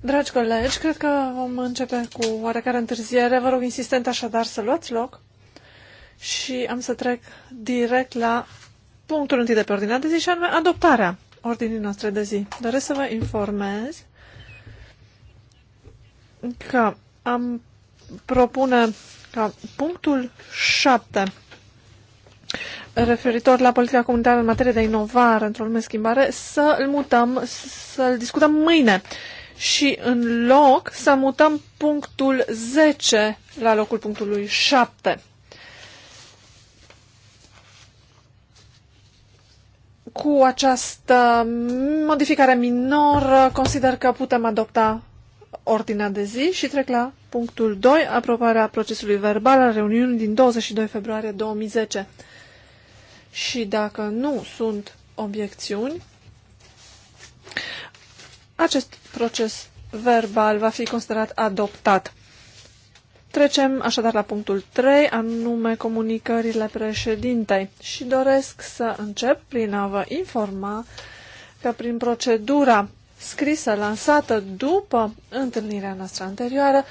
Dragi colegi, cred că vom începe cu oarecare întârziere. Vă rog insistent așadar să luați loc și am să trec direct la punctul întâi de pe ordinea de zi și anume adoptarea ordinii noastre de zi. Doresc să vă informez că am propune ca punctul 7 referitor la politica comunitară în materie de inovare într-o lume schimbare, să îl mutăm, să-l discutăm mâine și în loc să mutăm punctul 10 la locul punctului 7. Cu această modificare minoră consider că putem adopta ordinea de zi și trec la punctul 2, aprobarea procesului verbal al reuniunii din 22 februarie 2010 și dacă nu sunt obiecțiuni, acest proces verbal va fi considerat adoptat. Trecem așadar la punctul 3, anume comunicările președintei și doresc să încep prin a vă informa că prin procedura scrisă lansată după întâlnirea noastră anterioară,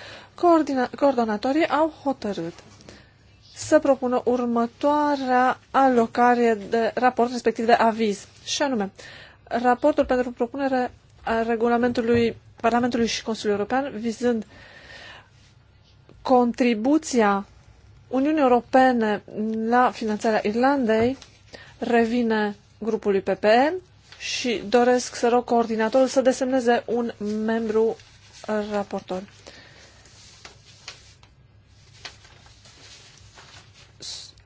coordonatorii au hotărât să propună următoarea alocare de raport, respectiv de aviz, și anume raportul pentru propunere a regulamentului Parlamentului și Consiliului European vizând contribuția Uniunii Europene la finanțarea Irlandei revine grupului PPE și doresc să rog coordinatorul să desemneze un membru raportor.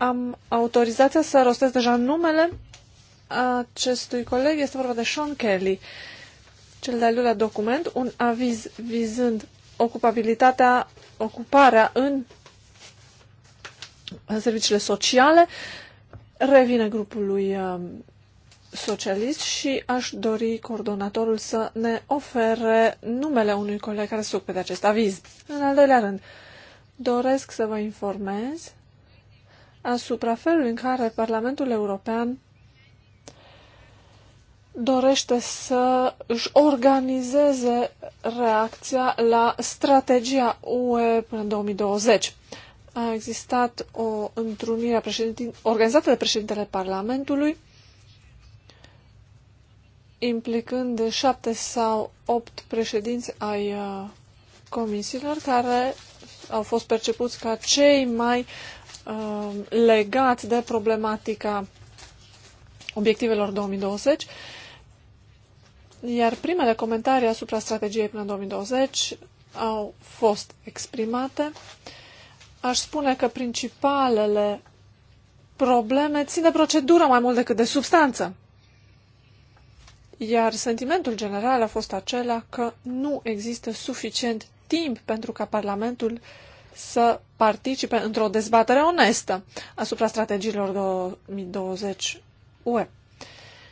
am autorizația să rostesc deja numele acestui coleg. Este vorba de Sean Kelly. Cel de-al doilea document, un aviz vizând ocupabilitatea, ocuparea în serviciile sociale, revine grupului um, socialist și aș dori coordonatorul să ne ofere numele unui coleg care se ocupe de acest aviz. În al doilea rând, doresc să vă informez asupra felului în care Parlamentul European dorește să își organizeze reacția la strategia UE până în 2020. A existat o întrunire organizată de președintele Parlamentului, implicând șapte sau opt președinți ai uh, comisiilor care au fost percepuți ca cei mai uh, Uh, legat de problematica obiectivelor 2020, iar primele comentarii asupra strategiei până 2020 au fost exprimate. Aș spune că principalele probleme țin de procedură mai mult decât de substanță. Iar sentimentul general a fost acela că nu există suficient timp pentru ca Parlamentul uh, să participe într-o dezbatere onestă asupra strategiilor 2020 UE.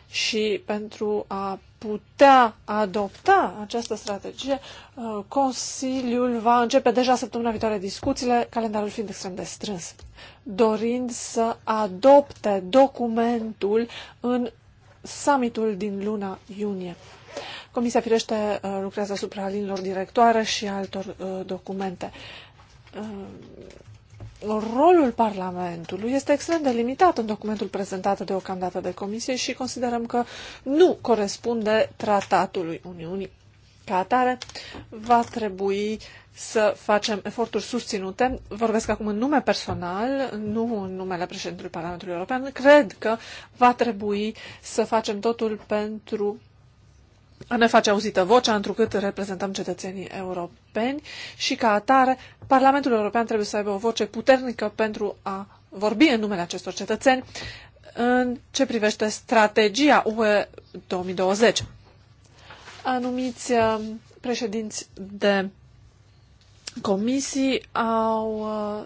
Și pentru a putea adopta această strategie, uh, Consiliul va începe deja săptămâna viitoare discuțiile, calendarul fiind extrem de strâns, dorind să adopte documentul în summitul din luna iunie. Comisia, firește, uh, lucrează asupra linilor directoare și altor uh, documente. Um, uh, rolul Parlamentului este extrem de limitat în documentul prezentat deocamdată de Comisie și considerăm că nu corespunde tratatului Uniunii. Ca atare, va trebui să facem eforturi susținute. Vorbesc acum în nume personal, nu în numele președintelui Parlamentului European. Cred că va trebui să facem totul pentru a ne face auzită vocea, întrucât reprezentăm cetățenii europeni și, ca atare, Parlamentul European trebuie să aibă o voce puternică pentru a vorbi în numele acestor cetățeni în ce privește strategia UE 2020. Anumiți um, președinți de comisii au uh,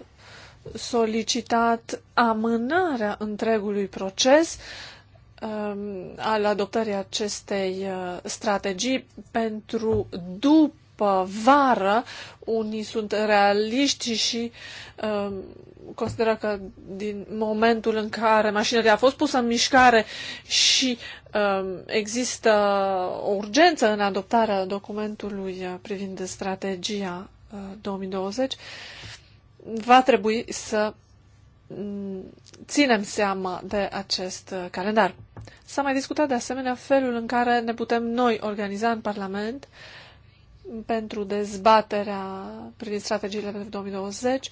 solicitat amânarea întregului proces uh, Um, al adoptării acestei uh, strategii pentru după vară. Unii sunt realiști și um, consideră că din momentul în care mașinăria a fost pusă în mișcare și um, există o urgență în adoptarea documentului uh, privind strategia 2020, uh, va trebui să mm, ținem seama de acest calendar. S-a mai discutat de asemenea felul în care ne putem noi organiza în Parlament pentru dezbaterea privind strategiile pentru 2020.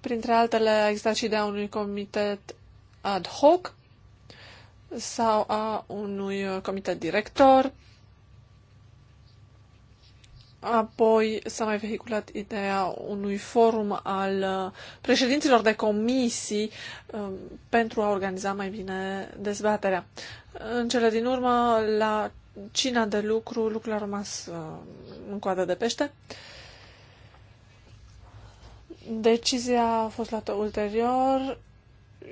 Printre altele, a existat și ideea unui comitet ad hoc sau a unui comitet director Apoi s-a mai vehiculat ideea unui forum al uh, președinților de comisii um, pentru a organiza mai bine dezbaterea. În cele din urmă, la cina de lucru, lucrurile au rămas uh, în coadă de pește. Decizia a fost luată ulterior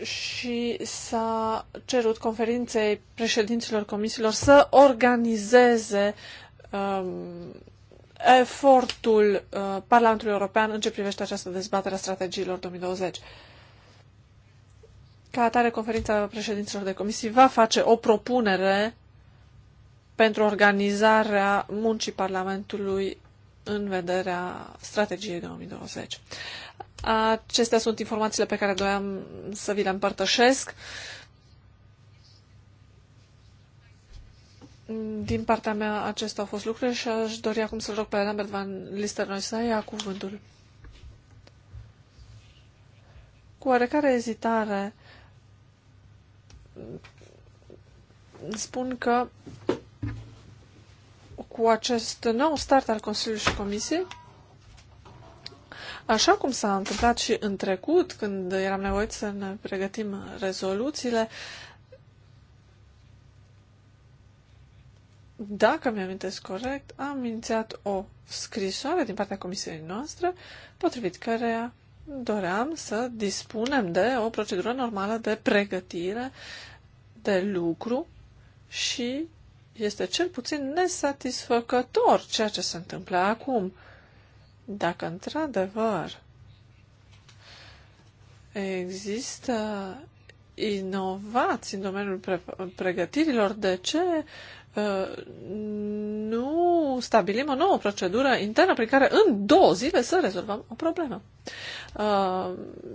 și s-a cerut conferinței președinților comisiilor să organizeze um, efortul uh, Parlamentului European în ce privește această dezbatere a strategiilor 2020. Ca atare, conferința președinților de comisii va face o propunere pentru organizarea muncii Parlamentului în vederea strategiei 2020. Acestea sunt informațiile pe care doream să vi le împărtășesc. Uh, Din partea mea, acestea au fost lucrurile și aș dori acum să-l rog pe Lambert Van Listernoy să ia cuvântul. Cu oarecare ezitare, spun că cu acest nou start al Consiliului și Comisiei, Așa cum s-a întâmplat și în trecut, când eram nevoiți să ne pregătim rezoluțiile, dacă mi am inteles corect, am inițiat o scrisoare din partea comisiei noastre, potrivit căreia doream să dispunem de o procedură normală de pregătire, de lucru și este cel puțin nesatisfăcător ceea ce se întâmplă acum. Dacă într-adevăr există inovați în domeniul pre- pregătirilor, de ce Uh, nu stabilim o nouă procedură internă prin care în două zile să rezolvăm o problemă. Uh,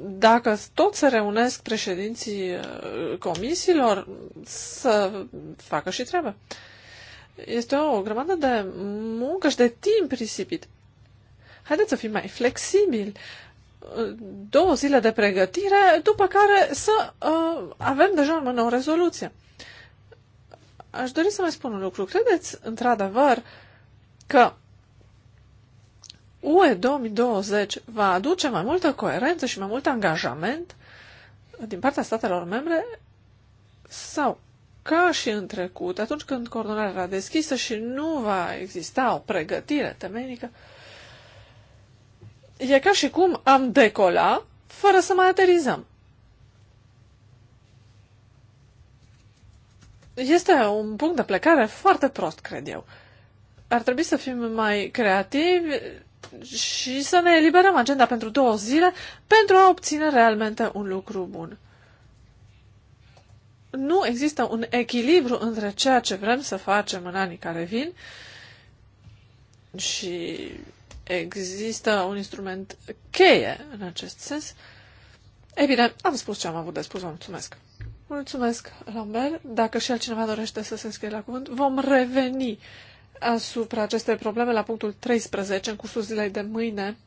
dacă tot se reunesc președinții uh, comisiilor, să facă și treabă. Este o grămadă de muncă și de timp risipit. Haideți să fim mai flexibili două zile de pregătire, după care să uh, avem deja în mână o rezoluție. Aș dori să mai spun un lucru. Credeți, într-adevăr, că UE 2020 va aduce mai multă coerență și mai mult angajament din partea statelor membre sau ca și în trecut, atunci când coordonarea era deschisă și nu va exista o pregătire temenică, e ca și cum am decola fără să mai aterizăm. este un punct de plecare foarte prost, cred eu. Ar trebui să fim mai creativi și să ne eliberăm agenda pentru două zile pentru a obține realmente un lucru bun. Nu există un echilibru între ceea ce vrem să facem în anii care vin și există un instrument cheie în acest sens. Ei bine, am spus ce am avut de spus, vă mulțumesc! Mulțumesc, Lambert. Dacă și altcineva dorește să se înscrie la cuvânt, vom reveni asupra acestei probleme la punctul 13 în cursul zilei de mâine,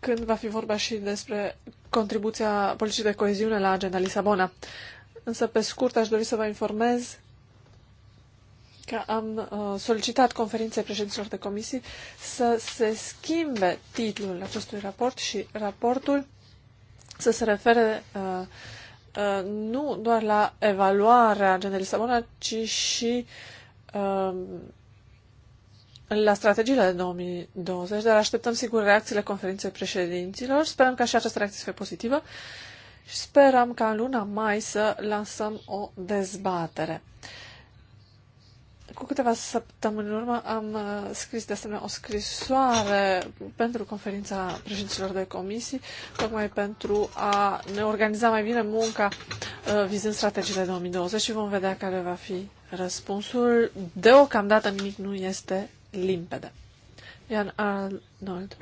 când va fi vorba și despre contribuția politicii de coeziune la agenda Lisabona. Însă, pe scurt, aș dori să vă informez că am uh, solicitat conferinței președinților de comisii să se schimbe titlul acestui raport și raportul să se refere uh, uh, nu doar la evaluarea agendei Lisabona, ci și uh, la strategiile de 2020, dar așteptăm sigur reacțiile conferinței președinților. Sperăm ca și această reacție să fie pozitivă și sperăm ca în luna mai să lansăm o dezbatere. Uh, cu câteva săptămâni în urmă am uh, scris de asemenea o scrisoare pentru conferința președinților de comisii, tocmai pentru a ne organiza mai bine munca uh, vizând strategiile 2020 și vom vedea care va fi răspunsul. Deocamdată nimic nu este limpede. Ian Arnold.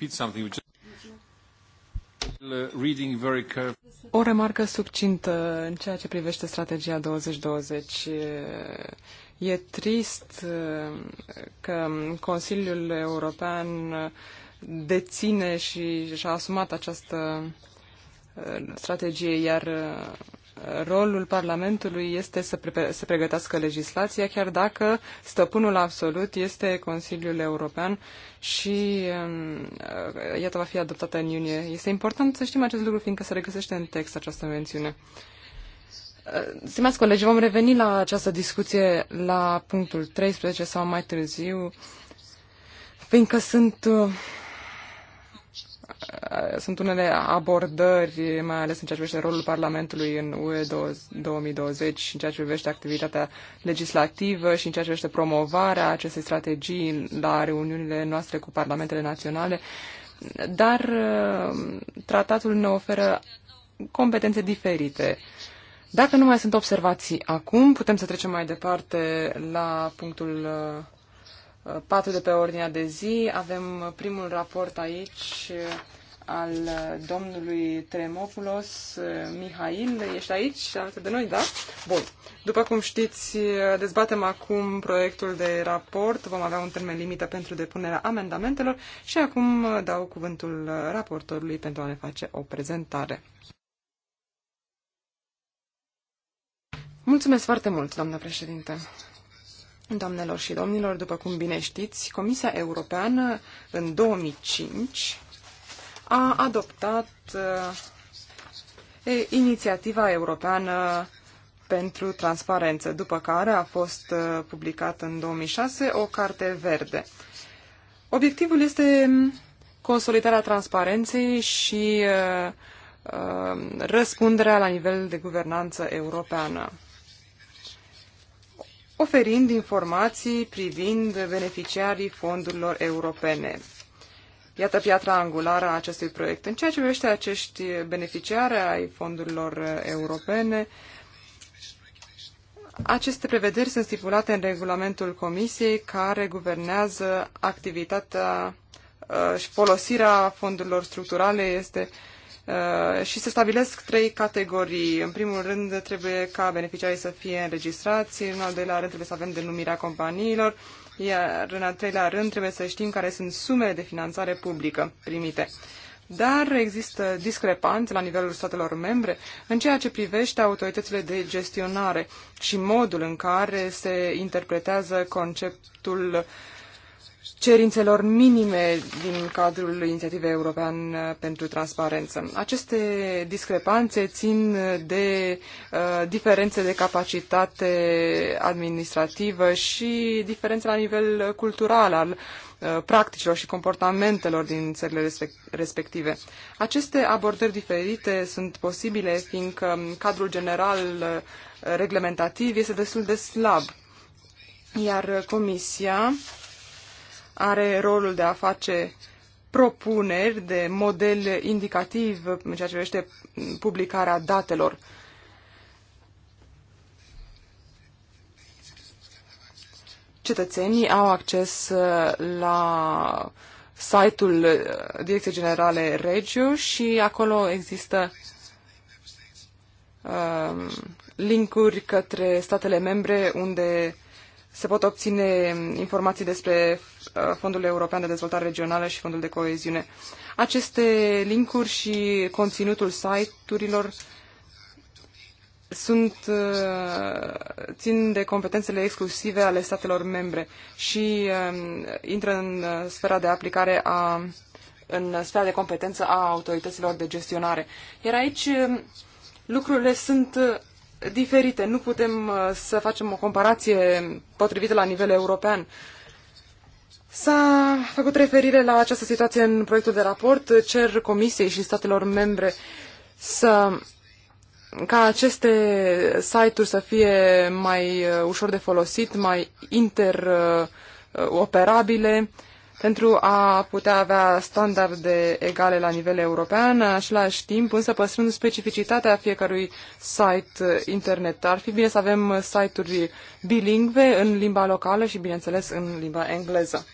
Uh, o remarcă succintă în ceea ce privește strategia 2020 E trist uh, că Consiliul European deține și și-a asumat această uh, strategie, iar uh, rolul Parlamentului este să, pre- să pregătească legislația, chiar dacă stăpânul absolut este Consiliul European și um, iată va fi adoptată în iunie. Este important să știm acest lucru, fiindcă se regăsește în text această mențiune. Uh, stimați colegi, vom reveni la această discuție la punctul 13 sau mai târziu, fiindcă sunt, uh, uh, sunt unele abordări, mai ales în ceea ce privește rolul Parlamentului în UE 2020, în ceea ce privește activitatea legislativă și în ceea ce privește promovarea acestei strategii la reuniunile noastre cu parlamentele naționale, dar tratatul ne oferă competențe diferite dacă nu mai sunt observații acum, putem să trecem mai departe la punctul 4 uh, de pe ordinea de zi. Avem primul raport aici uh, al domnului Tremopulos uh, Mihail. Ești aici alături de noi, da? Bun. După cum știți, dezbatem acum proiectul de raport. Vom avea un termen limită pentru depunerea amendamentelor și acum dau cuvântul raportorului pentru a ne face o prezentare. Mulțumesc foarte mult, doamnă președinte. Doamnelor și domnilor, după cum bine știți, Comisia Europeană în 2005 a adoptat uh, inițiativa europeană pentru transparență, după care a fost uh, publicată în 2006 o carte verde. Obiectivul este consolidarea transparenței și uh, răspunderea la nivel de guvernanță europeană oferind informații privind beneficiarii fondurilor europene. Iată piatra angulară a acestui proiect. În ceea ce privește acești beneficiari ai fondurilor europene, aceste prevederi sunt stipulate în regulamentul Comisiei care guvernează activitatea uh, și folosirea fondurilor structurale este uh, Uh, și se stabilesc trei categorii. În primul rând, trebuie ca beneficiarii să fie înregistrați, în al doilea rând trebuie să avem denumirea companiilor, iar în al treilea rând trebuie să știm care sunt sumele de finanțare publică primite. Dar există discrepanțe la nivelul statelor membre în ceea ce privește autoritățile de gestionare și modul în care se interpretează conceptul uh, cerințelor minime din cadrul inițiativei european uh, pentru transparență. Aceste discrepanțe țin de uh, diferențe de capacitate administrativă și diferențe la nivel cultural al uh, practicilor și comportamentelor din țările respective. Aceste abordări diferite sunt posibile fiindcă cadrul general uh, reglementativ este destul de slab, iar Comisia are rolul de a face propuneri de model indicativ în ceea ce privește publicarea datelor. Cetățenii au acces uh, la site-ul uh, Direcției Generale Regiu și acolo există um, linkuri către statele membre unde se pot obține informații despre uh, Fondul European de Dezvoltare Regională și Fondul de Coeziune. Aceste linkuri și conținutul site-urilor sunt, uh, țin de competențele exclusive ale statelor membre și um, intră în uh, sfera de aplicare a în sfera de competență a autorităților de gestionare. Iar aici um, lucrurile sunt diferite. Nu putem uh, să facem o comparație potrivită la nivel european. S-a făcut referire la această situație în proiectul de raport. Cer Comisiei și statelor membre să ca aceste site-uri să fie mai uh, ușor de folosit, mai interoperabile, pentru a putea avea standarde egale la nivel european, în același timp, însă păstrând specificitatea fiecărui site internet. Ar fi bine să avem site-uri bilingve în limba locală și, bineînțeles, în limba engleză.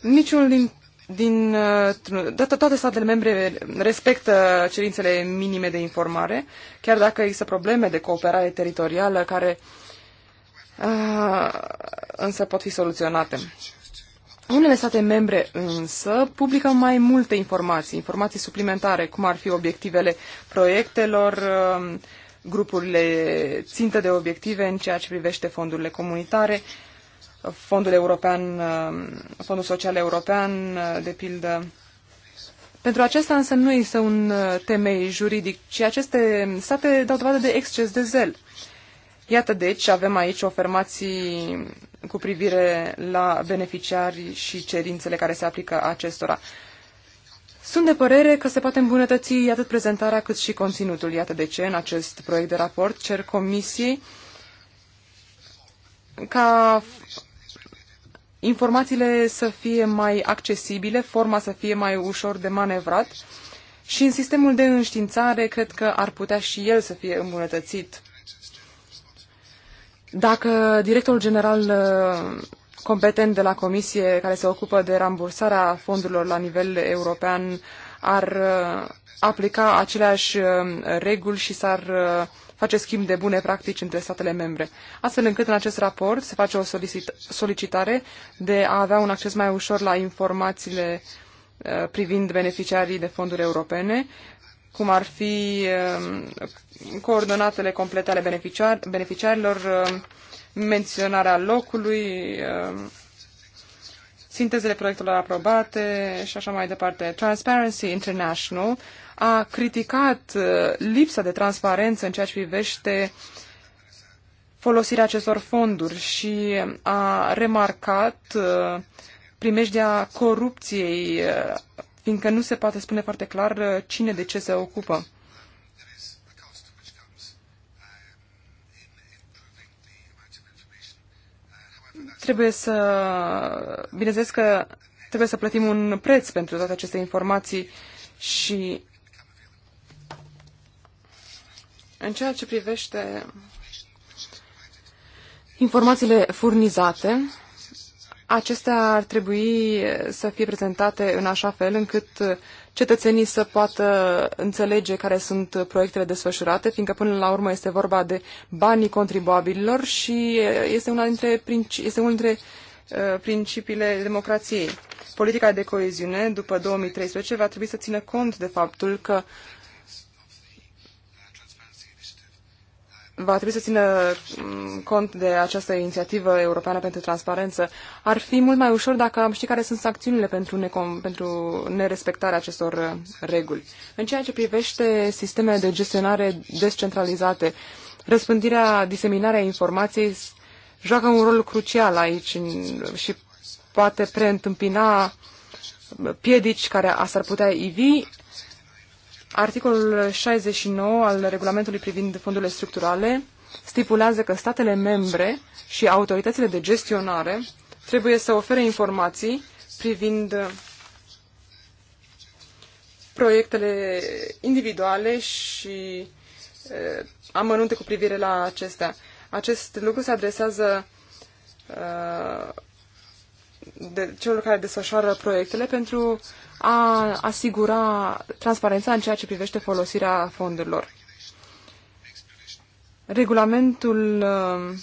Niciun din din uh, toate statele membre respectă cerințele minime de informare, chiar dacă există probleme de cooperare teritorială care uh, însă pot fi soluționate. Unele state membre însă publică mai multe informații, informații suplimentare, cum ar fi obiectivele proiectelor, um, grupurile țintă de obiective în ceea ce privește fondurile comunitare, fondul european, um, fondul social european, uh, de pildă. Pentru aceasta însă nu este un uh, temei juridic, ci aceste state dau dovadă de exces de zel. Iată deci, avem aici afirmații cu privire la beneficiari și cerințele care se aplică acestora. Sunt de părere că se poate îmbunătăți atât prezentarea cât și conținutul. Iată de ce, în acest proiect de raport, cer comisiei ca informațiile să fie mai accesibile, forma să fie mai ușor de manevrat și în sistemul de înștiințare cred că ar putea și el să fie îmbunătățit. Dacă directorul general uh, competent de la comisie care se ocupă de rambursarea fondurilor la nivel european ar uh, aplica aceleași uh, reguli și s-ar face schimb de bune practici între statele membre, astfel încât în acest raport se face o solicitare de a avea un acces mai ușor la informațiile privind beneficiarii de fonduri europene, cum ar fi um, coordonatele complete ale beneficiar, beneficiarilor, um, menționarea locului, um, sintezele proiectelor aprobate și așa mai departe. Transparency International a criticat uh, lipsa de transparență în ceea ce privește folosirea acestor fonduri și a remarcat uh, primejdea corupției uh, fiindcă nu se poate spune foarte clar uh, cine de ce se ocupă. Trebuie să... Bineînțeles că trebuie să plătim un preț pentru toate aceste informații și în ceea ce privește informațiile furnizate, acestea ar trebui să fie prezentate în așa fel încât cetățenii să poată înțelege care sunt proiectele desfășurate, fiindcă până la urmă este vorba de banii contribuabililor și este, una dintre, este unul dintre uh, principiile democrației. Politica de coeziune după 2013 va trebui să țină cont de faptul că va trebui să țină mm, cont de această inițiativă europeană pentru transparență. Ar fi mult mai ușor dacă am ști care sunt sancțiunile pentru, necom- pentru nerespectarea acestor uh, reguli. În ceea ce privește sistemele de gestionare descentralizate, răspândirea, diseminarea informației joacă un rol crucial aici și poate preîntâmpina uh, piedici care s-ar putea ivi Articolul 69 al regulamentului privind fondurile structurale stipulează că statele membre și autoritățile de gestionare trebuie să ofere informații privind proiectele individuale și uh, amănunte cu privire la acestea. Acest lucru se adresează uh, de celor care desfășoară proiectele pentru a asigura transparența în ceea ce privește folosirea fondurilor. Regulamentul uh,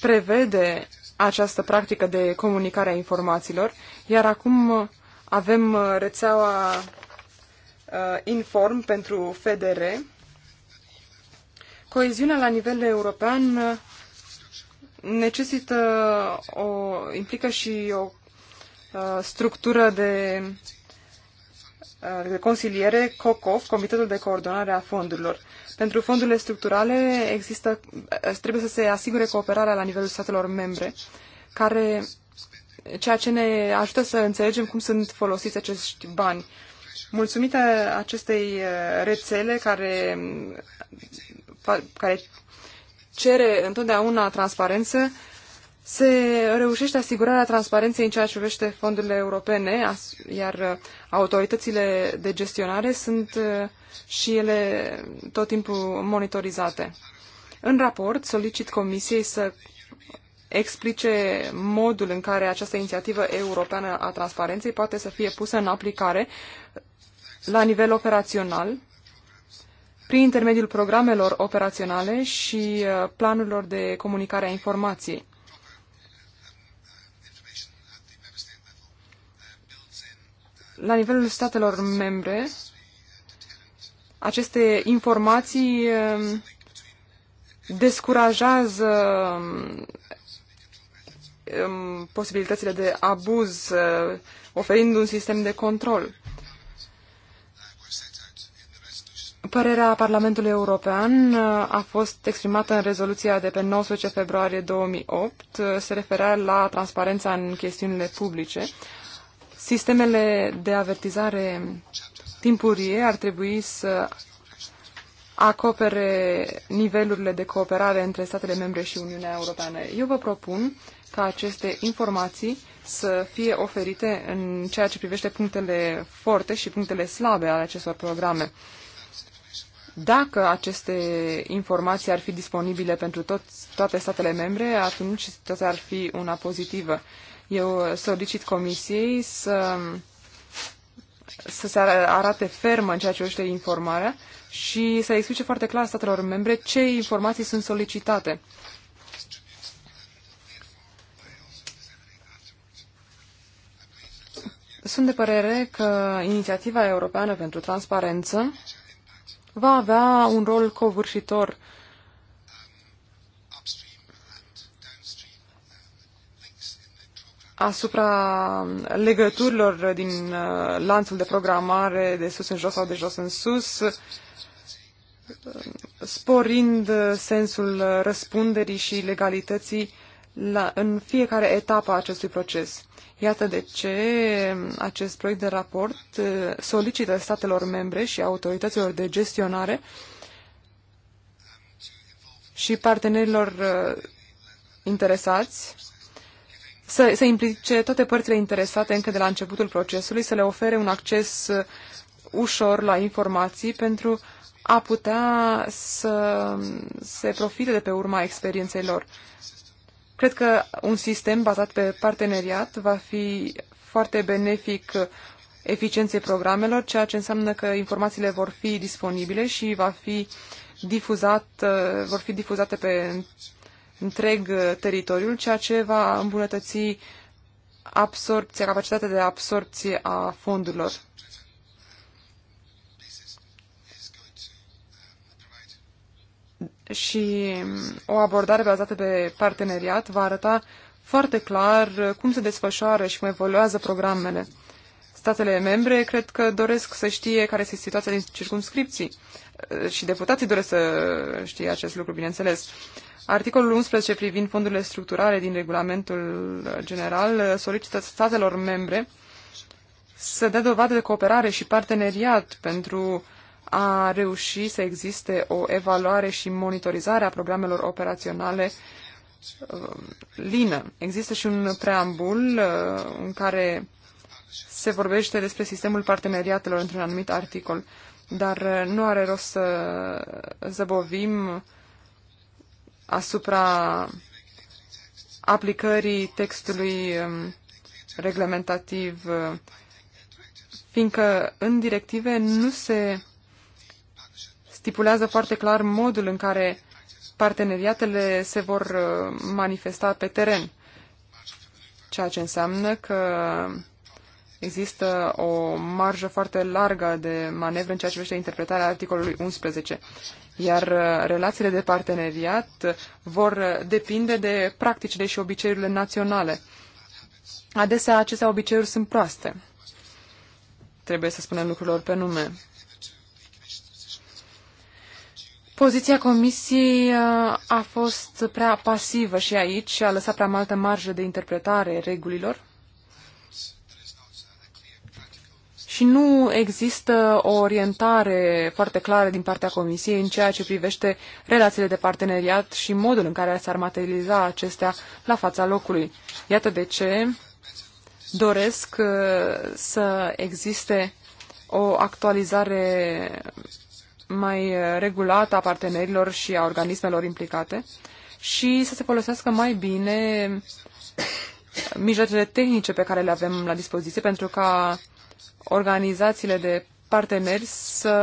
prevede această practică de comunicare a informațiilor, iar acum avem uh, rețeaua uh, Inform pentru FDR. Coeziunea la nivel european necesită o, implică și o structură de de consiliere COCOF, Comitetul de Coordonare a Fondurilor. Pentru fondurile structurale există, trebuie să se asigure cooperarea la nivelul statelor membre, care, ceea ce ne ajută să înțelegem cum sunt folosiți acești bani. Mulțumită acestei uh, rețele care, care cere întotdeauna transparență, se reușește asigurarea transparenței în ceea ce privește fondurile europene, iar uh, autoritățile de gestionare sunt uh, și ele tot timpul monitorizate. În raport solicit Comisiei să explice modul în care această inițiativă europeană a transparenței poate să fie pusă în aplicare la nivel operațional, prin intermediul programelor operaționale și uh, planurilor de comunicare a informației. la nivelul statelor membre, aceste informații um, descurajează um, posibilitățile de abuz, uh, oferind un sistem de control. Părerea Parlamentului European uh, a fost exprimată în rezoluția de pe 19 februarie 2008, uh, se referea la transparența în chestiunile publice. Sistemele de avertizare timpurie ar trebui să acopere nivelurile de cooperare între statele membre și Uniunea Europeană. Eu vă propun ca aceste informații să fie oferite în ceea ce privește punctele forte și punctele slabe ale acestor programe. Dacă aceste informații ar fi disponibile pentru tot, toate statele membre, atunci situația ar fi una pozitivă. Eu solicit comisiei să, să se arate ferm în ceea ce este informarea și să explice foarte clar statelor membre ce informații sunt solicitate. Sunt de părere că inițiativa europeană pentru transparență va avea un rol covârșitor asupra legăturilor din uh, lanțul de programare de sus în jos sau de jos în sus, uh, sporind uh, sensul răspunderii și legalității la, în fiecare etapă a acestui proces. Iată de ce acest proiect de raport solicită statelor membre și autorităților de gestionare și partenerilor interesați să, să implice toate părțile interesate încă de la începutul procesului, să le ofere un acces uh, ușor la informații pentru a putea să se profite de pe urma experienței lor. Cred că un sistem bazat pe parteneriat va fi foarte benefic uh, eficienței programelor, ceea ce înseamnă că informațiile vor fi disponibile și va fi difuzat, uh, vor fi difuzate pe întreg uh, teritoriul, ceea ce va îmbunătăți absorpția, capacitatea de absorpție a fondurilor. Și mm, o abordare bazată pe parteneriat va arăta foarte clar uh, cum se desfășoară și cum evoluează programele. Statele membre cred că doresc să știe care este situația din circumscripții uh, și deputații doresc să știe acest lucru, bineînțeles. Articolul 11 privind fondurile structurale din regulamentul general solicită statelor membre să dea dovadă de cooperare și parteneriat pentru a reuși să existe o evaluare și monitorizare a programelor operaționale um, lină. Există și un preambul uh, în care se vorbește despre sistemul parteneriatelor într-un anumit articol, dar uh, nu are rost să zăbovim asupra aplicării textului um, reglementativ, um, fiindcă în directive nu se stipulează foarte clar modul în care parteneriatele se vor uh, manifesta pe teren, ceea ce înseamnă că există o marjă foarte largă de manevră în ceea ce privește interpretarea articolului 11, iar uh, relațiile de parteneriat vor depinde de practicile și obiceiurile naționale. Adesea aceste obiceiuri sunt proaste. Trebuie să spunem lucrurilor pe nume. Poziția comisiei uh, a fost prea pasivă și aici a lăsat prea multă marjă de interpretare regulilor și nu există o orientare foarte clară din partea Comisiei în ceea ce privește relațiile de parteneriat și modul în care s-ar materializa acestea la fața locului. Iată de ce doresc uh, să existe o actualizare mai uh, regulată a partenerilor și a organismelor implicate și să se folosească mai bine mijloacele tehnice pe care le avem la dispoziție pentru ca organizațiile de parteneri să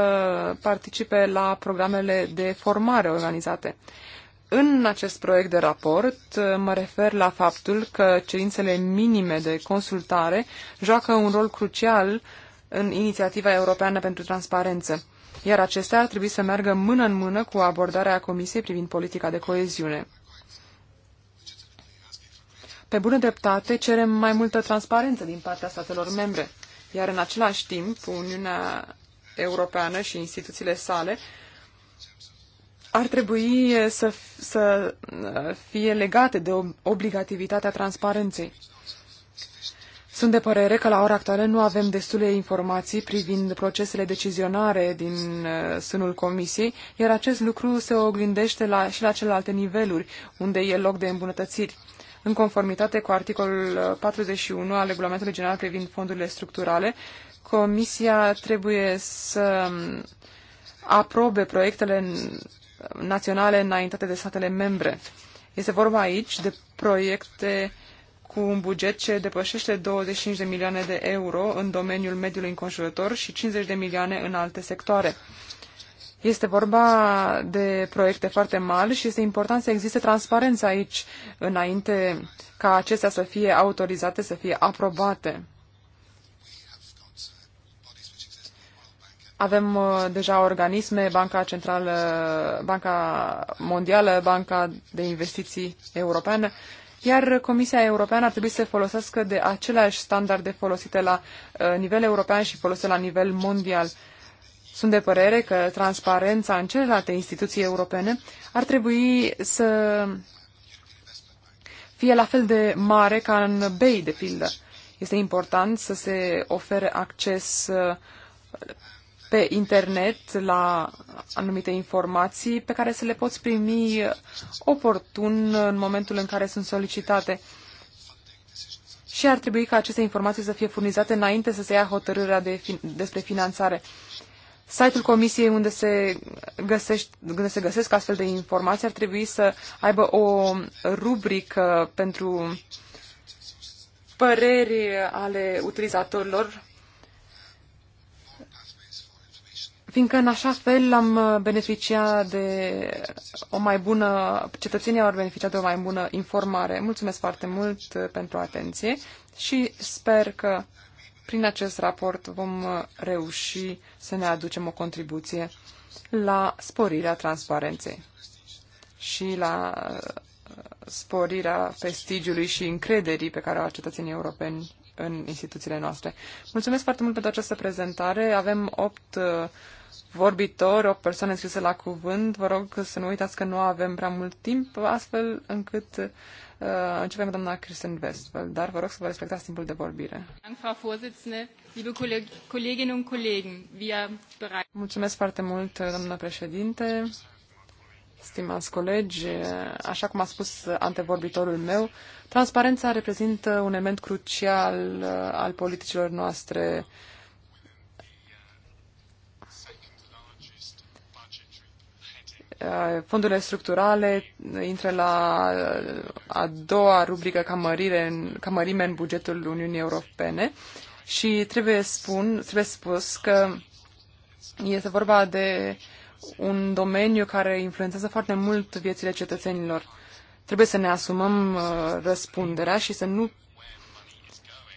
participe la programele de formare organizate. În acest proiect de raport mă refer la faptul că cerințele minime de consultare joacă un rol crucial în inițiativa europeană pentru transparență, iar acestea ar trebui să meargă mână în mână cu abordarea Comisiei privind politica de coeziune. Pe bună dreptate, cerem mai multă transparență din partea statelor membre. Iar în același timp, Uniunea Europeană și instituțiile sale ar trebui să, să uh, fie legate de obligativitatea transparenței. Sunt de părere că la ora actuală nu avem destule informații privind procesele decizionare din uh, sânul comisiei, iar acest lucru se oglindește la, și la celelalte niveluri, unde e loc de îmbunătățiri în conformitate cu articolul 41 al Regulamentului General privind fondurile structurale, Comisia trebuie să um, aprobe proiectele naționale înaintate de statele membre. Este vorba aici de proiecte cu un buget ce depășește 25 de milioane de euro în domeniul mediului înconjurător și 50 de milioane în alte sectoare. Este vorba de proiecte foarte mari și este important să existe transparență aici, înainte ca acestea să fie autorizate, să fie aprobate. Avem uh, deja organisme, Banca Centrală, Banca Mondială, Banca de Investiții Europeană, iar Comisia Europeană ar trebui să folosească de aceleași standarde folosite la uh, nivel european și folosite la nivel mondial. Sunt de părere că transparența în celelalte instituții europene ar trebui să fie la fel de mare ca în BEI, de pildă. Este important să se ofere acces uh, pe internet la anumite informații pe care să le poți primi oportun în momentul în care sunt solicitate. Și ar trebui ca aceste informații să fie furnizate înainte să se ia hotărârea de fin- despre finanțare. Site-ul comisiei unde se, găsești, unde se găsesc astfel de informații ar trebui să aibă o rubrică pentru păreri ale utilizatorilor, fiindcă în așa fel am beneficia de o mai bună, cetățenii au beneficiat de o mai bună informare. Mulțumesc foarte mult pentru atenție și sper că prin acest raport vom uh, reuși să ne aducem o contribuție la sporirea transparenței și la uh, sporirea prestigiului și încrederii pe care o au cetățenii europeni în instituțiile noastre. Mulțumesc foarte mult pentru această prezentare. Avem opt uh, vorbitori, o persoană scrisă la cuvânt. Vă rog să nu uitați că nu avem prea mult timp, astfel încât Uh, începem cu doamna Kristen Westphal, dar vă rog să vă respectați timpul de vorbire. Mulțumesc foarte mult, doamna președinte. Stimați colegi, așa cum a spus antevorbitorul meu, transparența reprezintă un element crucial uh, al politicilor noastre uh, Uh, fondurile structurale intră la uh, a doua rubrică ca, mărire, ca mărime în bugetul Uniunii Europene și trebuie, spun, trebuie spus că este vorba de un domeniu care influențează foarte mult viețile cetățenilor. Trebuie să ne asumăm uh, răspunderea și să nu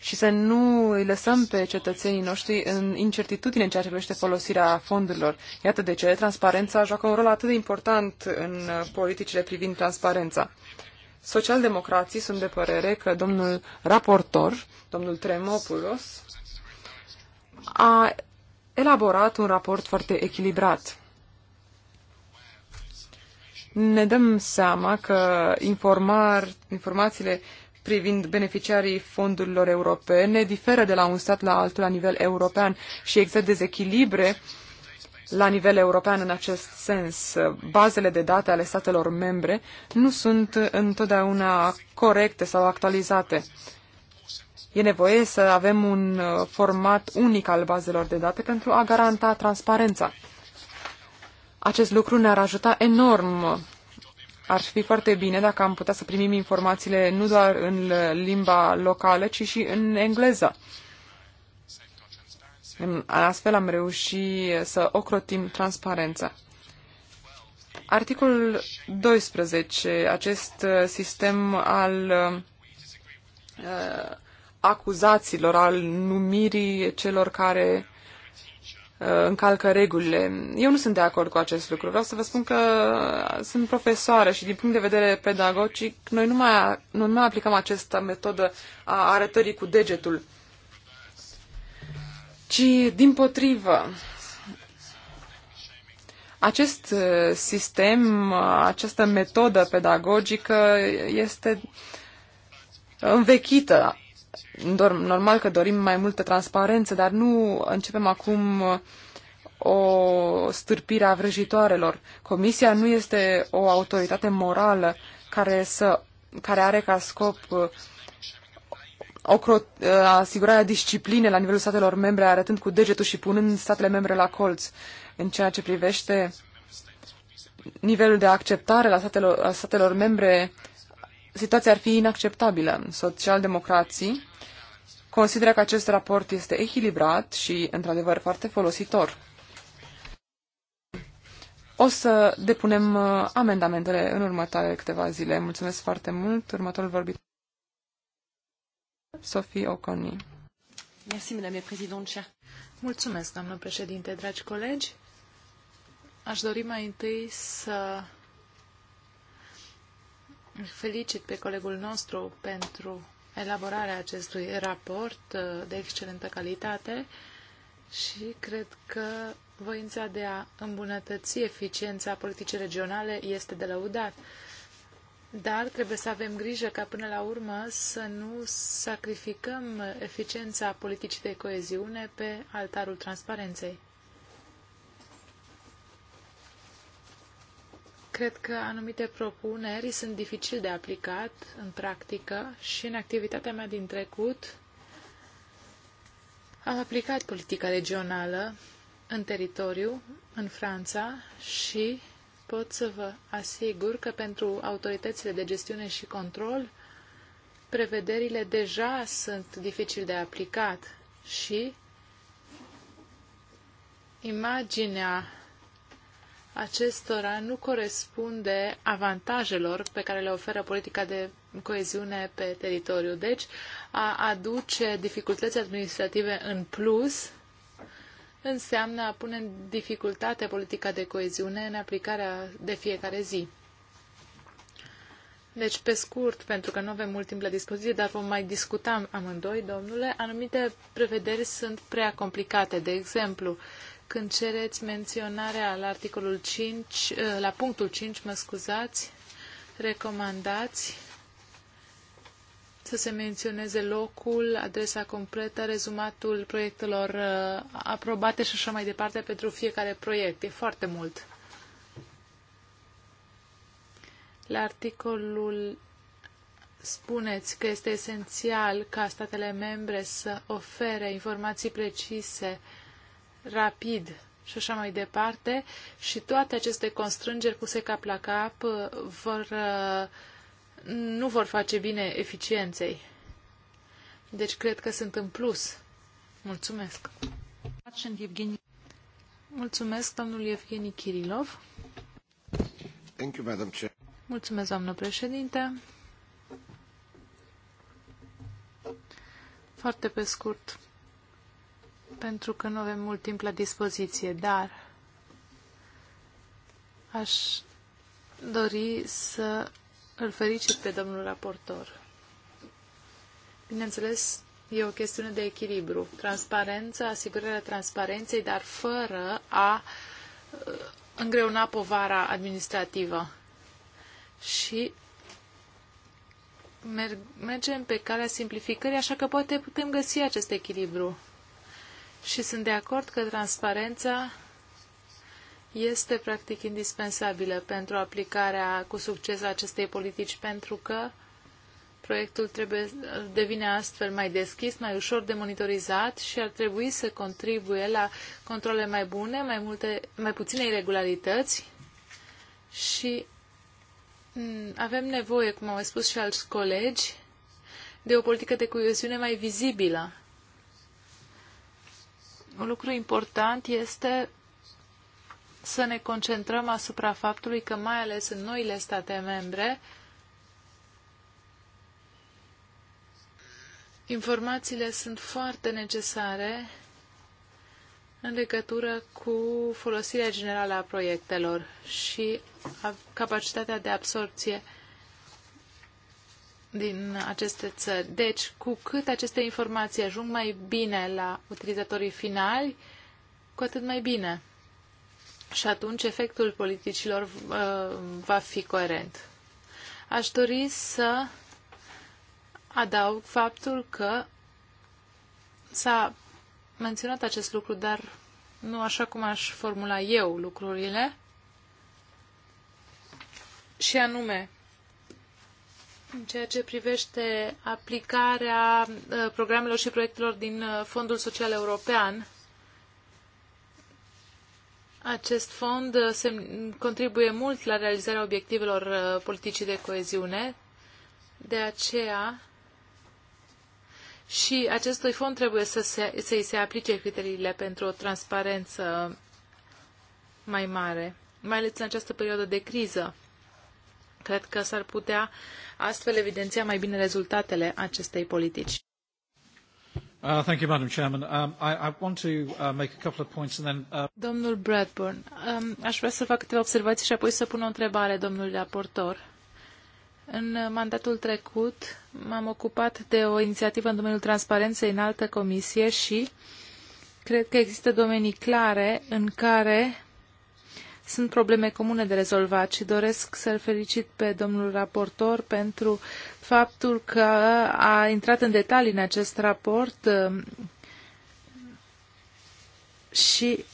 și să nu îi lăsăm pe cetățenii noștri în incertitudine în ceea ce privește folosirea fondurilor. Iată de ce transparența joacă un rol atât de important în uh, politicile privind transparența. Socialdemocrații sunt de părere că domnul raportor, domnul Tremopoulos, a elaborat un raport foarte echilibrat. Ne dăm seama că informar, informațiile uh, privind beneficiarii fondurilor europene diferă de la un stat la altul la nivel european și există dezechilibre la nivel european în acest sens. Bazele de date ale statelor membre nu sunt întotdeauna corecte sau actualizate. E nevoie să avem un uh, format unic al bazelor de date pentru a garanta transparența. Acest lucru ne-ar ajuta enorm ar fi foarte bine dacă am putea să primim informațiile nu doar în limba locală, ci și în engleză. În astfel am reușit să ocrotim transparența. Articolul 12, acest sistem al uh, acuzaților, al numirii celor care Uh, încalcă regulile. Eu nu sunt de acord cu acest lucru. Vreau să vă spun că sunt profesoară și din punct de vedere pedagogic noi nu mai, nu mai aplicăm această metodă a arătării cu degetul, ci din potrivă. Acest uh, sistem, uh, această metodă pedagogică este învechită normal că dorim mai multă transparență, dar nu începem acum uh, o stârpire a vrăjitoarelor. Comisia nu este o autoritate morală care, să, care are ca scop uh, ocrot, uh, asigurarea disciplinei la nivelul statelor membre, arătând cu degetul și punând statele membre la colț în ceea ce privește nivelul de acceptare la statelor, la statelor membre situația ar fi inacceptabilă. Socialdemocrații consideră că acest raport este echilibrat și, într-adevăr, foarte folositor. O să depunem uh, amendamentele în următoarele câteva zile. Mulțumesc foarte mult. Următorul vorbit. Sophie Oconi. Merci, Madame la Présidente. Mulțumesc, doamnă președinte, dragi colegi. Aș dori mai întâi să felicit pe colegul nostru pentru elaborarea acestui raport uh, de excelentă calitate și cred că voința de a îmbunătăți eficiența politicii regionale este de lăudat. Dar trebuie să avem grijă ca până la urmă să nu sacrificăm eficiența politicii de coeziune pe altarul transparenței. Cred că anumite propuneri sunt dificil de aplicat în practică și în activitatea mea din trecut am aplicat politica regională în teritoriu, în Franța și pot să vă asigur că pentru autoritățile de gestiune și control prevederile deja sunt dificil de aplicat și imaginea acestora nu corespunde avantajelor pe care le oferă politica de coeziune pe teritoriu. Deci, a aduce dificultăți administrative în plus înseamnă a pune în dificultate politica de coeziune în aplicarea de fiecare zi. Deci, pe scurt, pentru că nu avem mult timp la dispoziție, dar vom mai discuta amândoi, domnule, anumite prevederi sunt prea complicate. De exemplu, uh, când cereți menționarea la articolul 5, eh, la punctul 5, mă scuzați, recomandați să se menționeze locul, adresa completă, rezumatul proiectelor eh, aprobate și așa mai departe pentru fiecare proiect. E foarte mult. La articolul spuneți că este esențial ca statele membre să ofere informații precise uh, rapid și așa mai departe și toate aceste constrângeri puse cap la cap uh, vor, uh, nu vor face bine eficienței. Deci cred că sunt în plus. Mulțumesc! Mulțumesc, domnul Evgeni Kirilov. Thank you, Madam Chair. Mulțumesc, doamnă președinte. Foarte pe scurt, pentru că nu avem mult timp la dispoziție, dar aș dori să îl fericit pe domnul raportor. Bineînțeles, e o chestiune de echilibru. Transparență, asigurarea transparenței, dar fără a uh, îngreuna povara administrativă. Și mergem pe calea simplificării, așa că poate putem găsi acest echilibru și sunt de acord că transparența este practic indispensabilă pentru aplicarea cu succes a acestei politici, pentru că proiectul trebuie, devine astfel mai deschis, mai ușor de monitorizat și ar trebui să contribuie la controle mai bune, mai, multe, mai puține irregularități și mm, avem nevoie, cum au spus și alți colegi, de o politică de coeziune mai vizibilă un lucru important este să ne concentrăm asupra faptului că, mai ales în noile state membre, informațiile sunt foarte necesare în legătură cu folosirea generală a proiectelor și capacitatea de absorpție din aceste țări. Deci, cu cât aceste informații ajung mai bine la utilizatorii finali, cu atât mai bine. Și atunci efectul politicilor uh, va fi coerent. Aș dori să adaug faptul că s-a menționat acest lucru, dar nu așa cum aș formula eu lucrurile, și anume în ceea ce privește aplicarea uh, programelor și proiectelor din uh, Fondul Social European. Acest fond uh, se contribuie mult la realizarea obiectivelor politicii de coeziune, de aceea și acestui fond trebuie să, se, să îi se aplice criteriile pentru o transparență mai mare, mai ales în această perioadă de criză. Cred că s-ar putea astfel evidenția mai bine rezultatele acestei politici. Uh, thank you, Madam um, I, want to uh, make a couple of points and then. Uh, domnul Bradburn, um, aș vrea să fac câteva observații și apoi să pun o întrebare domnului raportor. În mandatul trecut m-am ocupat de o inițiativă în domeniul transparenței în altă comisie și cred că există domenii clare în care sunt probleme comune de rezolvat și doresc să-l felicit pe domnul raportor pentru faptul că a intrat în detalii în acest raport um, și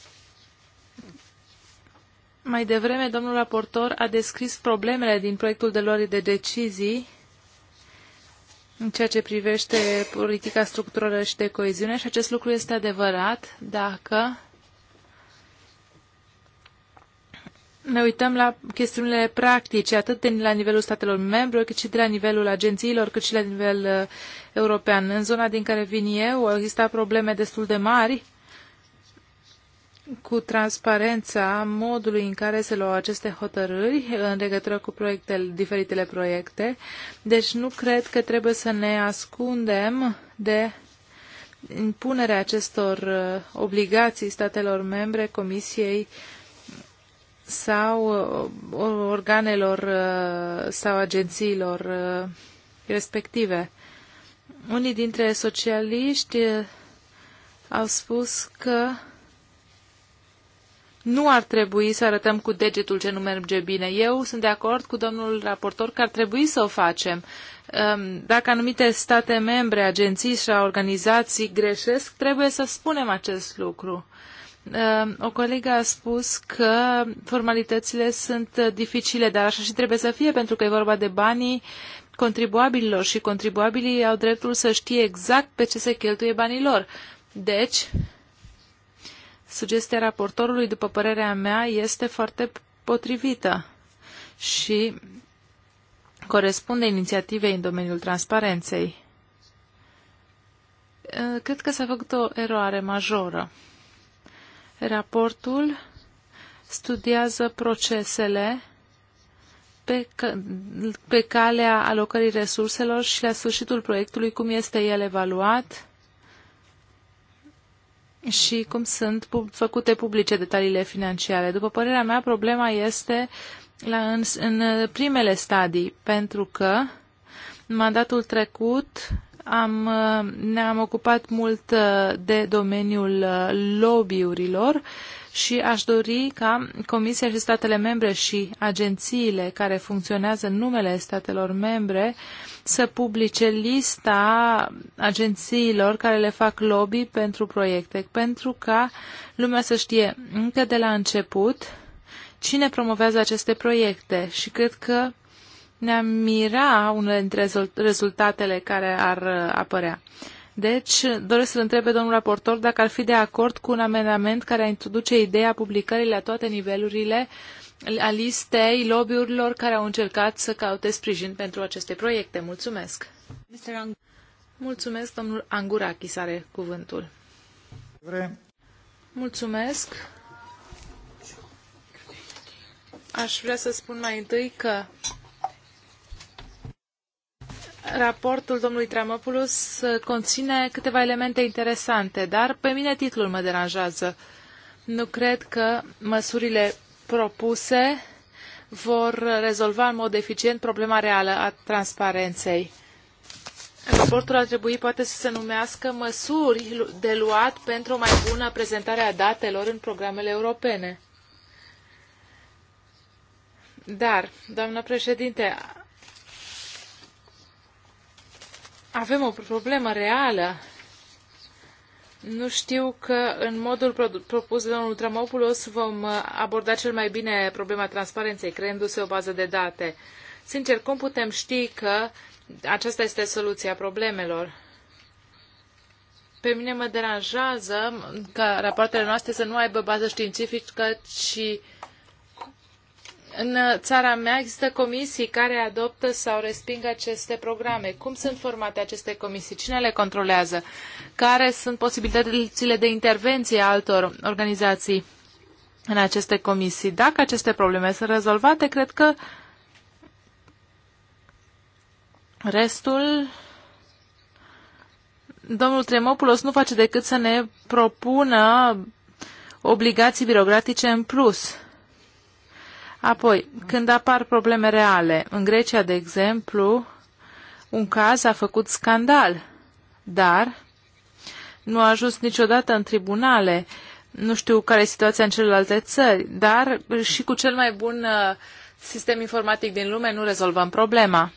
mai devreme domnul raportor a descris problemele din proiectul de luare de decizii în ceea ce privește politica structurală și de coeziune și acest lucru este adevărat dacă ne uităm la chestiunile practice, atât de la nivelul statelor membre, cât și de la nivelul agențiilor, cât și la nivel uh, european. În zona din care vin eu au existat probleme destul de mari cu transparența modului în care se luau aceste hotărâri în legătură cu proiectele, diferitele proiecte. Deci nu cred că trebuie să ne ascundem de impunerea acestor uh, obligații statelor membre, Comisiei, uh, sau uh, organelor uh, sau agențiilor uh, respective. Unii dintre socialiști au spus că nu ar trebui să arătăm cu degetul ce nu merge bine. Eu sunt de acord cu domnul raportor că ar trebui să o facem. Um, dacă anumite state membre, agenții și organizații greșesc, trebuie să spunem acest lucru. Ehm, o colegă a spus că formalitățile sunt eh, dificile, dar așa și trebuie să fie, pentru că e vorba de banii contribuabililor și contribuabilii au dreptul să știe exact pe ce se cheltuie banii lor. Deci, sugestia raportorului, după părerea mea, este foarte potrivită și corespunde inițiativei în domeniul transparenței. Eh, cred că s-a făcut o eroare majoră. Raportul studiază procesele pe, pe calea alocării resurselor și la sfârșitul proiectului, cum este el evaluat și cum sunt făcute publice detaliile financiare. După părerea mea, problema este la, în, în primele stadii, pentru că în mandatul trecut am, uh, ne-am ocupat mult uh, de domeniul uh, lobbyurilor și aș dori ca Comisia și statele membre și agențiile care funcționează în numele statelor membre să publice lista agențiilor care le fac lobby pentru proiecte, pentru ca lumea să știe încă de la început cine promovează aceste proiecte și cred că ne-am mira unele dintre rezultatele care ar uh, apărea. Deci, doresc să-l întrebe domnul raportor dacă ar fi de acord cu un amendament care introduce ideea publicării la toate nivelurile a listei lobby-urilor care au încercat să caute sprijin pentru aceste proiecte. Mulțumesc! Mulțumesc, domnul Angurakis are cuvântul. Mulțumesc! Aș vrea să spun mai întâi că Raportul domnului Tramopoulos conține câteva elemente interesante, dar pe mine titlul mă deranjează. Nu cred că măsurile propuse vor rezolva în mod eficient problema reală a transparenței. Raportul ar trebui poate să se numească măsuri de luat pentru o mai bună prezentare a datelor în programele europene. Dar, doamnă președinte, avem o problemă reală. Nu știu că în modul propus de domnul Tramopoulos vom uh, aborda cel mai bine problema transparenței, creându-se o bază de date. Sincer, cum putem ști că aceasta este soluția problemelor? Pe mine mă deranjează că rapoartele noastre să nu aibă bază științifică, ci în țara mea există comisii care adoptă sau resping aceste programe. Cum sunt formate aceste comisii? Cine le controlează? Care sunt posibilitățile de intervenție a altor organizații în aceste comisii? Dacă aceste probleme sunt rezolvate, cred că restul domnul Tremopulos nu face decât să ne propună obligații birocratice în plus. Apoi, când apar probleme reale, în Grecia, de exemplu, un caz a făcut scandal, dar nu a ajuns niciodată în tribunale. Nu știu care e situația în celelalte țări, dar și cu cel mai bun uh, sistem informatic din lume nu rezolvăm problema.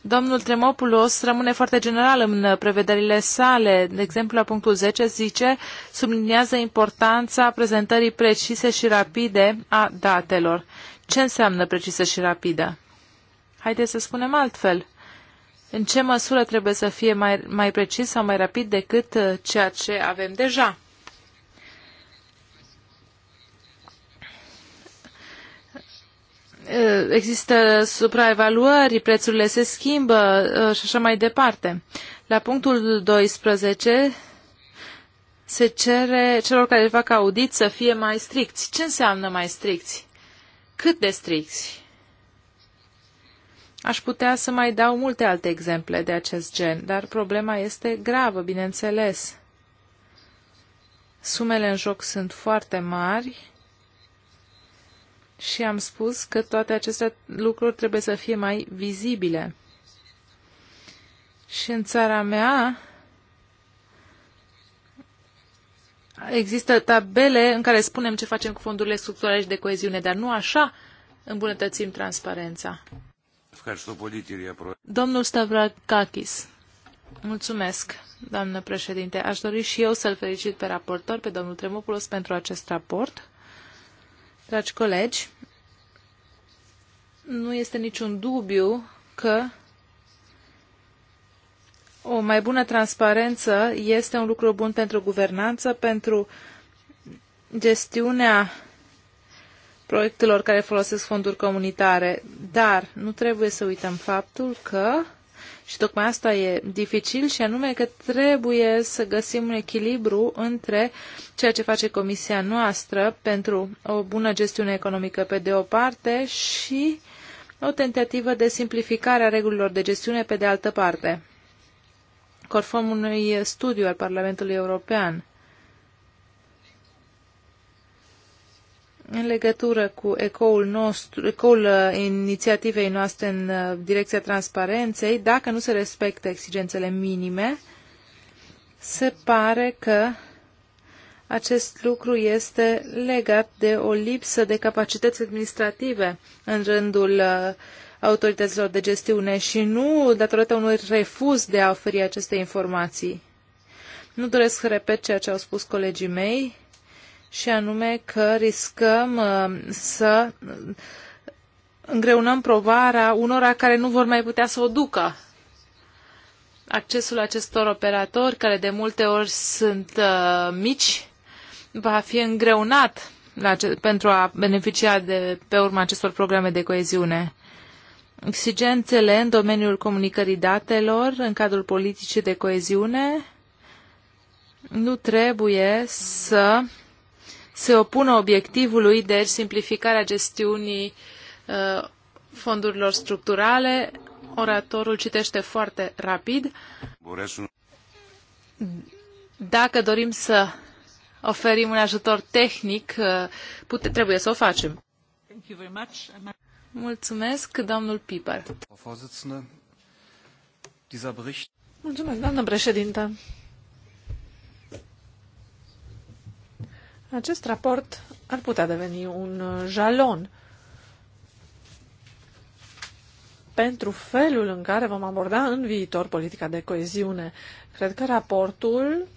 Domnul Tremopulos rămâne foarte general în uh, prevederile sale. De exemplu, la punctul 10 zice, subliniază importanța prezentării precise și rapide a datelor. Ce înseamnă precisă și rapidă? Haideți să spunem altfel. În ce măsură trebuie să fie mai, mai precis sau mai rapid decât uh, ceea ce avem deja? Uh, există supraevaluări, prețurile se schimbă uh, și așa mai departe. La punctul 12 se cere celor care fac audit să fie mai stricți. Ce înseamnă mai stricți? cât de stricți. Aș putea să mai dau multe alte exemple de acest gen, dar problema este gravă, bineînțeles. Sumele în joc sunt foarte mari și am spus că toate aceste lucruri trebuie să fie mai vizibile. Și în țara mea, Există tabele în care spunem ce facem cu fondurile structurale și de coeziune, dar nu așa îmbunătățim transparența. Domnul Stavrakakis, mulțumesc, doamnă președinte. Aș dori și eu să-l felicit pe raportor, pe domnul Tremopulos, pentru acest raport. Dragi colegi, nu este niciun dubiu că o mai bună transparență este un lucru bun pentru guvernanță, pentru gestiunea proiectelor care folosesc fonduri comunitare, dar nu trebuie să uităm faptul că, și tocmai asta e dificil, și anume că trebuie să găsim un echilibru între ceea ce face Comisia noastră pentru o bună gestiune economică pe de o parte și o tentativă de simplificare a regulilor de gestiune pe de altă parte conform unui studiu al Parlamentului European în legătură cu ecoul, nostru, ecoul uh, inițiativei noastre în uh, direcția transparenței, dacă nu se respectă exigențele minime, se pare că acest lucru este legat de o lipsă de capacități administrative în rândul uh, autorităților de gestiune și nu datorită unui refuz de a oferi aceste informații. Nu doresc să repet ceea ce au spus colegii mei și anume că riscăm uh, să îngreunăm provara unora care nu vor mai putea să o ducă. Accesul acestor operatori, care de multe ori sunt uh, mici, va fi îngreunat la ce, pentru a beneficia de pe urma acestor programe de coeziune exigențele în domeniul comunicării datelor în cadrul politicii de coeziune nu trebuie să se opună obiectivului de simplificarea gestiunii uh, fondurilor structurale. Oratorul citește foarte rapid. Dacă dorim să oferim un ajutor tehnic, uh, trebuie să o facem. Mulțumesc, domnul Piper. Mulțumesc, doamnă președintă. Acest raport ar putea deveni un jalon pentru felul în care vom aborda în viitor politica de coeziune. Cred că raportul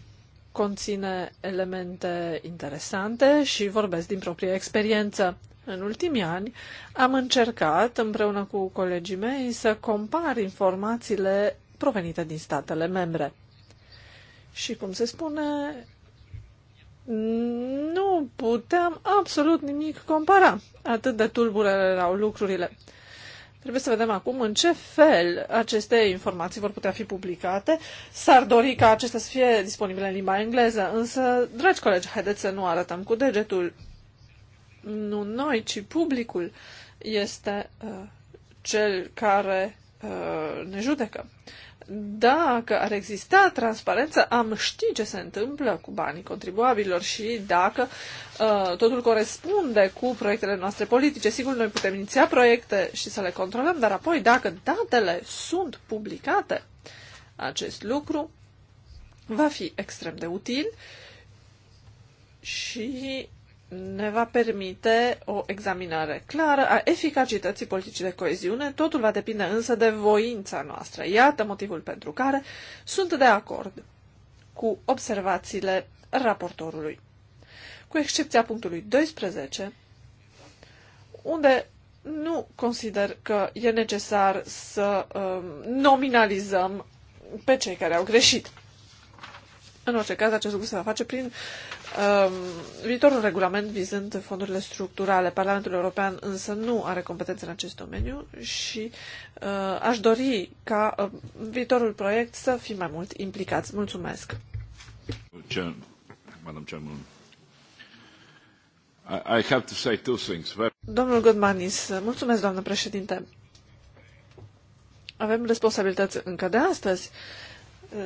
conține elemente interesante și vorbesc din proprie experiență. În ultimii ani am încercat, împreună cu colegii mei, să compar informațiile provenite din statele membre. Și, cum se spune, nu puteam absolut nimic compara. Atât de tulbure erau lucrurile. Trebuie să vedem acum în ce fel aceste informații vor putea fi publicate. S-ar dori ca acestea să fie disponibile în limba engleză, însă, dragi colegi, haideți să nu arătăm cu degetul nu noi, ci publicul este uh, cel care uh, ne judecă. Dacă ar exista transparență, am ști ce se întâmplă cu banii contribuabililor și dacă uh, totul corespunde cu proiectele noastre politice. Sigur, noi putem iniția proiecte și să le controlăm, dar apoi, dacă datele sunt publicate, acest lucru va fi extrem de util și ne va permite o examinare clară a eficacității politicii de coeziune, totul va depinde însă de voința noastră. Iată motivul pentru care sunt de acord cu observațiile raportorului. Cu excepția punctului 12, unde nu consider că e necesar să um, nominalizăm pe cei care au greșit. În orice caz, acest lucru se va face prin um, viitorul regulament vizând fondurile structurale. Parlamentul European însă nu are competențe în acest domeniu și uh, aș dori ca uh, viitorul proiect să fie mai mult implicați. Mulțumesc! I, have to say two things. Domnul Godmanis, mulțumesc, doamnă președinte. Avem responsabilități încă de astăzi. Uh,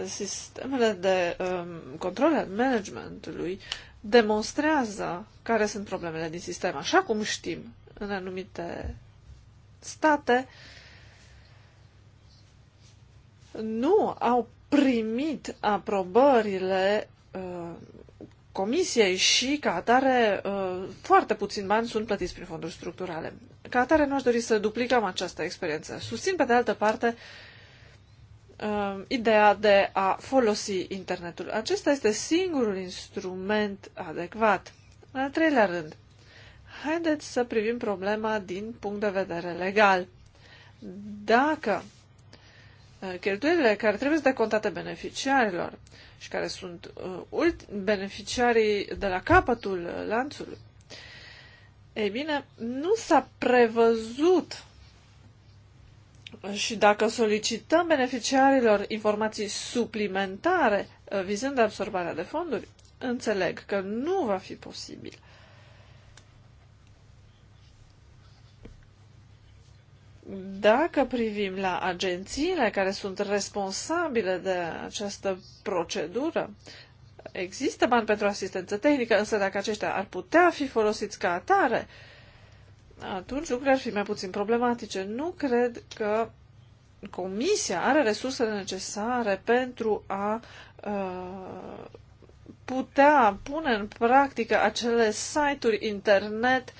Sistemele de um, control al managementului demonstrează care sunt problemele din sistem. Așa cum știm, în anumite state nu au primit aprobările uh, comisiei și, ca atare, uh, foarte puțin bani sunt plătiți prin fonduri structurale. Ca atare, nu aș dori să duplicăm această experiență. Susțin, pe de altă parte, uh, uh, ideea de a folosi internetul. Acesta este singurul instrument adecvat. În al treilea rând, haideți să privim problema din punct de vedere legal. Dacă uh, cheltuielile care trebuie să decontate beneficiarilor și care sunt uh, beneficiarii de la capătul uh, lanțului, ei bine, nu s-a prevăzut și dacă solicităm beneficiarilor informații suplimentare uh, vizând absorbarea de fonduri, înțeleg că nu va fi posibil. Dacă privim la agențiile care sunt responsabile de această procedură, există bani pentru asistență tehnică, însă dacă aceștia ar putea fi folosiți ca atare, uh, atunci lucrurile ar fi mai puțin problematice. Nu cred că Comisia are resursele necesare pentru a uh, putea pune în practică acele site-uri internet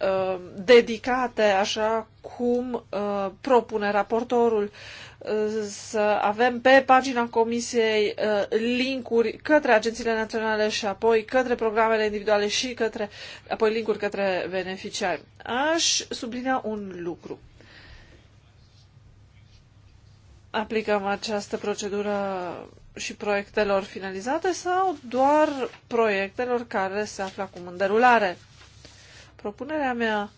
uh, dedicate, așa cum uh, propune raportorul să avem pe pagina Comisiei uh, linkuri către agențiile naționale și apoi către programele individuale și către, apoi linkuri către beneficiari. Aș sublinia un lucru. Aplicăm această procedură și proiectelor finalizate sau doar proiectelor care se află acum în derulare? Propunerea mea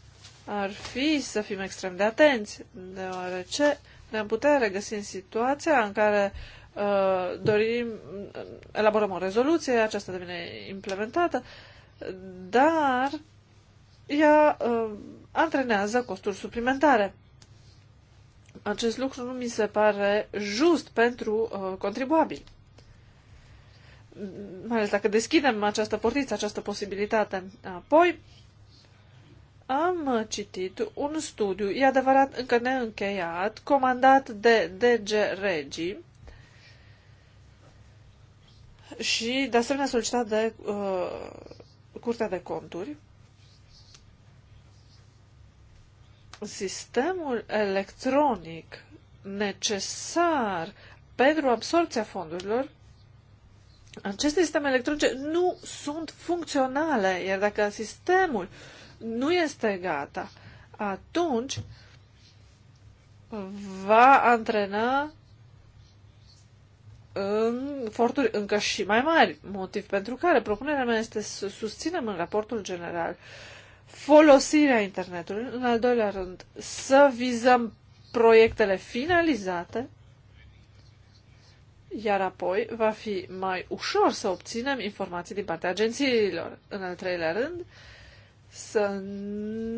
ar fi să fim extrem de atenți, deoarece ne-am putea regăsi în situația în care uh, dorim, elaborăm o rezoluție, aceasta devine implementată, dar ea uh, antrenează costuri suplimentare. Acest lucru nu mi se pare just pentru uh, contribuabil. Mai ales dacă deschidem această portiță, această posibilitate. Apoi, am citit un studiu, e adevărat încă neîncheiat, comandat de DG Regi și de asemenea solicitat de uh, Curtea de Conturi. Sistemul electronic necesar pentru absorpția fondurilor aceste sisteme electronice nu sunt funcționale, iar dacă sistemul nu este gata, atunci va antrena în forturi încă și mai mari, motiv pentru care propunerea mea este să susținem în raportul general folosirea internetului, în al doilea rând, să vizăm proiectele finalizate iar apoi va fi mai ușor să obținem informații din partea agențiilor. În al treilea rând, să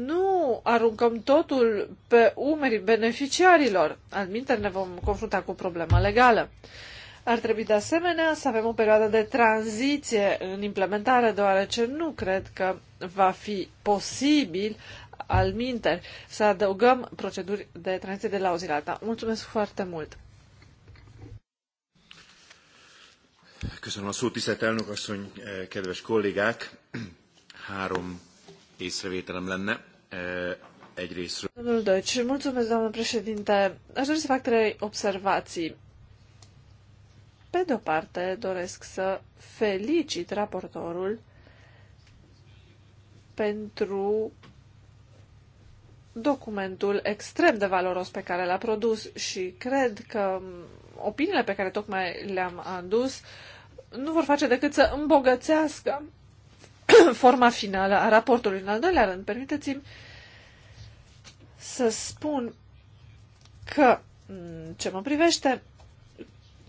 nu aruncăm totul pe umerii beneficiarilor. al ne vom confrunta cu problema legală. Ar trebui de asemenea să avem o perioadă de tranziție în implementare, deoarece nu cred că va fi posibil al minter să adăugăm proceduri de tranziție de la o zi la alta. Mulțumesc foarte mult! Köszönöm a szót, tisztelt elnök asszony, eh, kedves kollégák! Három észrevételem lenne. Eh, egyrészről. Domnul Deutsch, mulțumesc, doamnă președinte. Aș dori să fac trei observații. Pe de-o parte, doresc să felicit raportorul pentru documentul extrem de valoros pe care l-a produs și cred că mm, opiniile pe care tocmai le-am adus uh, nu vor face decât să îmbogățească forma finală a raportului. În al doilea rând, permiteți-mi să spun că, ce mă privește,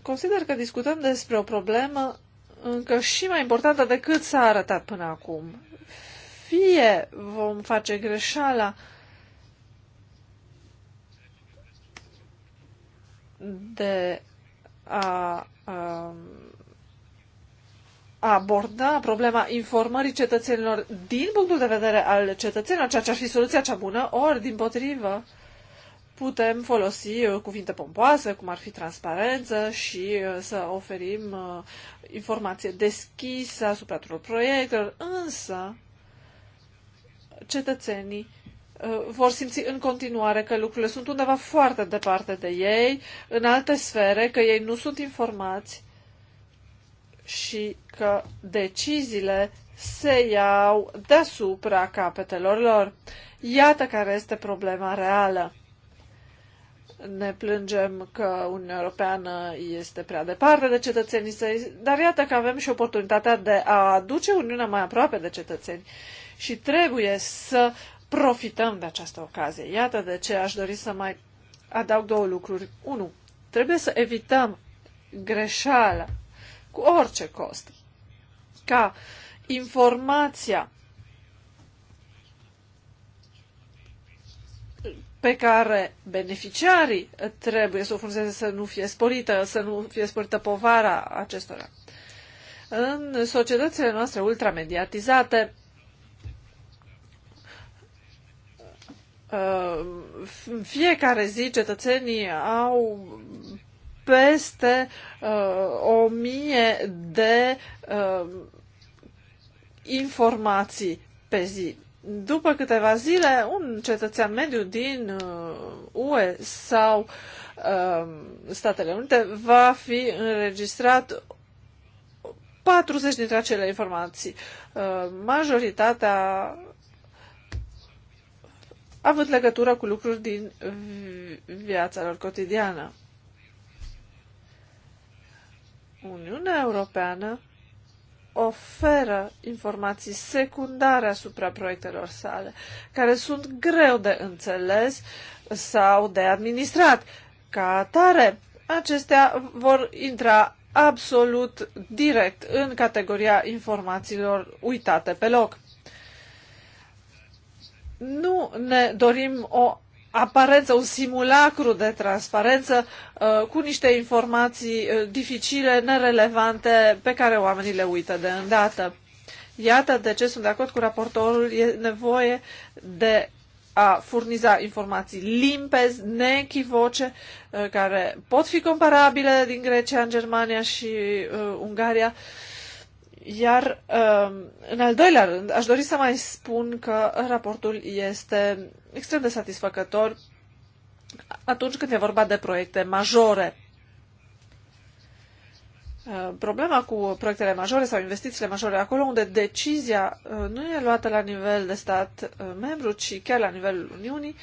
consider că discutăm despre o problemă încă și mai importantă decât s-a arătat până acum. Fie vom face greșeala de a, a um, aborda problema informării cetățenilor din punctul de vedere al cetățenilor, ceea ce ar fi soluția cea bună, ori, din potrivă, putem folosi uh, cuvinte pompoase, cum ar fi transparență și uh, să oferim uh, informație deschisă asupra tuturor proiectelor, însă cetățenii vor simți în continuare că lucrurile sunt undeva foarte departe de ei, în alte sfere, că ei nu sunt informați și că deciziile se iau deasupra capetelor lor. Iată care este problema reală. Ne plângem că Uniunea Europeană este prea departe de cetățenii săi, dar iată că avem și oportunitatea de a aduce Uniunea mai aproape de cetățeni și trebuie să profităm de această ocazie. Iată de ce aș dori să mai adaug două lucruri. Unu, trebuie să evităm greșeala cu orice cost. Ca informația pe care beneficiarii trebuie să o funcționeze să nu fie sporită, să nu fie sporită povara acestora. În societățile noastre ultramediatizate, uh, în fiecare zi cetățenii au peste uh, mie de uh, informații pe zi. După câteva zile, un cetățean mediu din uh, UE sau uh, Statele Unite va fi înregistrat 40 dintre acele informații. Uh, majoritatea având legătură cu lucruri din viața lor cotidiană. Uniunea Europeană oferă informații secundare asupra proiectelor sale, care sunt greu de înțeles sau de administrat. Ca atare, acestea vor intra absolut direct în categoria informațiilor uitate pe loc. Nu ne dorim o aparență, un simulacru de transparență uh, cu niște informații uh, dificile, nerelevante, pe care oamenii le uită de îndată. Iată de ce sunt de acord cu raportorul, e nevoie de a furniza informații limpezi, neechivoce, uh, care pot fi comparabile din Grecia în Germania și uh, Ungaria iar, um, în al doilea rând, aș dori să mai spun că raportul este extrem de satisfăcător atunci când e vorba de proiecte majore. Uh, problema cu proiectele majore sau investițiile majore, acolo unde decizia uh, nu e luată la nivel de stat uh, membru, ci chiar la nivelul Uniunii,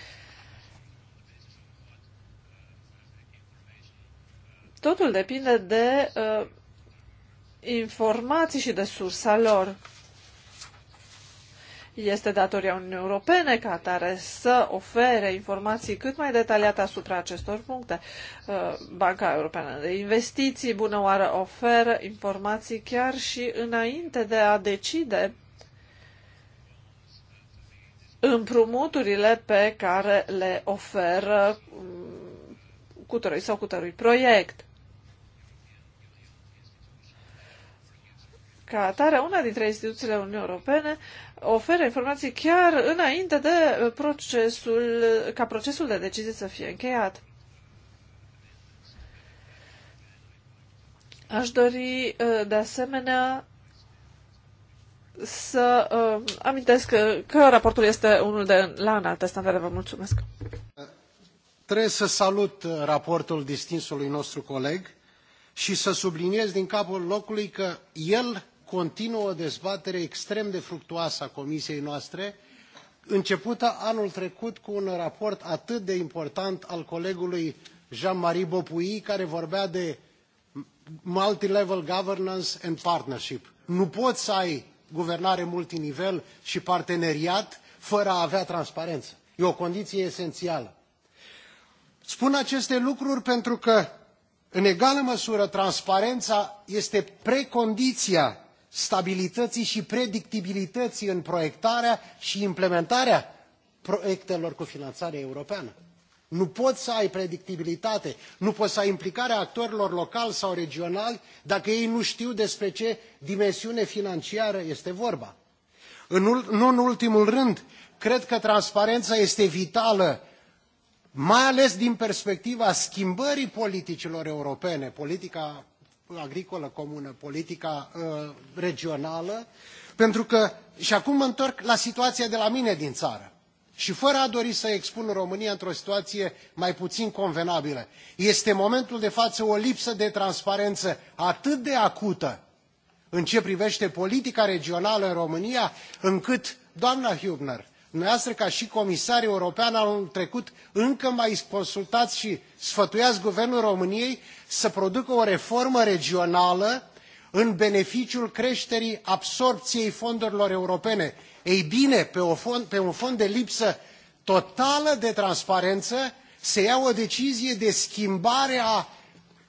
totul depinde de informații și de sursa lor. Este datoria Uniunii Europene ca atare să ofere informații cât mai detaliate asupra acestor puncte. Uh, Banca Europeană de Investiții, bună oară, oferă informații chiar și înainte de a decide împrumuturile pe care le oferă um, cutărui sau cutărui proiect. Ca atare, una dintre instituțiile Uniunii Europene oferă informații chiar înainte de procesul, ca procesul de decizie să fie încheiat. Aș dori, uh, de asemenea, să uh, amintesc că, că raportul este unul de la înalte standarde. Vă mulțumesc. Trebuie să salut uh, raportul distinsului nostru coleg și să subliniez din capul locului că el continuă o dezbatere extrem de fructuoasă a comisiei noastre, începută anul trecut cu un raport atât de important al colegului Jean-Marie Bopui, care vorbea de multilevel governance and partnership. Nu poți să ai guvernare multinivel și parteneriat fără a avea transparență. E o condiție esențială. Spun aceste lucruri pentru că, în egală măsură, transparența este precondiția stabilității și predictibilității în proiectarea și implementarea proiectelor cu finanțare europeană. Nu poți să ai predictibilitate, nu poți să ai implicarea actorilor locali sau regionali dacă ei nu știu despre ce dimensiune financiară este vorba. În, nu în ultimul rând, cred că transparența este vitală, mai ales din perspectiva schimbării politicilor europene. Politica agricolă comună, politica uh, regională, pentru că, și acum mă întorc la situația de la mine din țară, și fără a dori să expun România într-o situație mai puțin convenabilă, este în momentul de față o lipsă de transparență atât de acută în ce privește politica regională în România, încât, doamna Hübner, dumneavoastră ca și comisar european anul trecut încă mai consultați și sfătuiați guvernul României să producă o reformă regională în beneficiul creșterii absorpției fondurilor europene. Ei bine, pe, fond, pe un fond de lipsă totală de transparență, se ia o decizie de schimbare a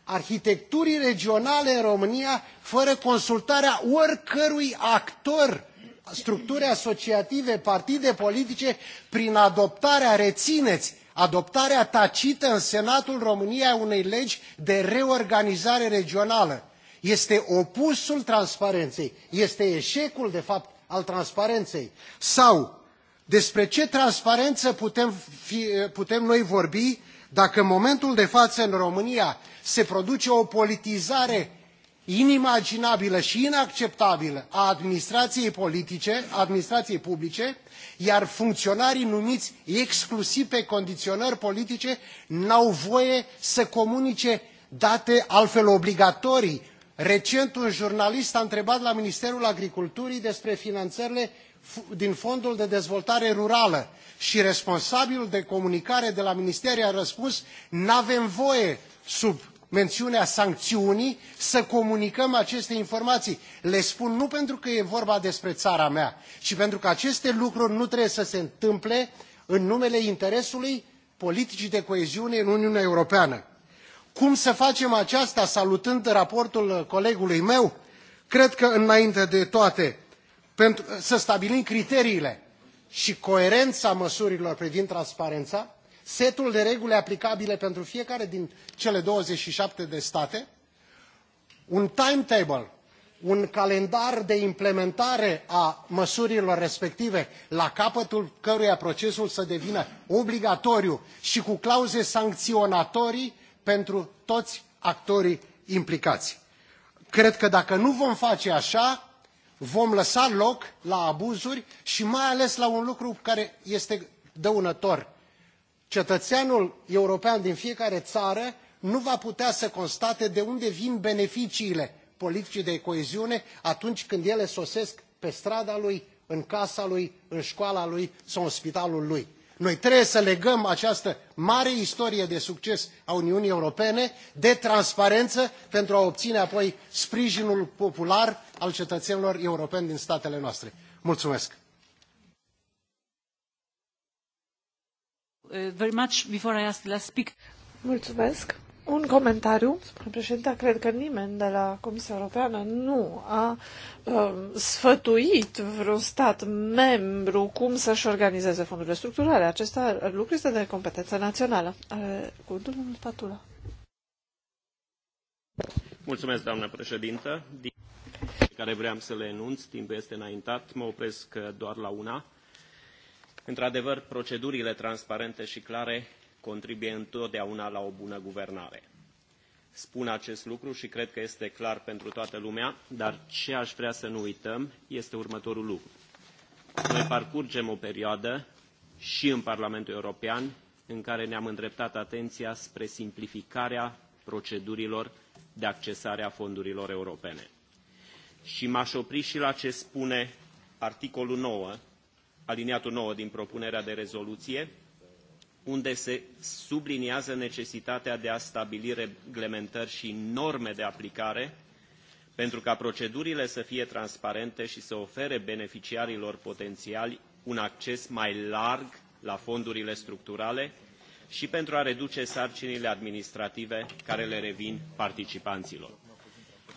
arhitecturii regionale în România fără consultarea oricărui actor structuri asociative, partide politice, prin adoptarea, rețineți, adoptarea tacită în Senatul României a unei legi de reorganizare regională. Este opusul transparenței, este eșecul, de fapt, al transparenței. Sau despre ce transparență putem, fi, putem noi vorbi dacă în momentul de față în România se produce o politizare inimaginabilă și inacceptabilă a administrației politice, administrației publice, iar funcționarii numiți exclusiv pe condiționări politice n-au voie să comunice date altfel obligatorii. Recent un jurnalist a întrebat la Ministerul Agriculturii despre finanțările din Fondul de Dezvoltare Rurală și responsabilul de comunicare de la minister i-a răspuns nu avem voie sub mențiunea sancțiunii, să comunicăm aceste informații. Le spun nu pentru că e vorba despre țara mea, ci pentru că aceste lucruri nu trebuie să se întâmple în numele interesului politicii de coeziune în Uniunea Europeană. Cum să facem aceasta, salutând raportul colegului meu? Cred că, înainte de toate, pentru, să stabilim criteriile și coerența măsurilor privind transparența, setul de reguli aplicabile pentru fiecare din cele 27 de state, un timetable, un calendar de implementare a măsurilor respective, la capătul căruia procesul să devină obligatoriu și cu clauze sancționatorii pentru toți actorii implicați. Cred că dacă nu vom face așa, vom lăsa loc la abuzuri și mai ales la un lucru care este dăunător cetățeanul european din fiecare țară nu va putea să constate de unde vin beneficiile politicii de coeziune atunci când ele sosesc pe strada lui, în casa lui, în școala lui sau în spitalul lui. Noi trebuie să legăm această mare istorie de succes a Uniunii Europene de transparență pentru a obține apoi sprijinul popular al cetățenilor europeni din statele noastre. Mulțumesc! Uh, very much before I ask the last Mulțumesc. Un comentariu, spune președinte, cred că nimeni de la Comisia Europeană nu a um, sfătuit vreun stat membru cum să-și organizeze fondurile structurale. Acesta lucru este de competență națională. Are cuvântul domnul Patula. Mulțumesc, doamnă președintă. Din care vreau să le enunț, timpul este înaintat, mă opresc uh, doar la una Într-adevăr, procedurile transparente și clare contribuie întotdeauna la o bună guvernare. Spun acest lucru și cred că este clar pentru toată lumea, dar ce aș vrea să nu uităm este următorul lucru. Noi parcurgem o perioadă și în Parlamentul European în care ne-am îndreptat atenția spre simplificarea procedurilor de accesare a fondurilor europene. Și m-aș opri și la ce spune articolul 9 aliniatul 9 din propunerea de rezoluție, unde se subliniază necesitatea de a stabili reglementări și norme de aplicare pentru ca procedurile să fie transparente și să ofere beneficiarilor potențiali un acces mai larg la fondurile structurale și pentru a reduce sarcinile administrative care le revin participanților.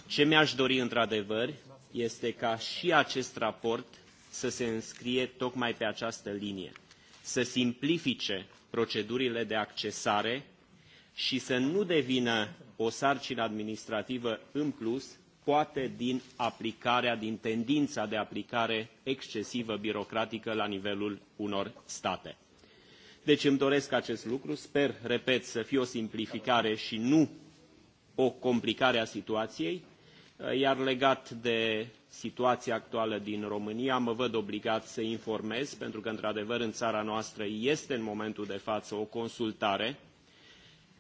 Ce mi-aș dori într-adevăr este ca și acest raport să se înscrie tocmai pe această linie, să simplifice procedurile de accesare și să nu devină o sarcină administrativă în plus, poate din aplicarea, din tendința de aplicare excesivă birocratică la nivelul unor state. Deci îmi doresc acest lucru, sper, repet, să fie o simplificare și nu o complicare a situației, Uh, iar legat de situația actuală din România, mă văd obligat să informez, pentru că, într-adevăr, în țara noastră este în momentul de față o consultare.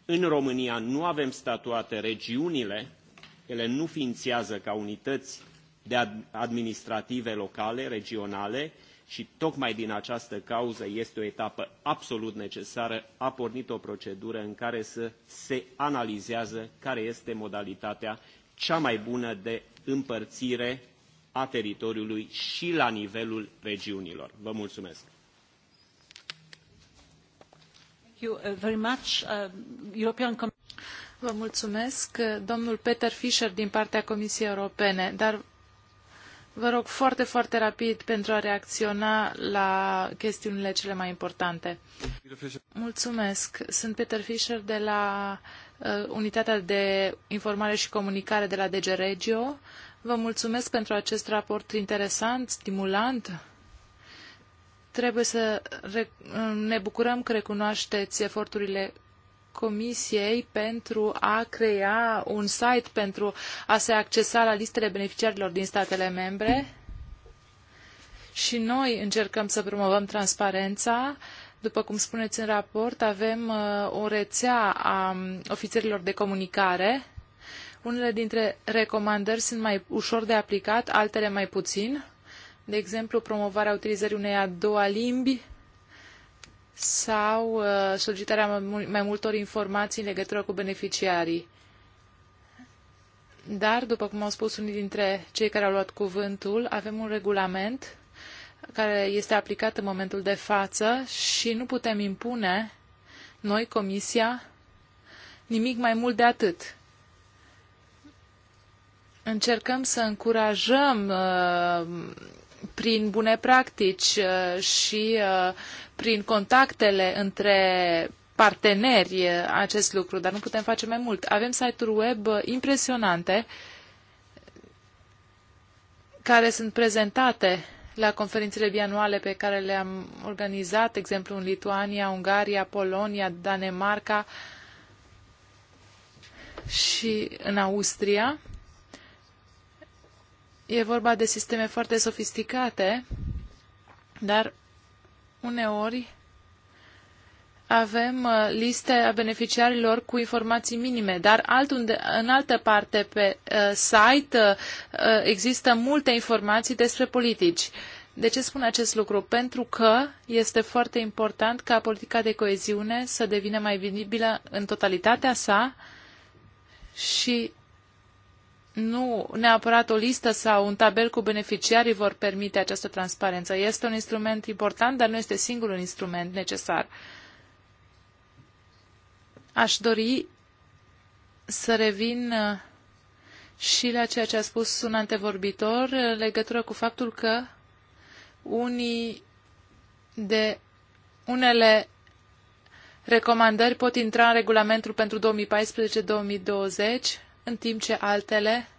În România nu avem statuate regiunile, ele nu ființează ca unități de administrative locale, regionale, și tocmai din această cauză este o etapă absolut necesară, a pornit o procedură în care să se analizează care este modalitatea cea mai bună de împărțire a teritoriului și la nivelul regiunilor. Vă mulțumesc! Uh, uh, vă mulțumesc, uh, domnul Peter Fischer din partea Comisiei Europene, dar vă rog foarte, foarte rapid pentru a reacționa la chestiunile cele mai importante. Mulțumesc. Sunt Peter Fischer de la Uh, unitatea de informare și comunicare de la DG Regio. Vă mulțumesc pentru acest raport interesant, stimulant. Trebuie să ne bucurăm că recunoașteți eforturile Comisiei pentru a crea un site pentru a se accesa la listele beneficiarilor din statele membre. Și noi încercăm să promovăm transparența după cum spuneți în raport, avem uh, o rețea a um, ofițerilor de comunicare. Unele dintre recomandări sunt mai ușor de aplicat, altele mai puțin. De exemplu, promovarea utilizării unei a doua limbi sau uh, solicitarea mai multor informații în legătură cu beneficiarii. Dar, după cum au spus unii dintre cei care au luat cuvântul, avem un regulament care este aplicat în momentul de față și nu putem impune noi, Comisia, nimic mai mult de atât. Încercăm să încurajăm uh, prin bune practici uh, și uh, prin contactele între parteneri acest lucru, dar nu putem face mai mult. Avem site-uri web impresionante care sunt prezentate la conferințele bianuale pe care le-am organizat, exemplu în Lituania, Ungaria, Polonia, Danemarca și în Austria. E vorba de sisteme foarte sofisticate, dar uneori avem uh, liste a beneficiarilor cu informații minime, dar altunde, în altă parte pe uh, site uh, uh, există multe informații despre politici. De ce spun acest lucru? Pentru că este foarte important ca politica de coeziune să devină mai vizibilă în totalitatea sa și nu neapărat o listă sau un tabel cu beneficiarii vor permite această transparență. Este un instrument important, dar nu este singurul instrument necesar. Aș dori să revin uh, și la ceea ce a spus un antevorbitor în uh, legătură cu faptul că unii de unele recomandări pot intra în regulamentul pentru 2014-2020, în timp ce altele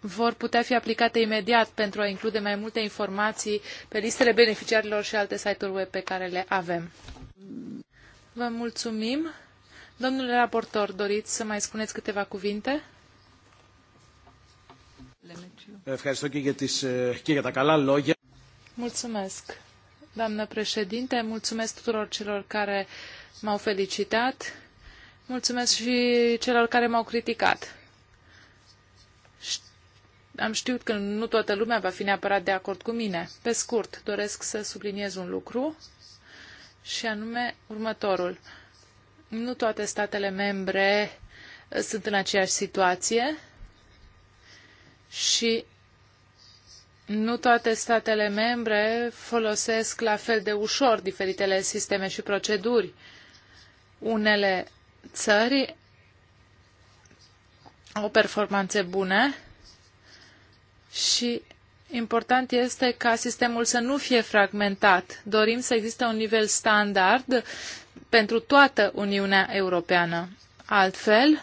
vor putea fi aplicate imediat pentru a include mai multe informații pe listele beneficiarilor și alte site-uri web pe care le avem. Vă mulțumim. Domnule raportor, doriți să mai spuneți câteva cuvinte? Mulțumesc, doamnă președinte. Mulțumesc tuturor celor care m-au felicitat. Mulțumesc și celor care m-au criticat. Am știut că nu toată lumea va fi neapărat de acord cu mine. Pe scurt, doresc să subliniez un lucru și anume următorul. Nu toate statele membre uh, sunt în aceeași situație și nu toate statele membre folosesc la fel de ușor diferitele sisteme și proceduri. Unele țări au performanțe bune și Important este ca sistemul să nu fie fragmentat. Dorim să existe un nivel standard pentru toată Uniunea Europeană. Altfel,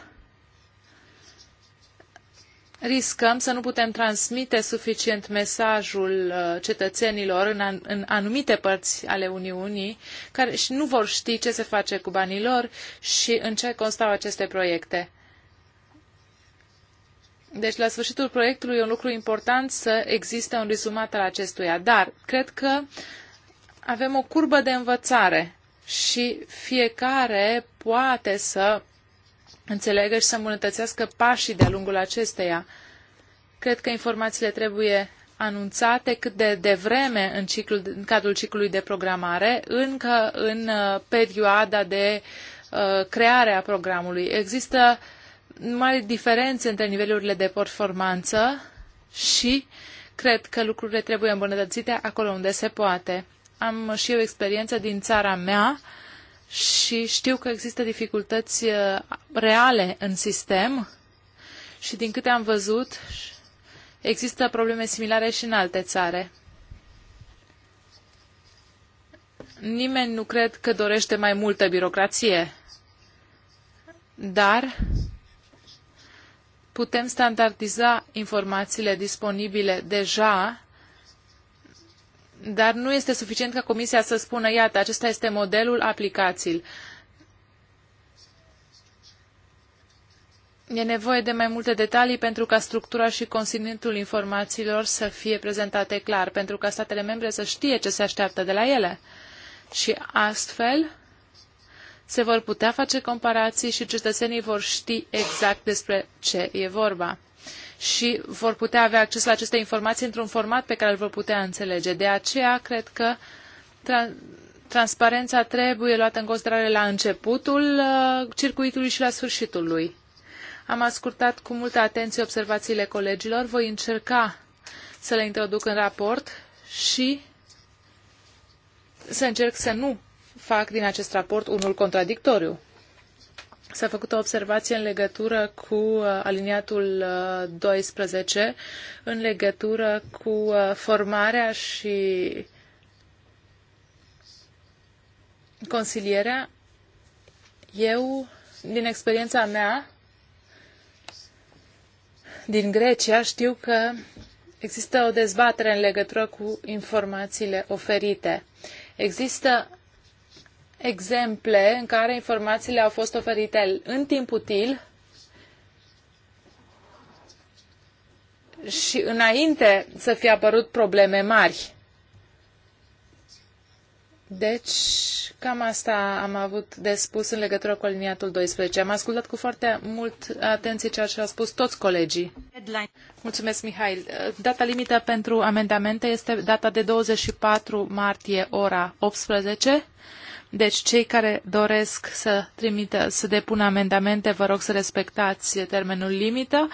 riscăm să nu putem transmite suficient mesajul uh, cetățenilor în, în anumite părți ale Uniunii, care și nu vor ști ce se face cu banii lor și în ce constau aceste proiecte. Deci, la sfârșitul proiectului e un lucru important să existe un rezumat al acestuia, dar cred că avem o curbă de învățare și fiecare poate să înțeleagă și să îmbunătățească pașii de-a lungul acesteia. Cred că informațiile trebuie anunțate cât de devreme în, ciclul, în cadrul ciclului de programare, încă în uh, perioada de uh, creare a programului. Există uh, mari diferențe între nivelurile de performanță și cred că lucrurile trebuie îmbunătățite acolo unde se poate. Am și eu experiență din țara mea și știu că există dificultăți uh, reale în sistem și din câte am văzut există probleme similare și în alte țare. Nimeni nu cred că dorește mai multă birocrație, dar putem standardiza informațiile disponibile deja, dar nu este suficient ca Comisia să spună, iată, acesta este modelul, aplicațiil. E nevoie de mai multe detalii pentru ca structura și conținutul informațiilor să fie prezentate clar, pentru ca statele membre să știe ce se așteaptă de la ele. Și astfel, se vor putea face comparații și cetățenii vor ști exact despre ce e vorba și vor putea avea acces la aceste informații într-un format pe care îl vor putea înțelege. De aceea, cred că tra- transparența trebuie luată în considerare la începutul uh, circuitului și la sfârșitul lui. Am ascultat cu multă atenție observațiile colegilor, voi încerca să le introduc în raport și să încerc să nu fac din acest raport unul contradictoriu. S-a făcut o observație în legătură cu uh, aliniatul 12, uh, în legătură cu uh, formarea și consilierea. Eu, din experiența mea, din Grecia, știu că există o dezbatere în legătură cu informațiile oferite. Există exemple în care informațiile au fost oferite în timp util și înainte să fie apărut probleme mari. Deci, cam asta am avut de spus în legătură cu aliniatul 12. Am ascultat cu foarte mult atenție ceea ce au spus toți colegii. Deadline. Mulțumesc, Mihail. Data limită pentru amendamente este data de 24 martie, ora 18. Deci, cei care doresc să trimite, să depună amendamente, vă rog să respectați termenul limită.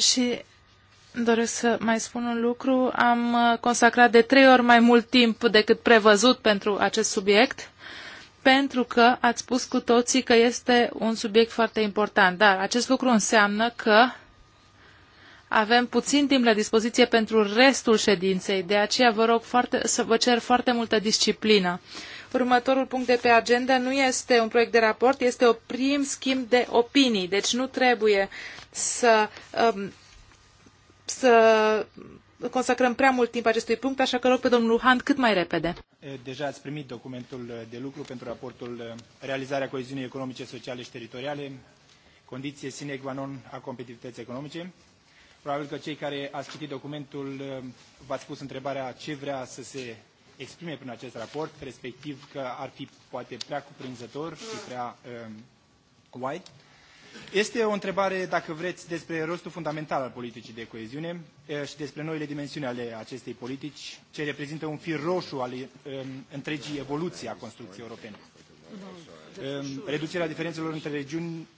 Și doresc să mai spun un lucru. Am uh, consacrat de trei ori mai mult timp decât prevăzut pentru acest subiect, pentru că ați spus cu toții că este un subiect foarte important. Dar acest lucru înseamnă că avem puțin timp la dispoziție pentru restul ședinței, de aceea vă rog foarte, să vă cer foarte multă disciplină. Următorul punct de pe agenda nu este un proiect de raport, este o prim schimb de opinii, deci nu trebuie să, um, să consacrăm prea mult timp acestui punct, așa că rog pe domnul Luhan cât mai repede. Deja ați primit documentul de lucru pentru raportul Realizarea coeziunii economice, sociale și teritoriale, condiție sine qua non a competitivității economice. Probabil că cei care ați citit documentul uh, v-ați pus întrebarea ce vrea să se exprime prin acest raport, respectiv că ar fi poate prea cuprinzător și prea um, wide. Este o întrebare, dacă vreți, despre rostul fundamental al politicii de coeziune uh, și despre noile dimensiuni ale acestei politici, ce reprezintă un fir roșu al um, întregii evoluții a construcției europene. Um, reducerea diferențelor între regiuni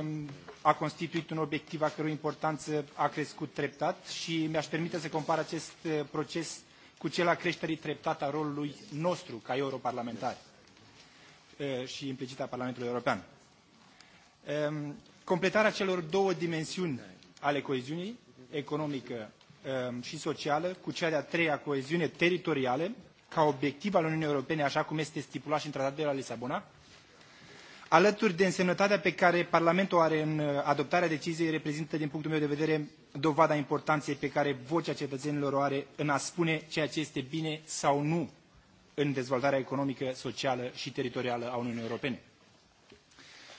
um, a constituit un obiectiv a cărui importanță a crescut treptat și mi-aș permite să compar acest uh, proces cu cel al creșterii treptat a rolului nostru ca europarlamentari uh, și implicit a Parlamentului European. Um, completarea celor două dimensiuni ale coeziunii, economică um, și socială, cu cea de-a treia coeziune teritorială, ca obiectiv al Uniunii Europene, așa cum este stipulat și în Tratatul de la Lisabona, alături de însemnătatea pe care Parlamentul o are în uh, adoptarea deciziei, reprezintă, din punctul meu de vedere, dovada importanței pe care vocea cetățenilor o are în a spune ceea ce este bine sau nu în dezvoltarea economică, socială și teritorială a Uniunii Europene.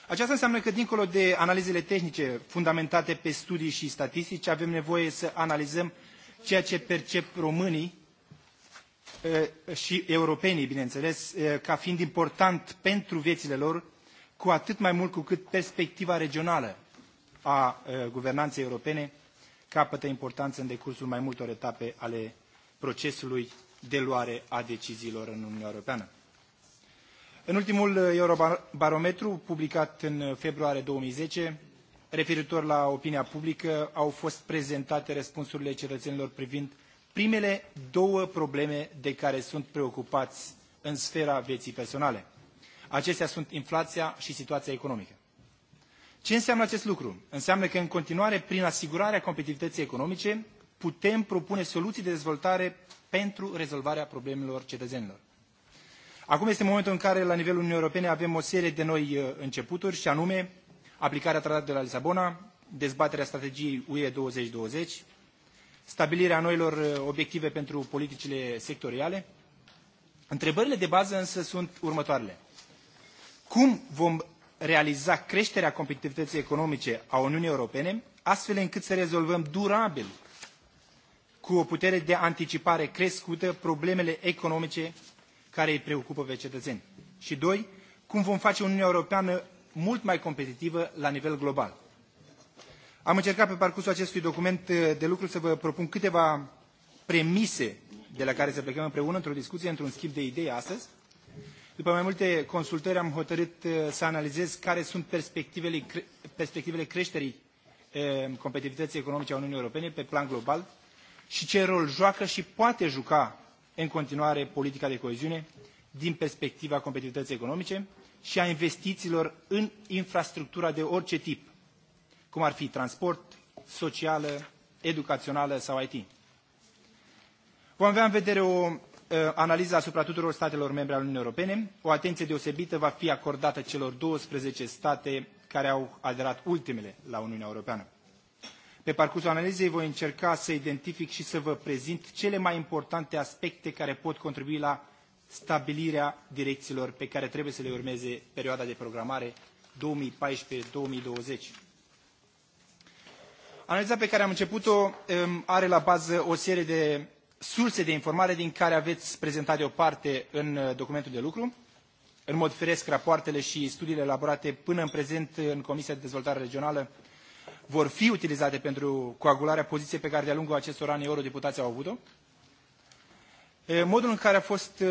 Aceasta înseamnă că, dincolo de analizele tehnice fundamentate pe studii și statistici, avem nevoie să analizăm ceea ce percep românii uh, și europenii, bineînțeles, uh, ca fiind important pentru viețile lor cu atât mai mult cu cât perspectiva regională a uh, guvernanței europene capătă importanță în decursul mai multor etape ale procesului de luare a deciziilor în Uniunea Europeană. În ultimul uh, Eurobarometru, publicat în februarie 2010, referitor la opinia publică, au fost prezentate răspunsurile cetățenilor privind primele două probleme de care sunt preocupați în sfera vieții personale. Acestea sunt inflația și situația economică. Ce înseamnă acest lucru? Înseamnă că în continuare, prin asigurarea competitivității economice, putem propune soluții de dezvoltare pentru rezolvarea problemelor cetățenilor. Acum este momentul în care, la nivelul Uniunii Europene, avem o serie de noi uh, începuturi, și anume aplicarea tratatului de la Lisabona, dezbaterea strategiei UE 2020, stabilirea noilor uh, obiective pentru politicile sectoriale. Întrebările de bază însă sunt următoarele cum vom realiza creșterea competitivității economice a Uniunii Europene, astfel încât să rezolvăm durabil, cu o putere de anticipare crescută, problemele economice care îi preocupă pe cetățeni. Și doi, cum vom face Uniunea Europeană mult mai competitivă la nivel global. Am încercat pe parcursul acestui document uh, de lucru să vă propun câteva premise de la care să plecăm împreună într-o discuție, într-un schimb de idei astăzi, după mai multe consultări am hotărât uh, să analizez care sunt perspectivele, perspectivele creșterii uh, competitivității economice a Uniunii Europene pe plan global și ce rol joacă și poate juca în continuare politica de coeziune din perspectiva competitivității economice și a investițiilor în infrastructura de orice tip, cum ar fi transport, socială, educațională sau IT. Vom avea în vedere o Uh, analiza asupra tuturor statelor membre ale Uniunii Europene. O atenție deosebită va fi acordată celor 12 state care au aderat ultimele la Uniunea Europeană. Pe parcursul analizei voi încerca să identific și să vă prezint cele mai importante aspecte care pot contribui la stabilirea direcțiilor pe care trebuie să le urmeze perioada de programare 2014-2020. Analiza pe care am început-o um, are la bază o serie de surse de informare din care aveți prezentat de o parte în uh, documentul de lucru, în mod firesc rapoartele și studiile elaborate până în prezent în Comisia de Dezvoltare Regională vor fi utilizate pentru coagularea poziției pe care de-a lungul acestor ani eurodeputații au avut-o. Modul în care a fost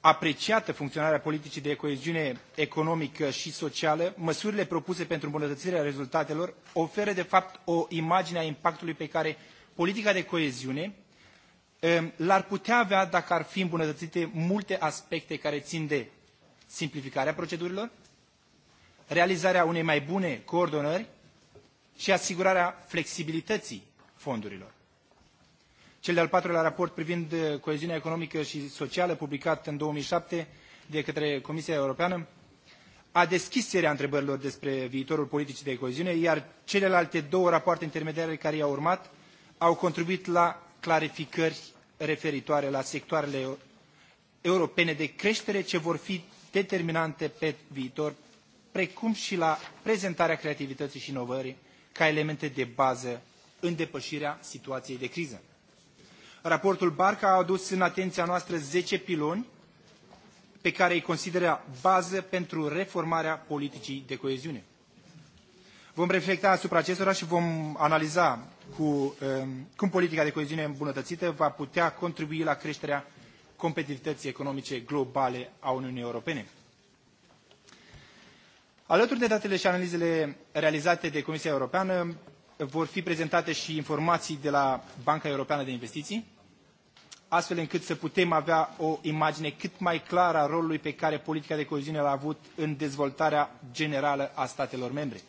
apreciată funcționarea politicii de coeziune economică și socială, măsurile propuse pentru îmbunătățirea rezultatelor oferă de fapt o imagine a impactului pe care politica de coeziune l-ar putea avea dacă ar fi îmbunătățite multe aspecte care țin de simplificarea procedurilor, realizarea unei mai bune coordonări și asigurarea flexibilității fondurilor. Cel de-al patrulea raport privind eh, coeziunea economică și socială, publicat în 2007 de către Comisia Europeană, a deschis seria întrebărilor despre viitorul politicii de coeziune, iar celelalte două rapoarte intermediare care i-au urmat au contribuit la clarificări referitoare la sectoarele europene de creștere ce vor fi determinante pe viitor, precum și la prezentarea creativității și inovării ca elemente de bază în depășirea situației de criză. Raportul Barca a adus în atenția noastră 10 piloni pe care îi consideră bază pentru reformarea politicii de coeziune. Vom reflecta asupra acestora și vom analiza cu, um, cum politica de coeziune îmbunătățită va putea contribui la creșterea competitivității economice globale a Uniunii Europene. Alături de datele și analizele realizate de Comisia Europeană, vor fi prezentate și informații de la Banca Europeană de Investiții, astfel încât să putem avea o imagine cât mai clară a rolului pe care politica de coeziune l-a avut în dezvoltarea generală a statelor membre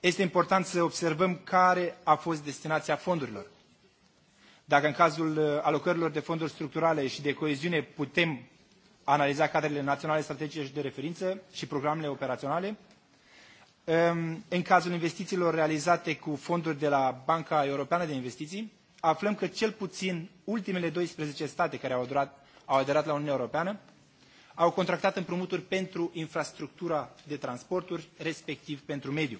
este important să observăm care a fost destinația fondurilor. Dacă în cazul uh, alocărilor de fonduri structurale și de coeziune putem analiza cadrele naționale strategice și de referință și programele operaționale, um, în cazul investițiilor realizate cu fonduri de la Banca Europeană de Investiții, aflăm că cel puțin ultimele 12 state care au aderat, au aderat la Uniunea Europeană au contractat împrumuturi pentru infrastructura de transporturi, respectiv pentru mediu.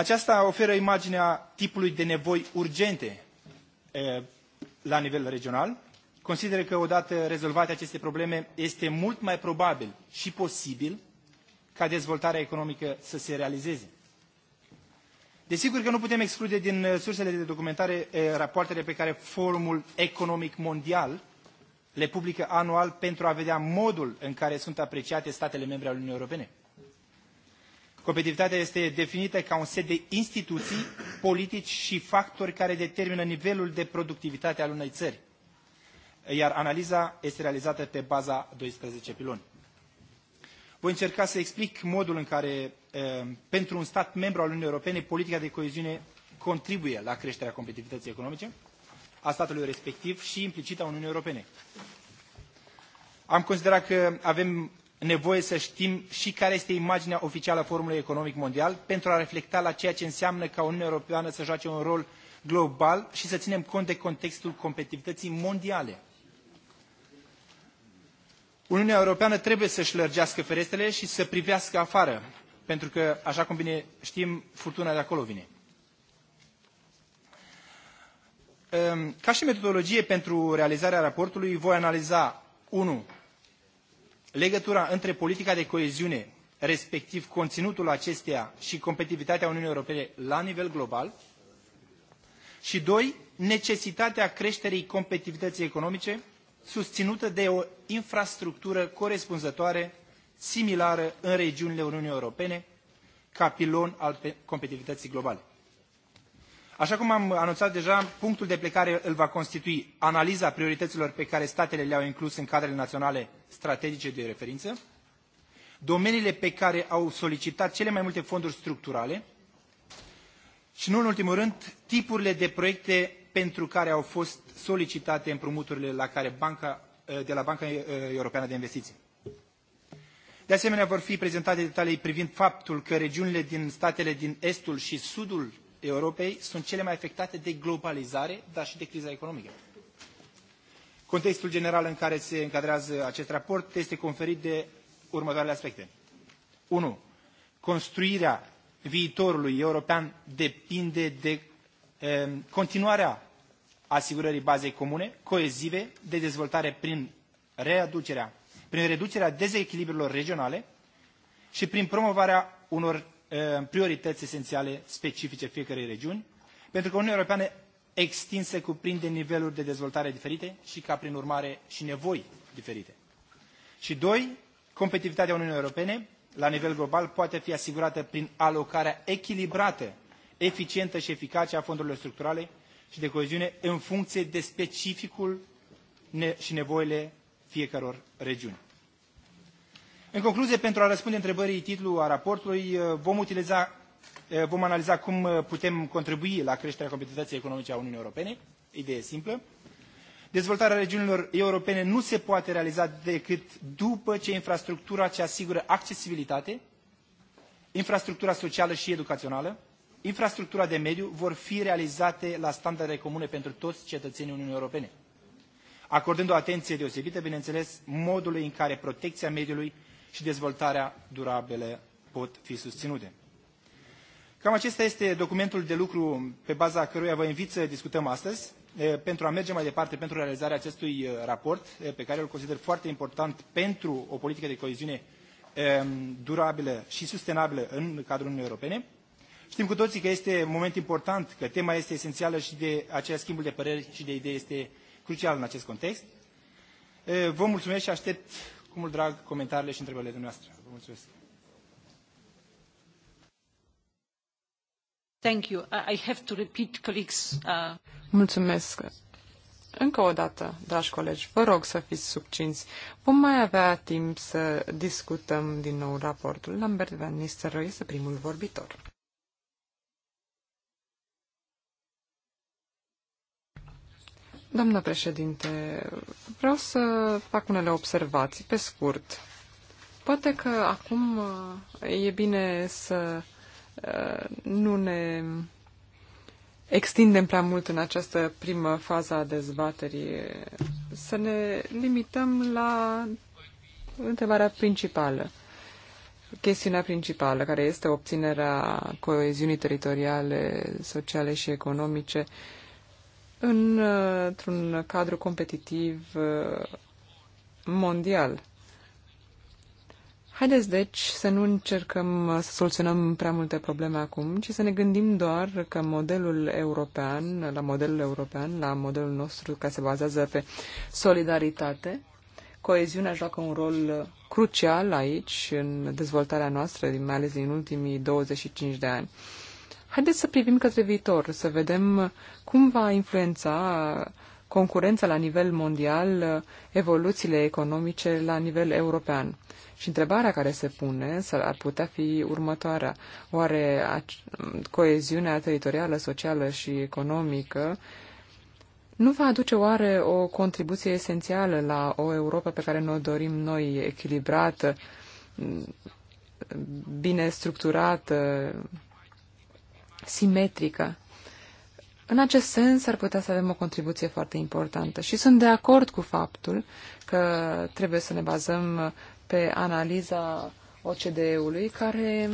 Aceasta oferă imaginea tipului de nevoi urgente la nivel regional. Consider că odată rezolvate aceste probleme, este mult mai probabil și posibil ca dezvoltarea economică să se realizeze. Desigur că nu putem exclude din sursele de documentare rapoartele pe care Forumul Economic Mondial le publică anual pentru a vedea modul în care sunt apreciate statele membre ale Uniunii Europene. Competitivitatea este definită ca un set de instituții, politici și factori care determină nivelul de productivitate al unei țări. Iar analiza este realizată pe baza 12 piloni. Voi încerca să explic modul în care, eh, pentru un stat membru al Uniunii Europene, politica de coeziune contribuie la creșterea competitivității economice a statului respectiv și implicit a Uniunii Europene. Am considerat că avem nevoie să știm și care este imaginea oficială a Forumului Economic Mondial pentru a reflecta la ceea ce înseamnă ca Uniunea Europeană să joace un rol global și să ținem cont de contextul competitivității mondiale. Uniunea Europeană trebuie să-și lărgească ferestrele și să privească afară, pentru că, așa cum bine știm, furtuna de acolo vine. Ehm, ca și metodologie pentru realizarea raportului, voi analiza 1 legătura între politica de coeziune, respectiv conținutul acesteia și competitivitatea Uniunii Europene la nivel global, și doi, necesitatea creșterii competitivității economice, susținută de o infrastructură corespunzătoare, similară în regiunile Uniunii Europene, ca pilon al competitivității globale. Așa cum am anunțat deja, punctul de plecare îl va constitui analiza priorităților pe care statele le-au inclus în cadrele naționale strategice de referință, domeniile pe care au solicitat cele mai multe fonduri structurale și, nu în ultimul rând, tipurile de proiecte pentru care au fost solicitate împrumuturile la care banca, de la Banca Europeană de Investiții. De asemenea, vor fi prezentate detalii privind faptul că regiunile din statele din estul și sudul Europei sunt cele mai afectate de globalizare, dar și de criza economică. Contextul general în care se încadrează acest raport este conferit de următoarele aspecte. 1. Construirea viitorului european depinde de e, continuarea asigurării bazei comune, coezive, de dezvoltare prin readucerea, prin reducerea dezechilibrelor regionale și prin promovarea unor Eh, priorități esențiale specifice fiecărei regiuni, pentru că Uniunea Europeană extinsă cuprinde niveluri de dezvoltare diferite și ca prin urmare și nevoi diferite. Și doi, competitivitatea Uniunii Europene la nivel global poate fi asigurată prin alocarea echilibrată, eficientă și eficace a fondurilor structurale și de coeziune în funcție de specificul și nevoile fiecăror regiuni. În concluzie, pentru a răspunde întrebării titlul a raportului, uh, vom utiliza uh, vom analiza cum uh, putem contribui la creșterea competitivității economice a Uniunii Europene, idee simplă. Dezvoltarea regiunilor europene nu se poate realiza decât după ce infrastructura ce asigură accesibilitate, infrastructura socială și educațională, infrastructura de mediu vor fi realizate la standarde comune pentru toți cetățenii Uniunii Europene, acordând o atenție deosebită, bineînțeles, modului în care protecția mediului și dezvoltarea durabilă pot fi susținute. Cam acesta este documentul de lucru pe baza căruia vă invit să discutăm astăzi pentru a merge mai departe pentru realizarea acestui raport, pe care îl consider foarte important pentru o politică de coeziune durabilă și sustenabilă în cadrul Uniunii Europene. Știm cu toții că este un moment important, că tema este esențială și de aceea schimbul de păreri și de idei este crucial în acest context. Vă mulțumesc și aștept cu mult drag comentariile și întrebările dumneavoastră. Vă mulțumesc. Thank you. I have to repeat, colleagues. Uh... Mulțumesc. Încă o dată, dragi colegi, vă rog să fiți succinți. Vom mai avea timp să discutăm din nou raportul. Lambert Van Nistelrooy este primul vorbitor. Doamna președinte, vreau să fac unele observații, pe scurt. Poate că acum uh, e bine să uh, nu ne extindem prea mult în această primă fază a dezbaterii, să ne limităm la întrebarea principală, chestiunea principală, care este obținerea coeziunii teritoriale, sociale și economice uh, în, într-un cadru competitiv uh, mondial. Haideți, deci, să nu încercăm să soluționăm prea multe probleme acum, ci să ne gândim doar că modelul european, la modelul european, la modelul nostru care se bazează pe solidaritate, coeziunea joacă un rol crucial aici, în dezvoltarea noastră, mai ales din ultimii 25 de ani. Haideți să privim către viitor, să vedem cum va influența concurența la nivel mondial evoluțiile economice la nivel european. Și întrebarea care se pune ar putea fi următoarea. Oare coeziunea teritorială, socială și economică nu va aduce oare o contribuție esențială la o Europa pe care ne-o dorim noi, echilibrată, bine structurată, simetrică. În acest sens ar putea să avem o contribuție foarte importantă și sunt de acord cu faptul că trebuie să ne bazăm pe analiza OCDE-ului care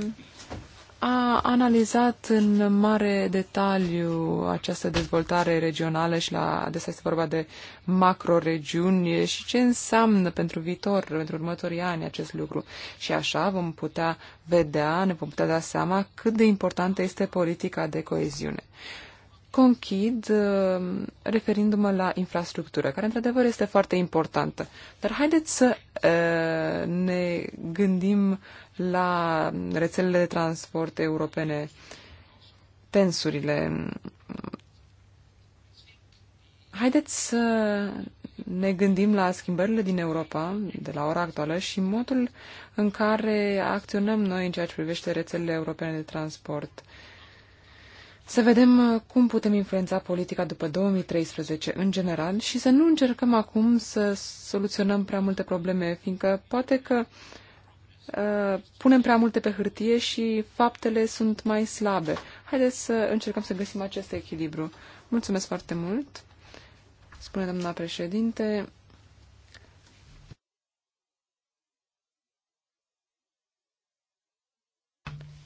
a analizat în mare detaliu această dezvoltare regională și la adesea este vorba de macroregiuni și ce înseamnă pentru viitor, pentru următorii ani acest lucru. Și așa vom putea vedea, ne vom putea da seama cât de importantă este politica de coeziune. Conchid uh, referindu-mă la infrastructură, care într-adevăr este foarte importantă. Dar haideți să uh, ne gândim la rețelele de transport europene, tensurile. Haideți să ne gândim la schimbările din Europa de la ora actuală și modul în care acționăm noi în ceea ce privește rețelele europene de transport. Să vedem cum putem influența politica după 2013 în general și să nu încercăm acum să soluționăm prea multe probleme, fiindcă poate că uh, Uh, punem prea multe pe hârtie și faptele sunt mai slabe. Haideți să încercăm să găsim acest echilibru. Mulțumesc foarte mult, spune doamna președinte.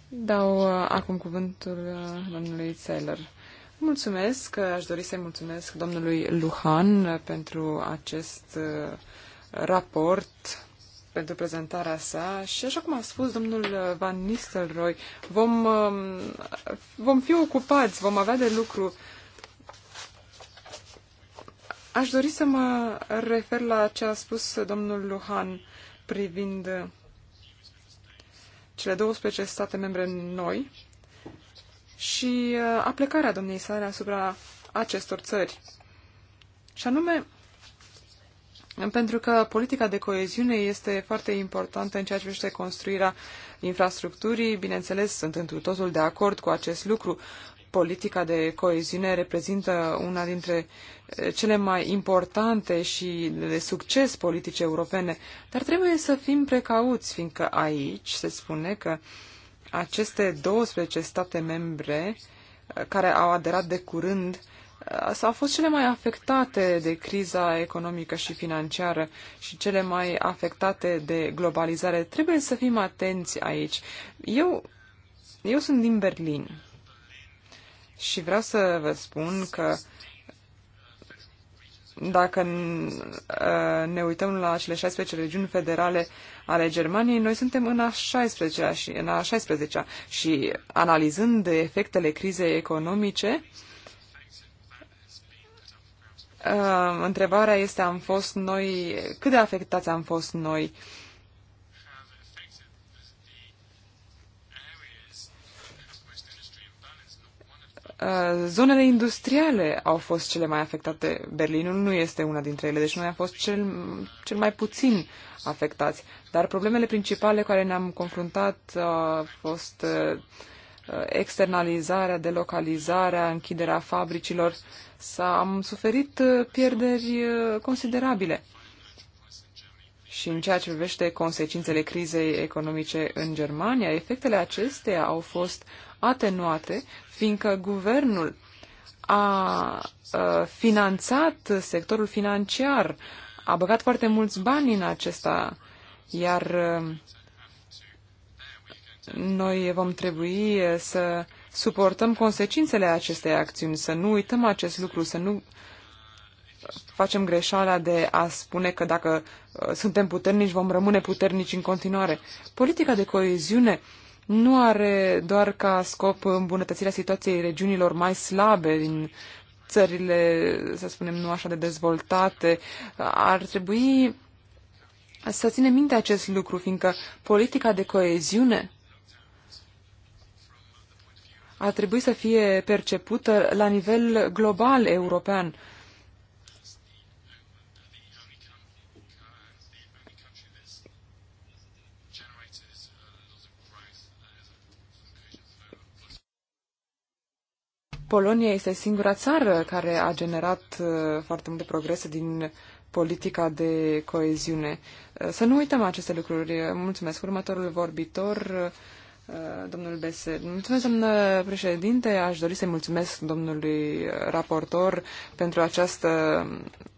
Dau uh, acum cuvântul uh, domnului Taylor. Mulțumesc, aș dori să-i mulțumesc domnului Luhan pentru acest raport pentru prezentarea sa și așa cum a spus domnul Van Nistelrooy, vom, um, vom fi ocupați, vom avea de lucru. Aș dori să mă refer la ce a spus domnul Luhan privind cele 12 state membre noi și uh, aplecarea domniei sale asupra acestor țări. Și anume, pentru că politica de coeziune este foarte importantă în ceea ce privește construirea infrastructurii. Bineînțeles, sunt întru totul de acord cu acest lucru. Politica de coeziune reprezintă una dintre eh, cele mai importante și de succes politice europene, dar trebuie să fim precauți, fiindcă aici se spune că aceste 12 state membre eh, care au aderat de curând uh, s-au fost cele mai afectate de criza economică și financiară și cele mai afectate de globalizare. Trebuie să fim atenți aici. Eu, eu sunt din Berlin și vreau să vă spun că dacă uh, ne uităm la cele 16 regiuni federale ale Germaniei, noi suntem în a 16-a și, în a 16 -a și analizând efectele crizei economice, uh, Uh, întrebarea este, am fost noi, cât de afectați am fost noi? Uh, zonele industriale au fost cele mai afectate. Berlinul nu este una dintre ele, deci noi am fost cel, cel mai puțin afectați. Dar problemele principale care ne-am confruntat uh, au fost uh, externalizarea, delocalizarea, închiderea fabricilor. Uh, s-a, am suferit uh, pierderi uh, considerabile. Și în ceea ce privește consecințele crizei economice în Germania, efectele acesteia au fost atenuate, fiindcă guvernul a uh, finanțat sectorul financiar, a băgat foarte mulți bani în acesta, iar noi vom trebui să suportăm consecințele acestei acțiuni, să nu uităm acest lucru, să nu facem greșeala de a spune că dacă uh, suntem puternici, vom rămâne puternici în continuare. Politica de coeziune nu are doar ca scop îmbunătățirea situației regiunilor mai slabe din țările, să spunem, nu așa de dezvoltate. Ar trebui să ținem minte acest lucru, fiindcă politica de coeziune ar trebui să fie percepută la nivel global european. Polonia este singura țară care a generat uh, foarte multe progrese din politica de coeziune. Uh, să nu uităm aceste lucruri. Mulțumesc. Următorul vorbitor uh, Uh, domnul Mulțumesc, președinte. Aș dori să-i mulțumesc domnului raportor pentru această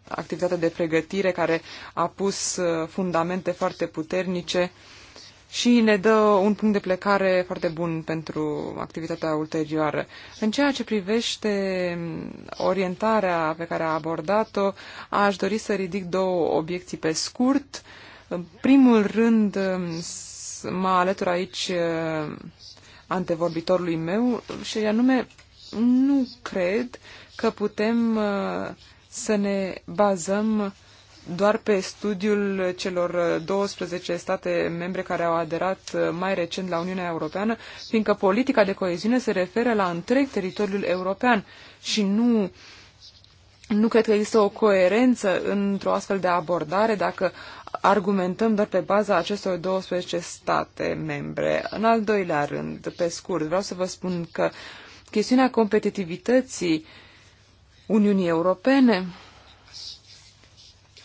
activitate de pregătire care a pus uh, fundamente foarte puternice și ne dă un punct de plecare foarte bun pentru activitatea ulterioară. În ceea ce privește orientarea pe care a abordat-o, aș dori să ridic două obiecții pe scurt. În primul rând, mă alătur aici uh, antevorbitorului meu și anume nu cred că putem uh, să ne bazăm doar pe studiul celor 12 uh, state membre care au aderat mai recent la Uniunea Europeană, fiindcă politica de coeziune se referă la întreg teritoriul european și nu nu cred că există o coerență într-o astfel de abordare dacă argumentăm doar pe baza acestor 12 state membre. În al doilea rând, pe scurt, vreau să vă spun că chestiunea competitivității Uniunii Europene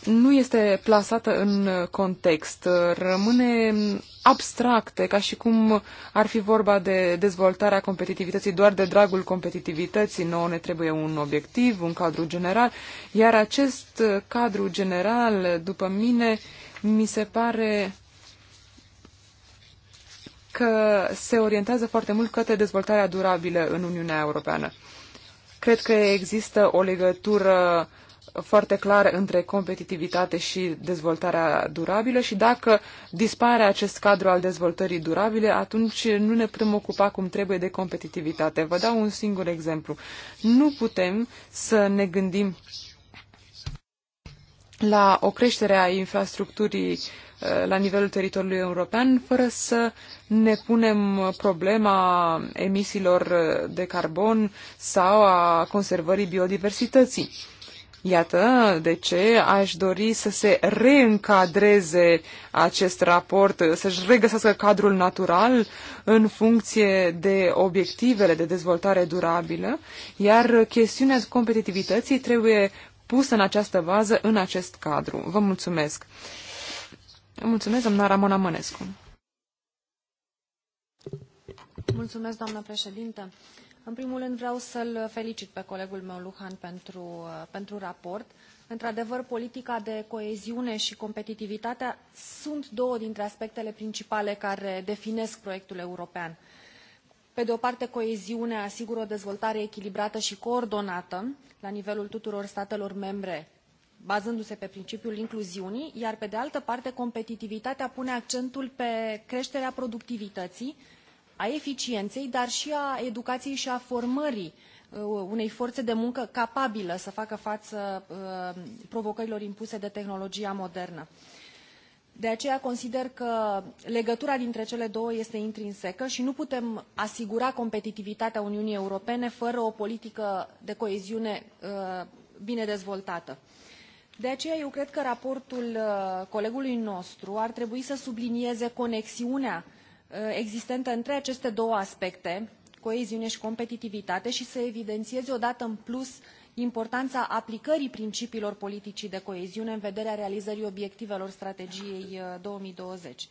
nu este plasată în context, rămâne abstracte, ca și cum ar fi vorba de dezvoltarea competitivității doar de dragul competitivității. Nouă ne trebuie un obiectiv, un cadru general, iar acest cadru general, după mine, mi se pare că se orientează foarte mult către dezvoltarea durabilă în Uniunea Europeană. Cred că există o legătură uh, foarte clar între competitivitate și dezvoltarea durabilă și dacă dispare acest cadru al dezvoltării durabile, atunci nu ne putem ocupa cum trebuie de competitivitate. Vă dau un singur exemplu. Nu putem să ne gândim la o creștere a infrastructurii uh, la nivelul teritoriului european, fără să ne punem problema emisiilor uh, de carbon sau a conservării biodiversității. Iată de ce aș dori să se reîncadreze acest raport, să-și regăsească cadrul natural în funcție de obiectivele de dezvoltare durabilă, iar chestiunea competitivității trebuie pusă în această bază, în acest cadru. Vă mulțumesc! Mulțumesc, doamna Ramona Mănescu! Mulțumesc, doamnă președintă! În primul rând vreau să-l felicit pe colegul meu, Luhan, pentru, uh, pentru raport. Într-adevăr, politica de coeziune și competitivitatea sunt două dintre aspectele principale care definesc proiectul european. Pe de o parte, coeziunea asigură o dezvoltare echilibrată și coordonată la nivelul tuturor statelor membre, bazându-se pe principiul incluziunii, iar pe de altă parte, competitivitatea pune accentul pe creșterea productivității a eficienței, dar și a educației și a formării uh, unei forțe de muncă capabilă să facă față uh, provocărilor impuse de tehnologia modernă. De aceea consider că legătura dintre cele două este intrinsecă și nu putem asigura competitivitatea Uniunii Europene fără o politică de coeziune uh, bine dezvoltată. De aceea eu cred că raportul colegului nostru ar trebui să sublinieze conexiunea Uh, existentă între aceste două aspecte, coeziune și competitivitate, și să evidențieze odată în plus importanța aplicării principiilor politicii de coeziune în vederea realizării obiectivelor strategiei 2020. Uh,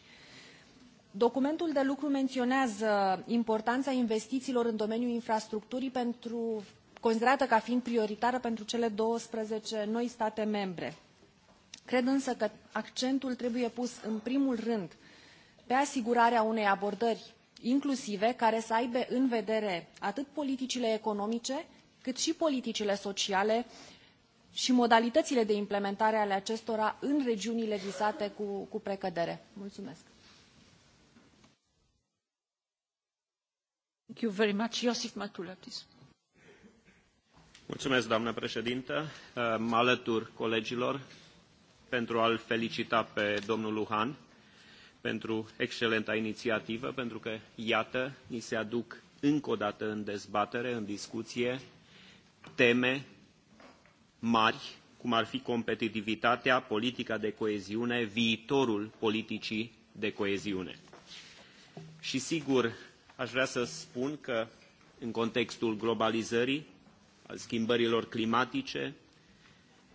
Documentul de lucru menționează importanța investițiilor în domeniul infrastructurii pentru, considerată ca fiind prioritară pentru cele 12 noi state membre. Cred însă că accentul trebuie pus în primul rând pe asigurarea unei abordări inclusive care să aibă în vedere atât politicile economice, cât și politicile sociale și modalitățile de implementare ale acestora în regiunile vizate cu, cu precădere. Mulțumesc! Mulțumesc, doamnă președintă. Mă alătur colegilor pentru a-l felicita pe domnul Luhan pentru excelenta inițiativă, pentru că, iată, ni se aduc încă o dată în dezbatere, în discuție, teme mari, cum ar fi competitivitatea, politica de coeziune, viitorul politicii de coeziune. Și sigur, aș vrea să spun că în contextul globalizării, al schimbărilor climatice,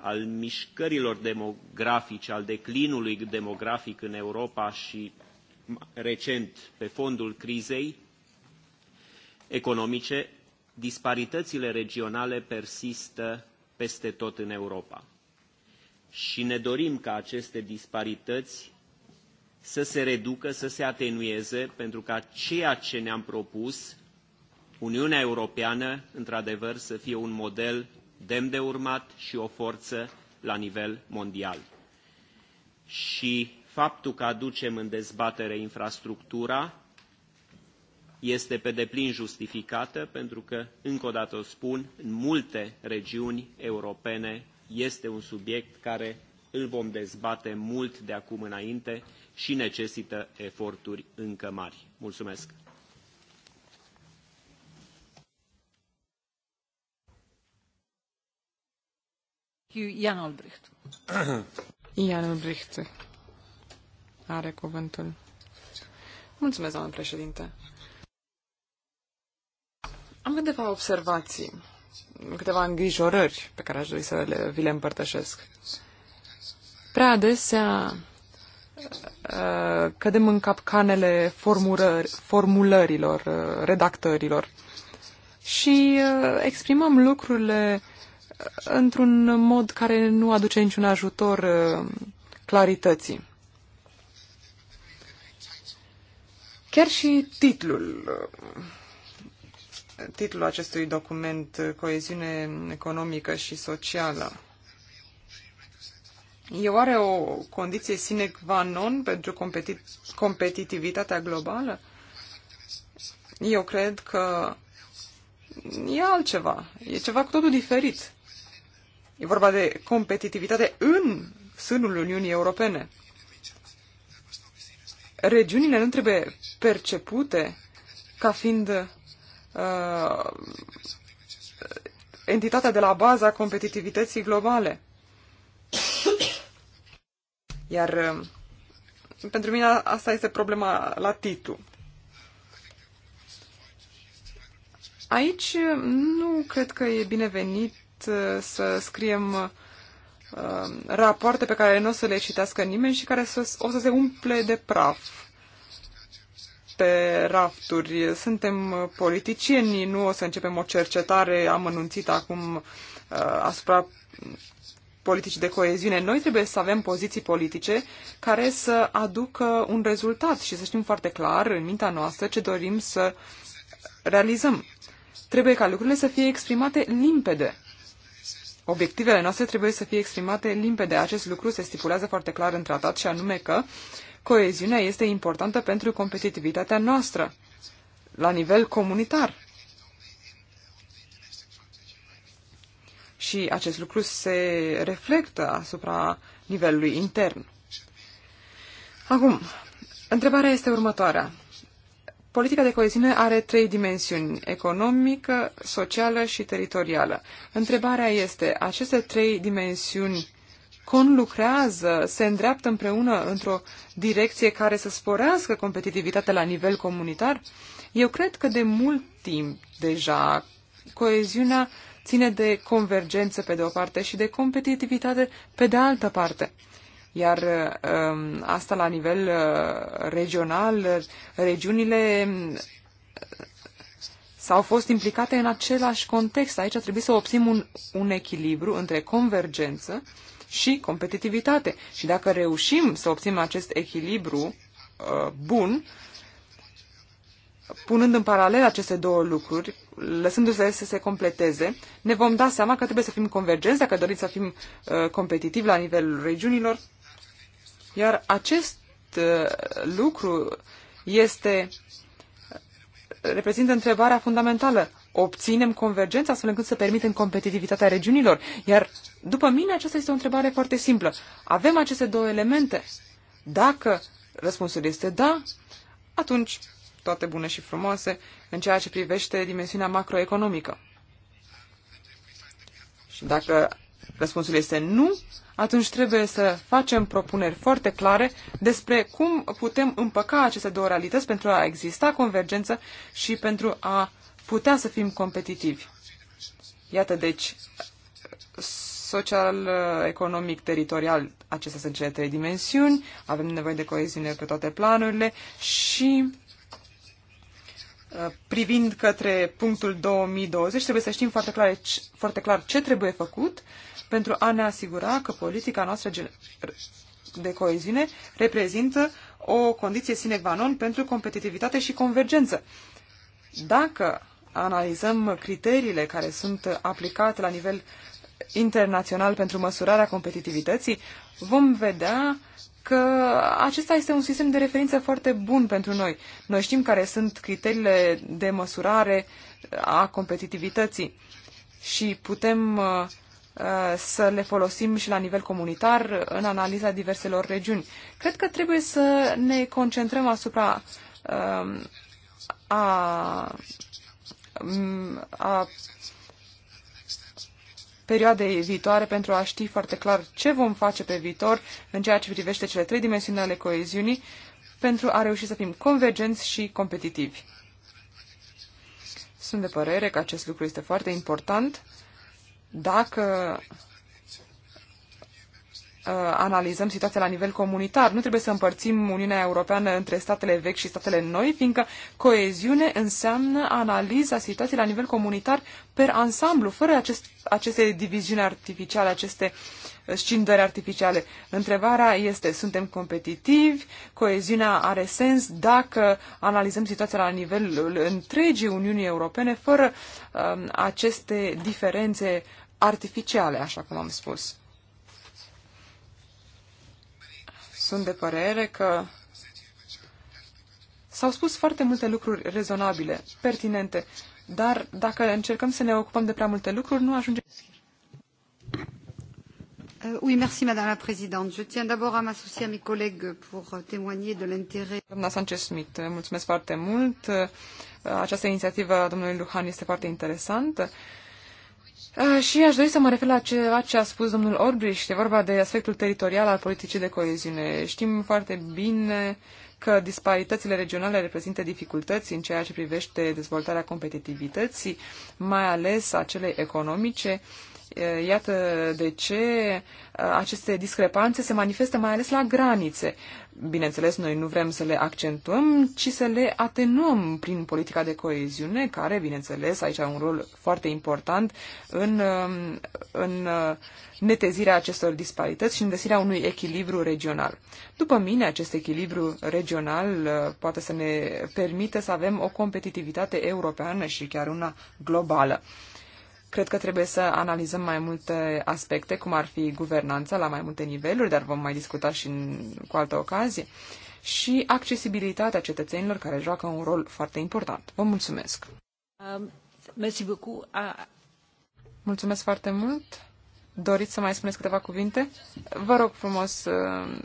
al mișcărilor demografice, al declinului demografic în Europa și recent pe fondul crizei economice, disparitățile regionale persistă peste tot în Europa. Și ne dorim ca aceste disparități să se reducă, să se atenueze, pentru ca ceea ce ne-am propus, Uniunea Europeană, într-adevăr, să fie un model demn de urmat și o forță la nivel mondial. Și faptul că aducem în dezbatere infrastructura este pe deplin justificată, pentru că, încă o dată o spun, în multe regiuni europene este un subiect care îl vom dezbate mult de acum înainte și necesită eforturi încă mari. Mulțumesc! Jan Albrecht. are cuvântul. Mulțumesc, doamnă președinte. Am câteva observații, câteva îngrijorări pe care aș dori să le, vi le împărtășesc. Prea adesea uh, cădem în capcanele formulărilor, uh, redactărilor și uh, exprimăm lucrurile într-un mod care nu aduce niciun ajutor uh, clarității. Chiar și titlul uh, titlul acestui document, uh, Coeziune economică și socială, E oare o condiție sine qua non pentru competitivitatea globală? Eu cred că e altceva, e ceva cu totul diferit. E vorba de competitivitate în sânul Uniunii Europene. Regiunile nu trebuie percepute ca fiind uh, entitatea de la baza competitivității globale. Iar uh, pentru mine asta este problema la titlu. Aici nu cred că e binevenit uh, să scriem uh, rapoarte pe care nu o să le citească nimeni și care să, o să se umple de praf pe rafturi. Suntem uh, politicieni, nu o să începem o cercetare amănunțită acum asupra politicii de coeziune. Noi trebuie să avem poziții politice care să aducă un rezultat și să știm foarte clar în mintea noastră ce dorim să realizăm. Trebuie ca lucrurile să fie exprimate limpede. Obiectivele noastre trebuie să fie exprimate limpede. Acest lucru se stipulează foarte clar în tratat și anume că coeziunea este importantă pentru competitivitatea noastră la nivel comunitar. Și acest lucru se reflectă asupra nivelului intern. Acum, întrebarea este următoarea. Politica de coeziune are trei dimensiuni, economică, socială și teritorială. Întrebarea este, aceste trei dimensiuni conlucrează, se îndreaptă împreună într-o direcție care să sporească competitivitatea la nivel comunitar? Eu cred că de mult timp deja coeziunea ține de convergență pe de o parte și de competitivitate pe de altă parte. Iar um, asta la nivel uh, regional, regiunile uh, s-au fost implicate în același context. Aici trebuie să obținem un, un echilibru între convergență și competitivitate. Și dacă reușim să obținem acest echilibru uh, bun, punând în paralel aceste două lucruri, lăsându-se să se completeze, ne vom da seama că trebuie să fim convergenți dacă dorim să fim uh, competitivi la nivelul regiunilor iar acest uh, lucru este reprezintă întrebarea fundamentală. Obținem convergența astfel încât să permitem competitivitatea regiunilor? Iar după mine aceasta este o întrebare foarte simplă. Avem aceste două elemente. Dacă răspunsul este da, atunci toate bune și frumoase în ceea ce privește dimensiunea macroeconomică. Și dacă răspunsul este nu, atunci trebuie să facem propuneri foarte clare despre cum putem împăca aceste două realități pentru a exista convergență și pentru a putea să fim competitivi. Iată, deci, social, economic, teritorial, acestea sunt cele trei dimensiuni, avem nevoie de coeziune pe toate planurile și privind către punctul 2020, trebuie să știm foarte clar, foarte clar ce trebuie făcut pentru a ne asigura că politica noastră de coeziune reprezintă o condiție sine qua non pentru competitivitate și convergență. Dacă analizăm criteriile care sunt aplicate la nivel internațional pentru măsurarea competitivității, vom vedea că acesta este un sistem de referință foarte bun pentru noi. Noi știm care sunt criteriile de măsurare a competitivității și putem uh, uh, să le folosim și la nivel comunitar în analiza diverselor regiuni. Cred că trebuie să ne concentrăm asupra um, a, a, a perioadei viitoare pentru a ști foarte clar ce vom face pe viitor în ceea ce privește cele trei dimensiuni ale coeziunii pentru a reuși să fim convergenți și competitivi. Sunt de părere că acest lucru este foarte important dacă Uh, analizăm situația la nivel comunitar. Nu trebuie să împărțim Uniunea Europeană între statele vechi și statele noi, fiindcă coeziune înseamnă analiza situației la nivel comunitar per ansamblu, fără acest, aceste diviziuni artificiale, aceste uh, scindări artificiale. Întrebarea este, suntem competitivi? Coeziunea are sens dacă analizăm situația la nivelul întregii Uniunii Europene, fără um, aceste diferențe artificiale, așa cum am spus. sunt de părere că s-au spus foarte multe lucruri rezonabile, pertinente, dar dacă încercăm să ne ocupăm de prea multe lucruri, nu ajungem. Euh, oui, merci Madame la Présidente. Je tiens d'abord à m'associer à mes collègues pour euh, témoigner de l'intérêt. Doamna Sanchez-Smith, mulțumesc foarte mult. Această inițiativă a domnului Luhan este foarte interesantă și aș dori să mă refer la ceea ce a spus domnul Orbriș, e vorba de aspectul teritorial al politicii de coeziune. Știm foarte bine că disparitățile regionale reprezintă dificultăți în ceea ce privește dezvoltarea competitivității, mai ales a celei economice. Iată de ce aceste discrepanțe se manifestă mai ales la granițe. Bineînțeles, noi nu vrem să le accentuăm, ci să le atenuăm prin politica de coeziune, care, bineînțeles, aici are un rol foarte important în, um, în uh, netezirea acestor disparități și în găsirea unui echilibru regional. După mine, acest echilibru regional uh, poate să ne permită să avem o competitivitate europeană și chiar una globală. Cred că trebuie să analizăm mai multe aspecte, cum ar fi guvernanța la mai multe niveluri, dar vom mai discuta și în, cu altă ocazie, și accesibilitatea cetățenilor, care joacă un rol foarte important. Vă mulțumesc! Um, merci beaucoup. Ah. Mulțumesc foarte mult! Doriți să mai spuneți câteva cuvinte? Vă rog frumos, uh,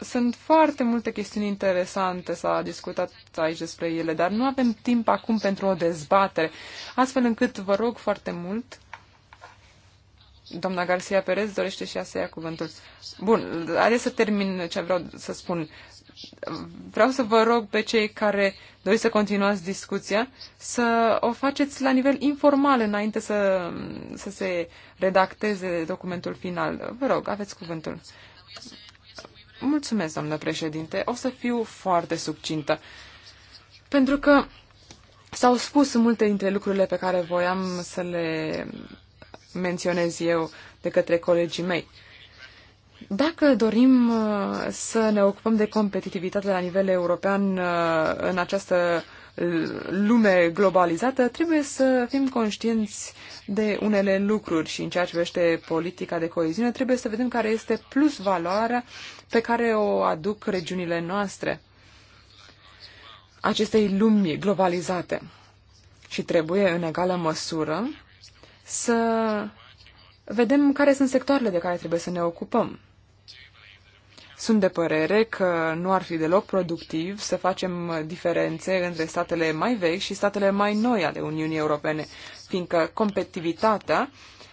sunt foarte multe chestiuni interesante, s-a discutat aici despre ele, dar nu avem timp acum pentru o dezbatere, astfel încât vă rog foarte mult Doamna Garcia Perez dorește și ea să ia cuvântul. Bun, haideți să termin ce vreau să spun. Vreau să vă rog pe cei care doriți să continuați discuția să o faceți la nivel informal înainte să, să se redacteze documentul final. Vă rog, aveți cuvântul. Mulțumesc, doamnă președinte. O să fiu foarte subcintă. Pentru că s-au spus multe dintre lucrurile pe care voiam să le menționez eu de către colegii mei. Dacă dorim uh, să ne ocupăm de competitivitate la nivel european uh, în această lume globalizată, trebuie să fim conștienți de unele lucruri și în ceea ce vește politica de coeziune, trebuie să vedem care este plus valoarea pe care o aduc regiunile noastre acestei lumi globalizate. Și trebuie, în egală măsură, să vedem care sunt sectoarele de care trebuie să ne ocupăm. Sunt de părere că nu ar fi deloc productiv să facem diferențe între statele mai vechi și statele mai noi ale Uniunii Europene, fiindcă competitivitatea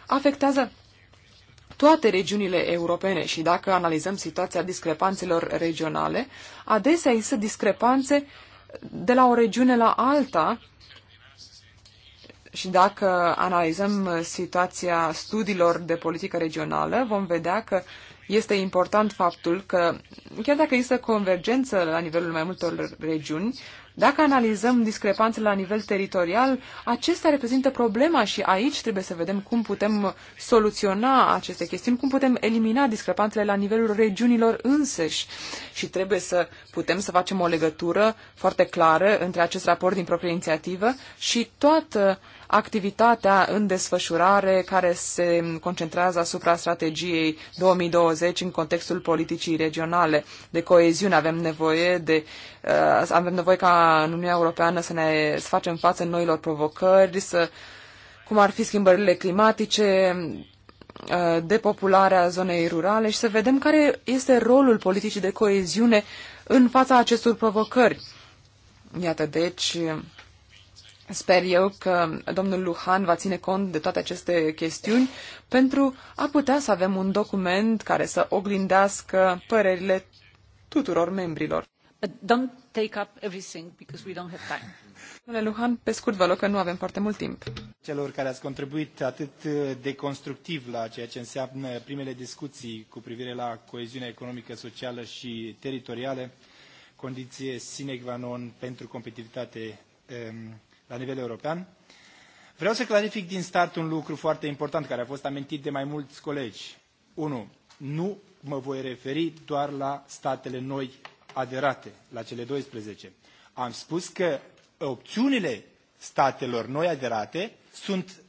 afectează toate regiunile europene și dacă analizăm situația discrepanțelor regionale, adesea există discrepanțe de la o regiune la alta și dacă analizăm situația studiilor de politică regională, vom vedea că uh, este important faptul că, chiar dacă există convergență la nivelul mai multor regiuni, dacă analizăm discrepanțele la nivel teritorial, acestea reprezintă problema și aici trebuie să vedem cum putem soluționa aceste chestiuni, cum putem elimina discrepanțele la nivelul regiunilor înseși. Și trebuie să putem să facem o legătură foarte clară între acest raport din proprie inițiativă și toată uh, activitatea în desfășurare care se concentrează asupra strategiei 2020 în contextul politicii regionale de coeziune. Avem nevoie de uh, avem nevoie ca în Uniunea Europeană să ne să facem față noilor provocări, să cum ar fi schimbările climatice, uh, depopularea zonei rurale și să vedem care este rolul politicii de coeziune în fața acestor provocări. Iată, deci, Sper eu că domnul Luhan va ține cont de toate aceste chestiuni pentru a putea să avem un document care să oglindească părerile tuturor membrilor. Domnule Luhan, pe scurt vă rog că nu avem foarte mult timp. Celor care ați contribuit atât de constructiv la ceea ce înseamnă primele discuții cu privire la coeziunea economică, socială și teritorială, condiție sine qua non pentru competitivitate um, la nivel european. Vreau să clarific din start un lucru foarte important care a fost amintit de mai mulți colegi. 1. Nu mă voi referi doar la statele noi aderate, la cele 12. Am spus că opțiunile statelor noi aderate sunt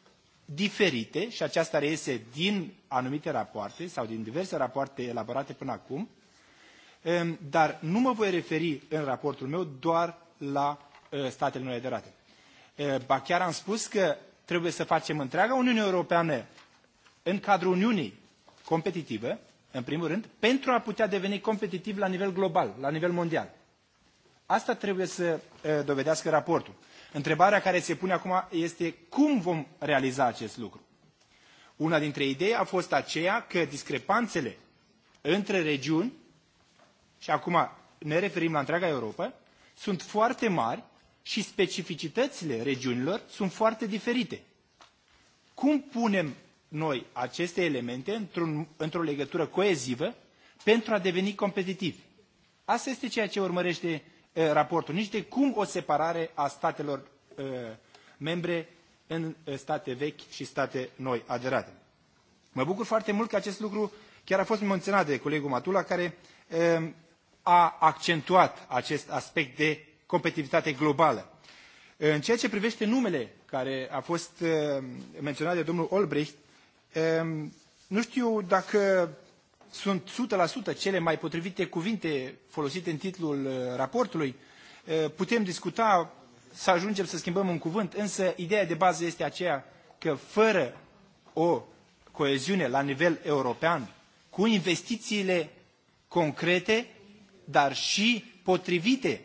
diferite și aceasta reiese din anumite rapoarte sau din diverse rapoarte elaborate până acum, dar nu mă voi referi în raportul meu doar la ă, statele noi aderate. Ba chiar am spus că trebuie să facem întreaga Uniune Europeană în cadrul Uniunii competitivă, în primul rând, pentru a putea deveni competitiv la nivel global, la nivel mondial. Asta trebuie să dovedească raportul. Întrebarea care se pune acum este cum vom realiza acest lucru. Una dintre idei a fost aceea că discrepanțele între regiuni, și acum ne referim la întreaga Europa, sunt foarte mari și specificitățile regiunilor sunt foarte diferite. Cum punem noi aceste elemente într-o într legătură coezivă pentru a deveni competitivi? Asta este ceea ce urmărește raportul. Nici de cum o separare a statelor membre în state vechi și state noi aderate. Mă bucur foarte mult că acest lucru chiar a fost menționat de colegul Matula, care a accentuat acest aspect de competitivitate globală. În ceea ce privește numele care a fost uh, menționat de domnul Olbricht, um, nu știu dacă sunt 100% cele mai potrivite cuvinte folosite în titlul uh, raportului. Uh, putem discuta să ajungem să schimbăm un cuvânt, însă ideea de bază este aceea că fără o coeziune la nivel european, cu investițiile concrete, dar și potrivite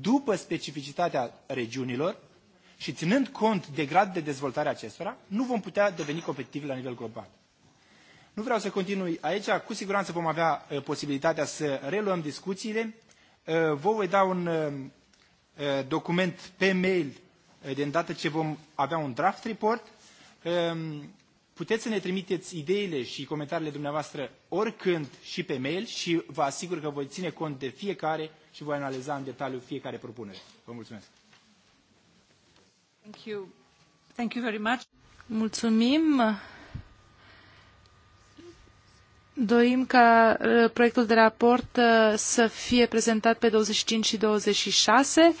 după specificitatea regiunilor și ținând cont de grad de dezvoltare acestora, nu vom putea deveni competitivi la nivel global. Nu vreau să continui aici, cu siguranță vom avea uh, posibilitatea să reluăm discuțiile. Uh, vă voi da un uh, document pe mail de îndată ce vom avea un draft report um, Puteți să ne trimiteți ideile și comentariile dumneavoastră oricând și pe mail și vă asigur că voi ține cont de fiecare și voi analiza în detaliu fiecare propunere. Vă mulțumesc. Thank you. Thank you very much. Mulțumim. Dorim ca uh, proiectul de raport uh, să fie prezentat pe 25 și 26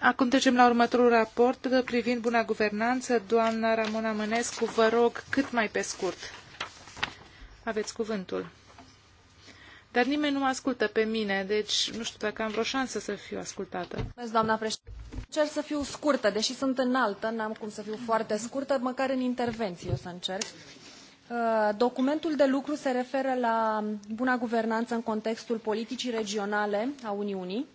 Acum trecem la următorul raport privind buna guvernanță. Doamna Ramona Mănescu, vă rog cât mai pe scurt. Aveți cuvântul. Dar nimeni nu mă ascultă pe mine, deci nu știu dacă am vreo șansă să fiu ascultată. Mulțumesc, doamna președinte. Încerc să fiu scurtă, deși sunt înaltă, n-am cum să fiu foarte scurtă, măcar în intervenții o să încerc. Uh, documentul de lucru se referă la buna guvernanță în contextul politicii regionale a Uniunii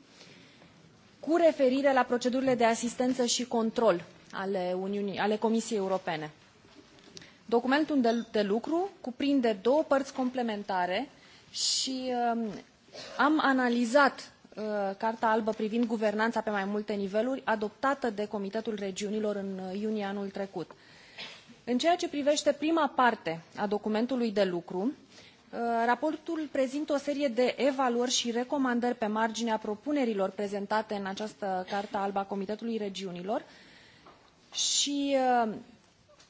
cu referire la procedurile de asistență și control ale, Uniunii, ale Comisiei Europene. Documentul de, de lucru cuprinde două părți complementare și uh, am analizat uh, Carta Albă privind guvernanța pe mai multe niveluri, adoptată de Comitetul Regiunilor în uh, iunie anul trecut. În ceea ce privește prima parte a documentului de lucru, Uh, raportul prezintă o serie de evaluări și recomandări pe marginea propunerilor prezentate în această carte Albă a Comitetului Regiunilor și uh,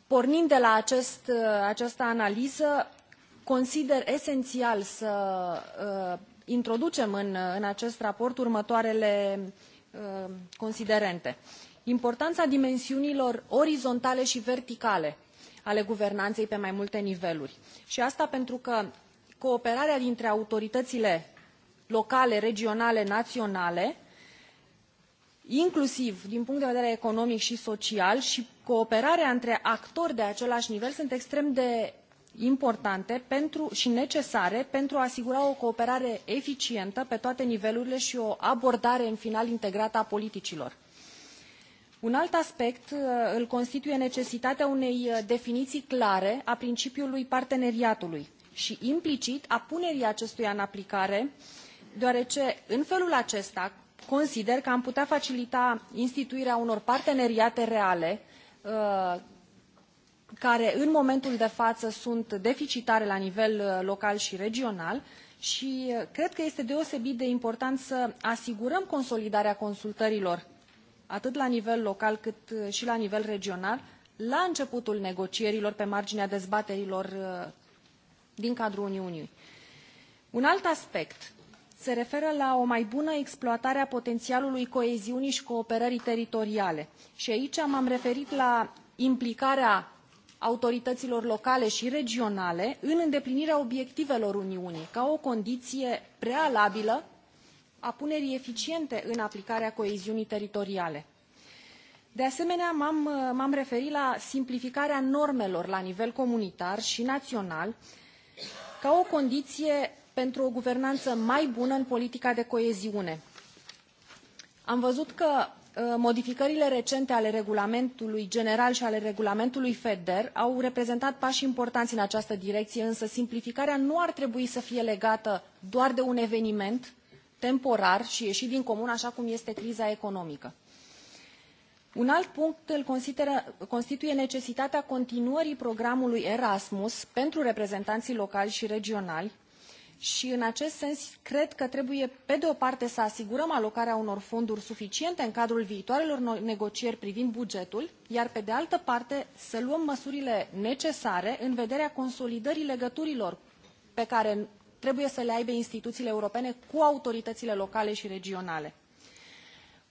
pornind de la acest, uh, această analiză, consider esențial să introducem în, în acest raport următoarele considerente. Importanța dimensiunilor orizontale și verticale ale guvernanței pe mai multe niveluri. Și asta pentru că cooperarea dintre autoritățile locale, regionale, naționale, inclusiv din punct de vedere economic și social și cooperarea între actori de același nivel sunt extrem de importante pentru, și necesare pentru a asigura o cooperare eficientă pe toate nivelurile și o abordare în final integrată a politicilor. Un alt aspect uh, îl constituie necesitatea unei uh, definiții clare a principiului parteneriatului și implicit a punerii acestuia în aplicare, deoarece în felul acesta consider că am putea facilita instituirea unor parteneriate reale uh, care în momentul de față sunt deficitare la nivel uh, local și regional și uh, cred că este deosebit de important să asigurăm consolidarea consultărilor atât la nivel local cât și la nivel regional la începutul negocierilor pe marginea dezbaterilor din cadrul Uniunii. Un alt aspect se referă la o mai bună exploatare a potențialului coeziunii și cooperării teritoriale. Și aici m-am referit la implicarea autorităților locale și regionale în îndeplinirea obiectivelor Uniunii, ca o condiție prealabilă a punerii eficiente în aplicarea coeziunii teritoriale. De asemenea, m-am referit la simplificarea normelor la nivel comunitar și național, ca o condiție pentru o guvernanță mai bună în politica de coeziune. Am văzut că uh, modificările recente ale regulamentului general și ale regulamentului FEDER au reprezentat pași importanți în această direcție, însă simplificarea nu ar trebui să fie legată doar de un eveniment temporar și ieșit din comun, așa cum este criza economică. Un alt punct îl constituie necesitatea continuării programului Erasmus pentru reprezentanții locali și regionali și în acest sens cred că trebuie pe de o parte să asigurăm alocarea unor fonduri suficiente în cadrul viitoarelor negocieri privind bugetul, iar pe de altă parte să luăm măsurile necesare în vederea consolidării legăturilor pe care trebuie să le aibă instituțiile europene cu autoritățile locale și regionale.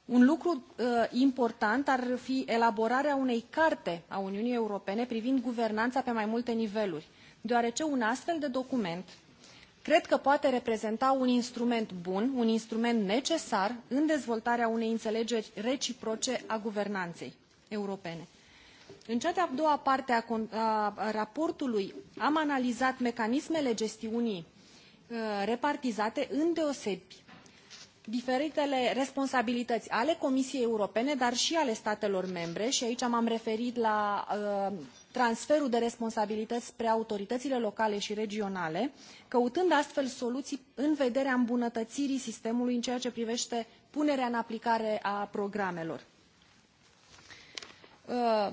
Un lucru uh, important ar fi elaborarea unei carte a Uniunii Europene privind guvernanța pe mai multe niveluri, deoarece un astfel de document cred că poate reprezenta un instrument bun, un instrument necesar în dezvoltarea unei înțelegeri reciproce a guvernanței europene. În cea de-a doua parte a, a raportului am analizat mecanismele gestiunii uh, repartizate îndeosebi diferitele responsabilități ale Comisiei Europene, dar și ale statelor membre și aici m-am referit la uh, transferul de responsabilități spre autoritățile locale și regionale, căutând astfel soluții în vederea îmbunătățirii sistemului în ceea ce privește punerea în aplicare a programelor. Uh,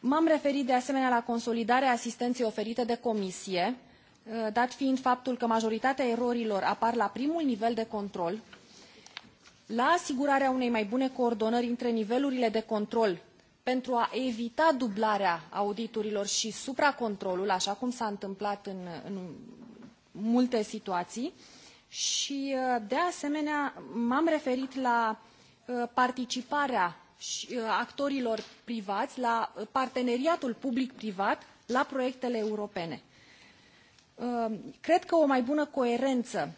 M-am referit de asemenea la consolidarea asistenței oferite de comisie Uh, dat fiind faptul că majoritatea erorilor apar la primul nivel de control, la asigurarea unei mai bune coordonări între nivelurile de control pentru a evita dublarea auditurilor și supracontrolul, așa cum s-a întâmplat în, în multe situații. Și, uh, de asemenea, m-am referit la uh, participarea actorilor privați la parteneriatul public privat la proiectele europene. Ehm, cred că o mai bună coerență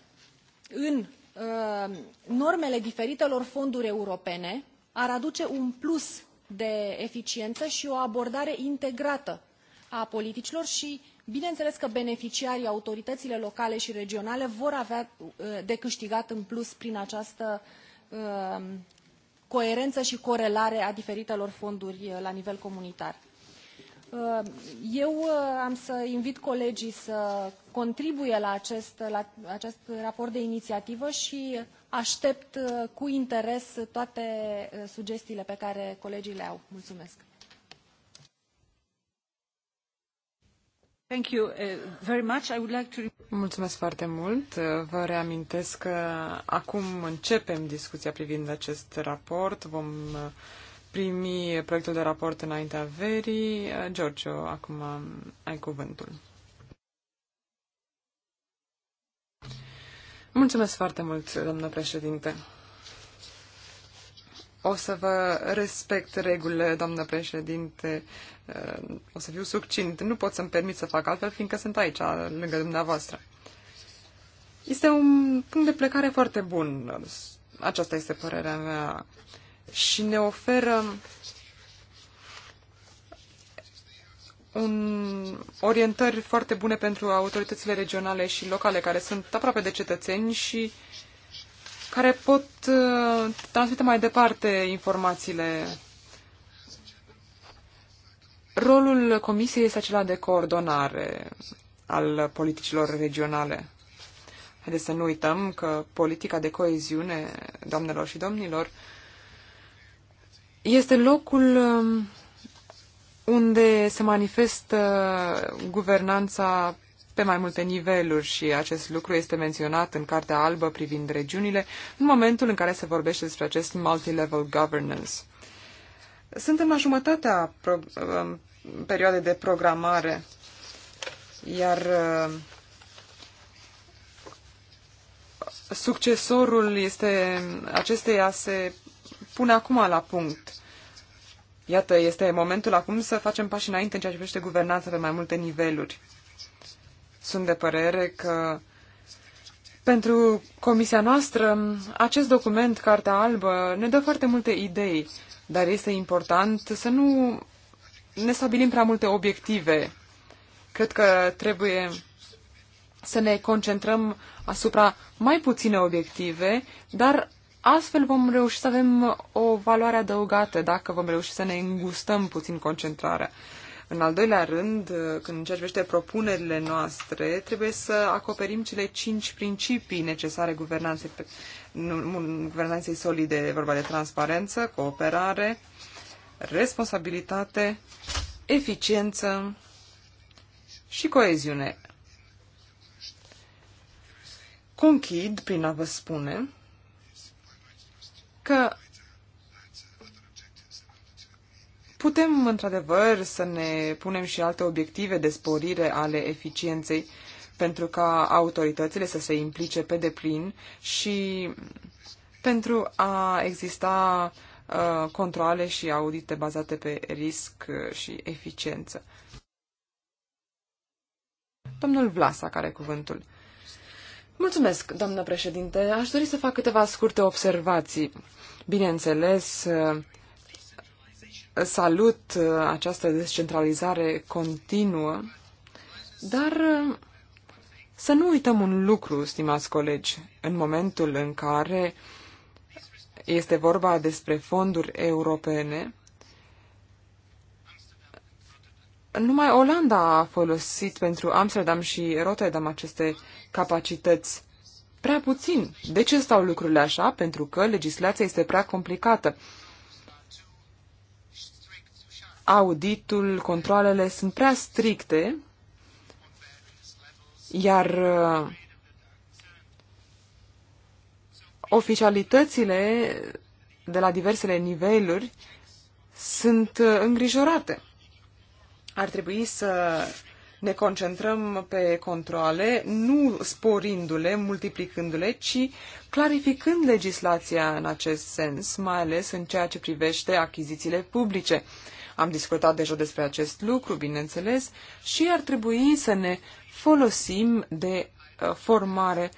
în ehm, normele diferitelor fonduri europene ar aduce un plus de eficiență și o abordare integrată a politicilor și, bineînțeles că beneficiarii, autoritățile locale și regionale vor avea ehm, de câștigat în plus prin această coerență și corelare a diferitelor fonduri eh, la nivel comunitar. Uh, eu uh, am să invit colegii să contribuie la acest, la acest raport de inițiativă și aștept uh, cu interes toate sugestiile pe care colegii le au. Mulțumesc! Mulțumesc foarte mult. Vă reamintesc că acum începem discuția privind acest raport. Vom primi proiectul de raport înaintea verii. Giorgio, acum ai cuvântul. Mulțumesc foarte mult, doamnă președinte. O să vă respect regulile, doamnă președinte. Uh, o să fiu succint. Nu pot să-mi permit să fac altfel, fiindcă sunt aici, lângă dumneavoastră. Este un punct de plecare foarte bun. Aceasta este părerea mea și ne oferă un, orientări foarte bune pentru autoritățile regionale și locale care sunt aproape de cetățeni și care pot uh, transmite mai departe informațiile. Rolul Comisiei este acela de coordonare al politicilor regionale. Haideți să nu uităm că politica de coeziune, doamnelor și domnilor, uh, este locul um, unde se manifestă guvernanța pe mai multe niveluri și acest lucru este menționat în Cartea Albă privind regiunile în momentul în care se vorbește despre acest multilevel governance. Suntem la jumătatea pro- um, perioadei de programare, iar um, succesorul este, acesteia se pune acum la punct. Iată, este momentul acum să facem pași înainte în ceea ce privește guvernanța pe mai multe niveluri. Sunt de părere că pentru comisia noastră, acest document, Cartea Albă, ne dă foarte multe idei, dar este important să nu ne stabilim prea multe obiective. Cred că trebuie să ne concentrăm asupra mai puține obiective, dar Astfel vom reuși să avem o valoare adăugată dacă vom reuși să ne îngustăm puțin concentrarea. În al doilea rând, când ceea propunerile noastre, trebuie să acoperim cele cinci principii necesare guvernanței, guvernanței solide, vorba de transparență, cooperare, responsabilitate, eficiență și coeziune. Conchid, prin a vă spune, că putem, într-adevăr, să ne punem și alte obiective de sporire ale eficienței pentru ca autoritățile să se implice pe deplin și pentru a exista uh, controle și audite bazate pe risc uh, și eficiență. Domnul Vlasa care cuvântul. Mulțumesc, doamnă președinte. Aș dori să fac câteva scurte observații. Bineînțeles, eh, salut eh, această descentralizare continuă, dar eh, să nu uităm un lucru, stimați colegi, în momentul în care este vorba despre fonduri europene, Numai Olanda a folosit pentru Amsterdam și Rotterdam aceste capacități. Prea puțin. De ce stau lucrurile așa? Pentru că legislația este prea complicată. Auditul, controlele sunt prea stricte, iar uh, oficialitățile de la diversele niveluri sunt uh, îngrijorate ar trebui să ne concentrăm pe controle, nu sporindu-le, multiplicându-le, ci clarificând legislația în acest sens, mai ales în ceea ce privește achizițiile publice. Am discutat deja despre acest lucru, bineînțeles, și ar trebui să ne folosim de uh, formare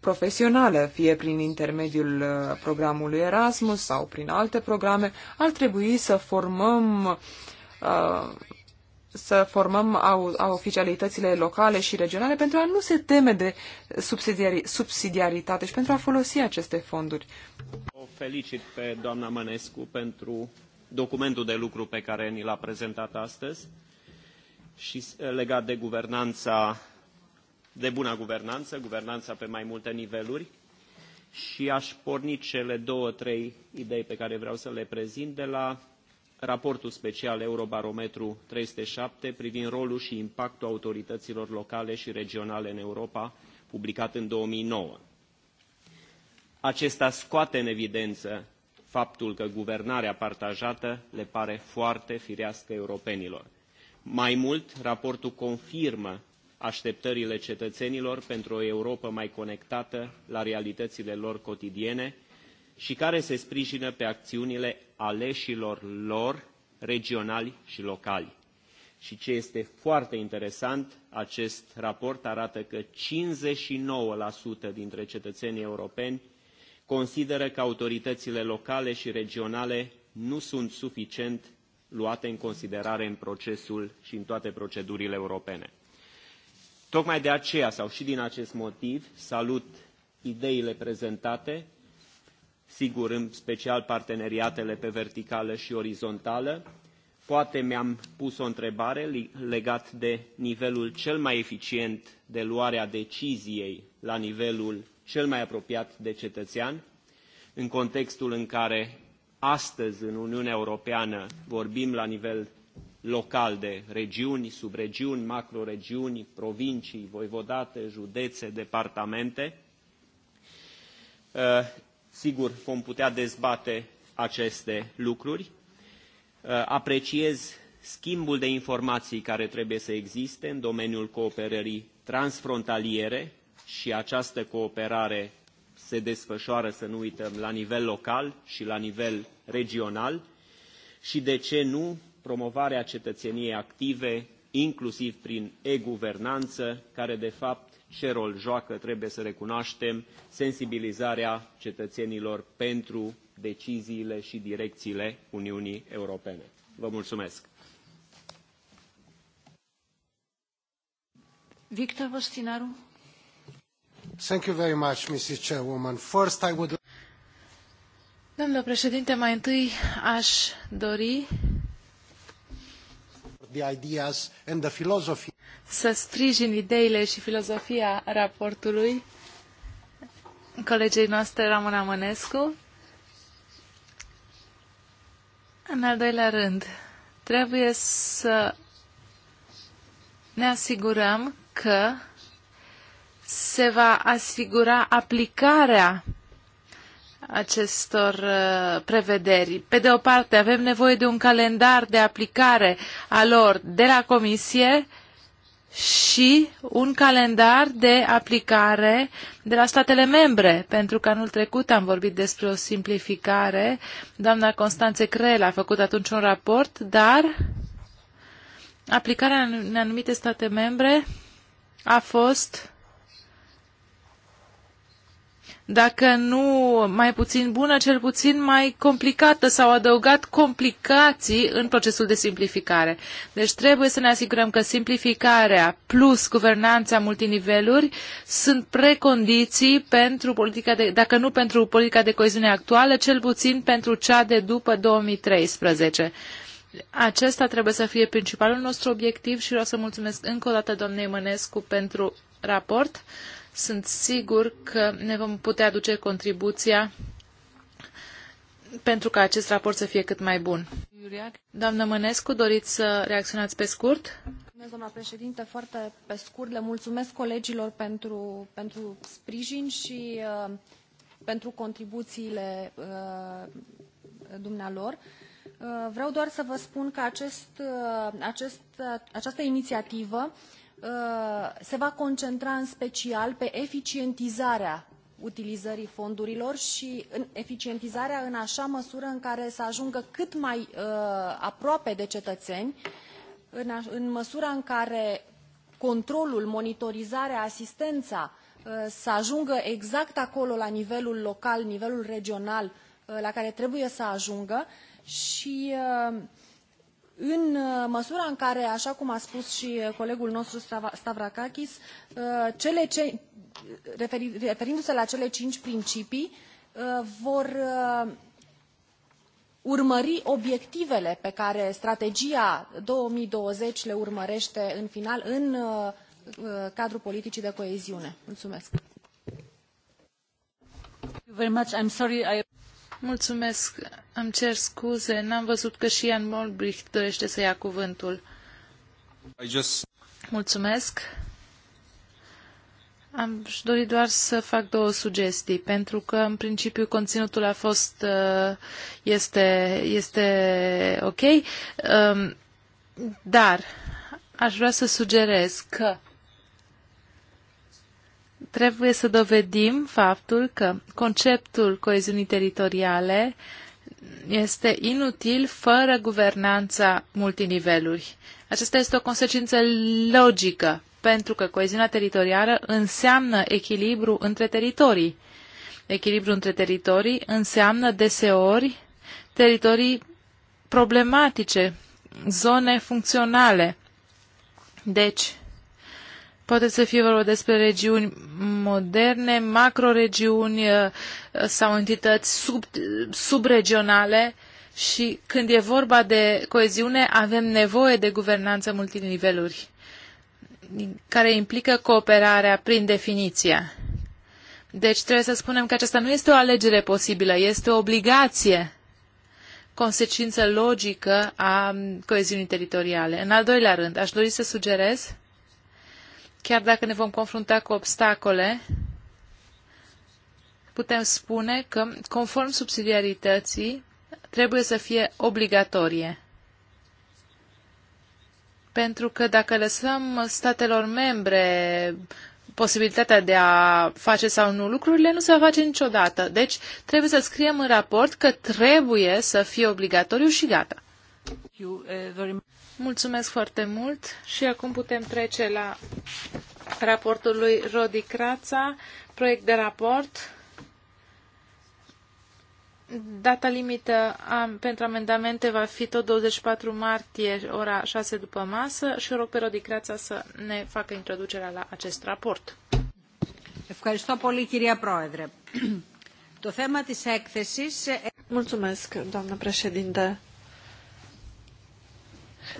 profesională, fie prin intermediul uh, programului Erasmus sau prin alte programe, ar trebui să formăm uh, să formăm au, au oficialitățile locale și regionale pentru a nu se teme de subsidiari, subsidiaritate și pentru a folosi aceste fonduri. O felicit pe doamna Mănescu pentru documentul de lucru pe care ni l-a prezentat astăzi și legat de guvernanța, de buna guvernanță, guvernanța pe mai multe niveluri și aș porni cele două, trei idei pe care vreau să le prezint de la raportul special Eurobarometru 307 privind rolul și impactul autorităților locale și regionale în Europa, publicat în 2009. Acesta scoate în evidență faptul că guvernarea partajată le pare foarte firească europenilor. Mai mult, raportul confirmă așteptările cetățenilor pentru o Europă mai conectată la realitățile lor cotidiene și care se sprijină pe acțiunile aleșilor lor regionali și locali. Și ce este foarte interesant, acest raport arată că 59% dintre cetățenii europeni consideră că autoritățile locale și regionale nu sunt suficient luate în considerare în procesul și în toate procedurile europene. Tocmai de aceea, sau și din acest motiv, salut ideile prezentate sigur în special parteneriatele pe verticală și orizontală. Poate mi-am pus o întrebare legat de nivelul cel mai eficient de luare a deciziei la nivelul cel mai apropiat de cetățean, în contextul în care astăzi în Uniunea Europeană vorbim la nivel local de regiuni, subregiuni, macroregiuni, provincii, voivodate, județe, departamente. Sigur, vom putea dezbate aceste lucruri. Uh, apreciez schimbul de informații care trebuie să existe în domeniul cooperării transfrontaliere și această cooperare se desfășoară, să nu uităm, la nivel local și la nivel regional și, de ce nu, promovarea cetățeniei active, inclusiv prin e-guvernanță, care, de fapt, ce rol joacă, trebuie să recunoaștem, sensibilizarea cetățenilor pentru deciziile și direcțiile Uniunii Europene. Vă mulțumesc! Victor Vostinaru. Thank you very much, Mrs. Chairwoman. First, I would... Domnule președinte, mai întâi aș dori the ideas and the philosophy. Să sprijin ideile și filozofia raportului colegei noastre Ramona Mănescu. În al doilea rând, trebuie să ne asigurăm că se va asigura aplicarea acestor uh, prevederi. Pe de o parte, avem nevoie de un calendar de aplicare a lor de la Comisie și un calendar de aplicare de la statele membre, pentru că anul trecut am vorbit despre o simplificare. Doamna Constanțe Crel a făcut atunci un raport, dar aplicarea în anumite state membre a fost dacă nu mai puțin bună, cel puțin mai complicată sau adăugat complicații în procesul de simplificare. Deci trebuie să ne asigurăm că simplificarea plus guvernanța multiniveluri sunt precondiții pentru politica de, dacă nu pentru politica de coeziune actuală, cel puțin pentru cea de după 2013. Acesta trebuie să fie principalul nostru obiectiv și vreau să mulțumesc încă o dată doamnei Mănescu pentru raport. Sunt sigur că ne vom putea aduce contribuția pentru ca acest raport să fie cât mai bun. Doamnă Mănescu, doriți să reacționați pe scurt? Mulțumesc, doamna președinte. Foarte pe scurt, le mulțumesc colegilor pentru, pentru sprijin și uh, pentru contribuțiile uh, dumnealor. Uh, vreau doar să vă spun că acest, uh, acest, această inițiativă Uh, se va concentra în special pe eficientizarea utilizării fondurilor și în eficientizarea în așa măsură în care să ajungă cât mai uh, aproape de cetățeni, în, în măsura în care controlul, monitorizarea, asistența uh, să ajungă exact acolo la nivelul local, nivelul regional la care trebuie să ajungă și uh, în uh, măsura în care, așa cum a spus și uh, colegul nostru Stavrakakis, uh, cele ce, referindu-se la cele cinci principii, vor urmări obiectivele pe care strategia 2020 le urmărește în final în cadrul politicii de coeziune. Mulțumesc! Mulțumesc, îmi cer scuze, n-am văzut că și Ian Molbricht dorește să ia cuvântul. I just... Mulțumesc. Am dorit doar să fac două sugestii, pentru că în principiu conținutul a fost, uh, este, este ok, um, dar aș vrea să sugerez că Trebuie să dovedim faptul că conceptul coeziunii teritoriale este inutil fără guvernanța multiniveluri. Aceasta este o consecință logică, pentru că coeziunea teritorială înseamnă echilibru între teritorii. Echilibru între teritorii înseamnă deseori teritorii problematice, zone funcționale. Deci, Poate să fie vorba despre regiuni moderne, macroregiuni uh, sau entități sub, subregionale și când e vorba de coeziune avem nevoie de guvernanță multiniveluri care implică cooperarea prin definiție. Deci trebuie să spunem că aceasta nu este o alegere posibilă, este o obligație, consecință logică a coeziunii teritoriale. În al doilea rând, aș dori să sugerez Chiar dacă ne vom confrunta cu obstacole, putem spune că, conform subsidiarității, trebuie să fie obligatorie. Pentru că dacă lăsăm statelor membre posibilitatea de a face sau nu lucrurile, nu se va face niciodată. Deci trebuie să scriem în raport că trebuie să fie obligatoriu și gata. Mulțumesc foarte mult și acum putem trece la raportul lui Rodi Crața, proiect de raport. Data limită am, pentru amendamente va fi tot 24 martie, ora 6 după masă și rog pe Rodi Crața să ne facă introducerea la acest raport. Mulțumesc, doamnă președinte.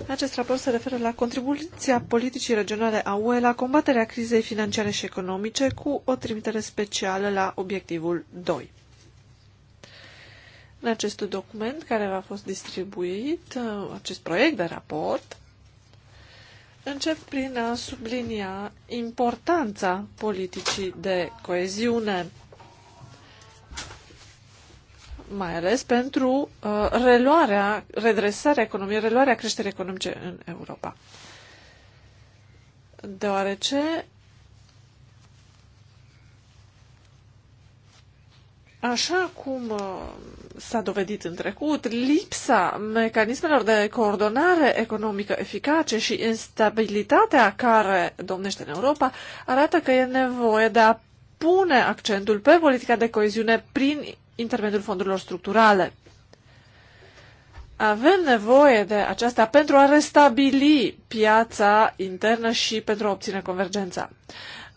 Acest raport se referă la contribuția politicii regionale a UE la combaterea crizei financiare și economice cu o trimitere specială la obiectivul 2. În acest document care a fost distribuit, uh, acest proiect de raport, încep prin a sublinia importanța politicii de coeziune mai ales pentru uh, reluarea, redresarea economiei, reluarea creșterii economice în Europa. Deoarece Așa cum uh, s-a dovedit în trecut, lipsa mecanismelor de coordonare economică eficace și instabilitatea care domnește în Europa arată că e nevoie de a pune accentul pe politica de coeziune prin intermediul fondurilor structurale. Avem nevoie de aceasta pentru a restabili piața internă și pentru a obține convergența.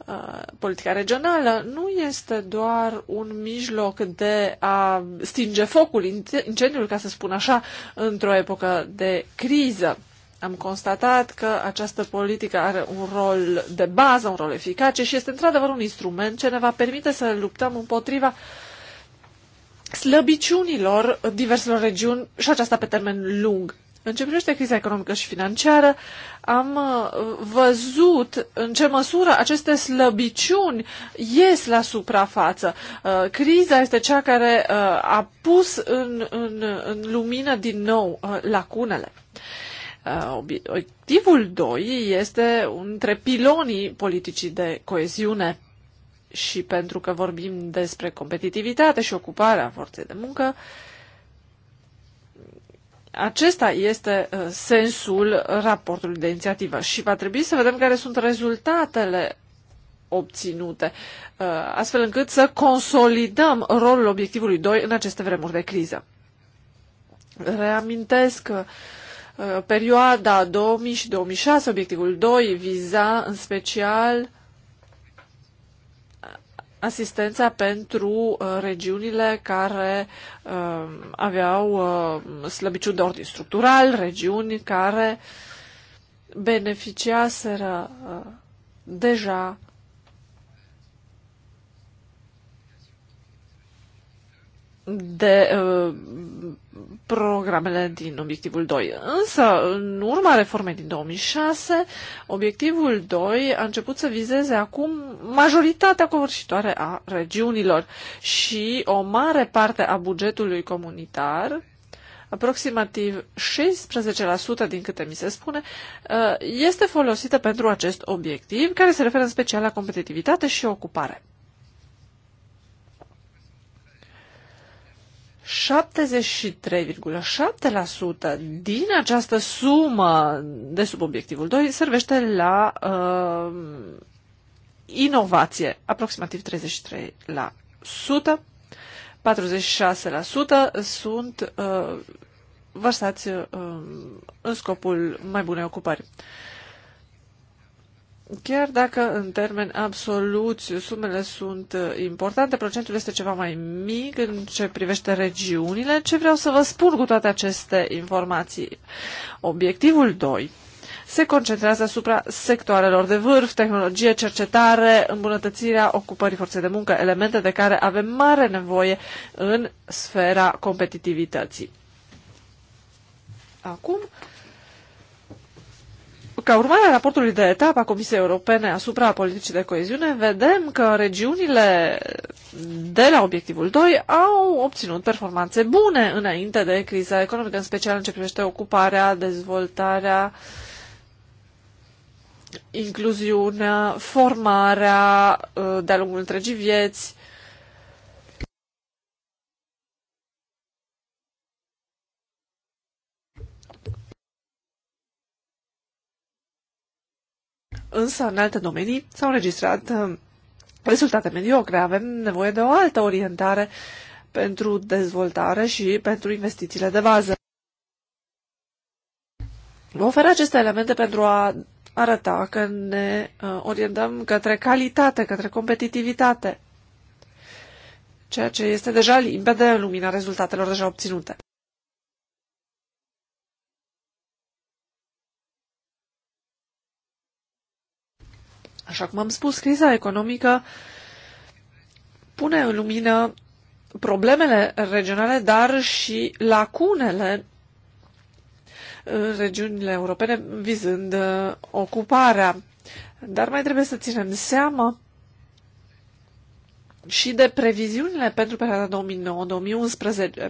Uh, politica regională nu este doar un mijloc de a stinge focul, incendiul, ca să spun așa, într-o epocă de criză. Am constatat că această politică are un rol de bază, un rol eficace și este într-adevăr un instrument ce ne va permite să luptăm împotriva uh, slăbiciunilor diverselor regiuni și aceasta pe termen lung. În ce privește criza economică și financiară, am uh, văzut în ce măsură aceste slăbiciuni ies la suprafață. Uh, criza este cea care uh, a pus în, în, în lumină din nou lacunele. Obiectivul 2 este între pilonii politicii de coeziune și pentru că vorbim despre competitivitate și ocuparea forței de muncă, acesta este uh, sensul raportului de inițiativă și va trebui să vedem care sunt rezultatele obținute, uh, astfel încât să consolidăm rolul obiectivului 2 în aceste vremuri de criză. Reamintesc uh, perioada 2000 și 2006, obiectivul 2 viza în special asistența pentru uh, regiunile care uh, aveau uh, slăbiciuni de ordin structural, regiuni care beneficiaseră uh, deja de uh, programele din obiectivul 2. Însă, în urma reformei din 2006, obiectivul 2 a început să vizeze acum majoritatea covârșitoare a regiunilor și o mare parte a bugetului comunitar, aproximativ 16% din câte mi se spune, uh, este folosită pentru acest obiectiv, care se referă în special la competitivitate și ocupare. 73,7% din această sumă de sub obiectivul 2 servește la uh, inovație, aproximativ 33%. 46% sunt uh, vărsați uh, în scopul mai bunei ocupări. Uh, Chiar dacă în termeni absoluți sumele sunt uh, importante, procentul este ceva mai mic în ce privește regiunile, ce vreau să vă spun cu toate aceste informații? Obiectivul 2 se concentrează asupra sectoarelor de vârf, tehnologie, cercetare, îmbunătățirea ocupării forței de muncă, elemente de care avem mare nevoie în sfera competitivității. Acum, ca urmare a raportului de etapă a Comisiei Europene asupra politicii de coeziune, vedem că regiunile de la obiectivul 2 au obținut performanțe bune înainte de criza economică, în special în ce privește ocuparea, dezvoltarea, incluziunea, formarea uh, de-a lungul întregii vieți, însă în alte domenii s-au înregistrat uh, rezultate mediocre. Avem nevoie de o altă orientare pentru dezvoltare și pentru investițiile de bază. Vă ofer aceste elemente pentru a arăta că ne uh, orientăm către calitate, către competitivitate, ceea ce este deja limpede în lumina rezultatelor deja obținute. Așa cum am spus, criza economică pune în lumină problemele regionale, dar și lacunele în uh, regiunile europene vizând uh, ocuparea. Dar mai trebuie să ținem seama și de previziunile pentru perioada 2009-2011.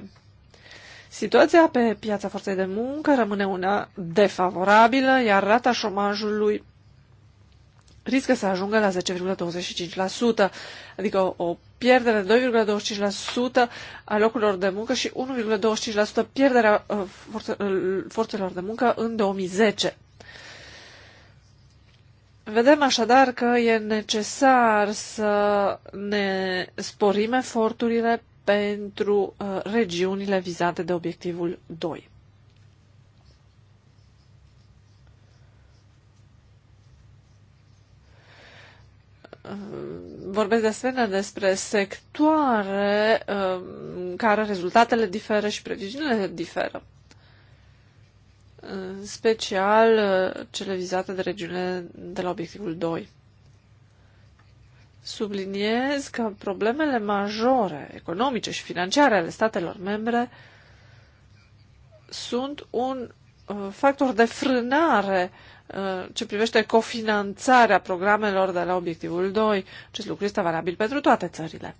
Situația pe piața forței de muncă rămâne una defavorabilă, iar rata șomajului riscă să ajungă la 10,25%, adică o pierdere de 2,25% a locurilor de muncă și 1,25% pierderea uh, uh, forțelor de muncă în 2010. Vedem așadar că e necesar să ne sporim eforturile pentru uh, regiunile vizate de obiectivul 2. Ehm, vorbesc de asemenea despre sectoare ehm, în care rezultatele diferă și previziunile diferă. În special eh, cele vizate de regiune de la obiectivul 2. Subliniez că problemele majore economice și financiare ale statelor membre sunt un eh, factor de frânare uh, Uh, ce privește cofinanțarea programelor de la obiectivul 2. Acest lucru este valabil pentru toate țările.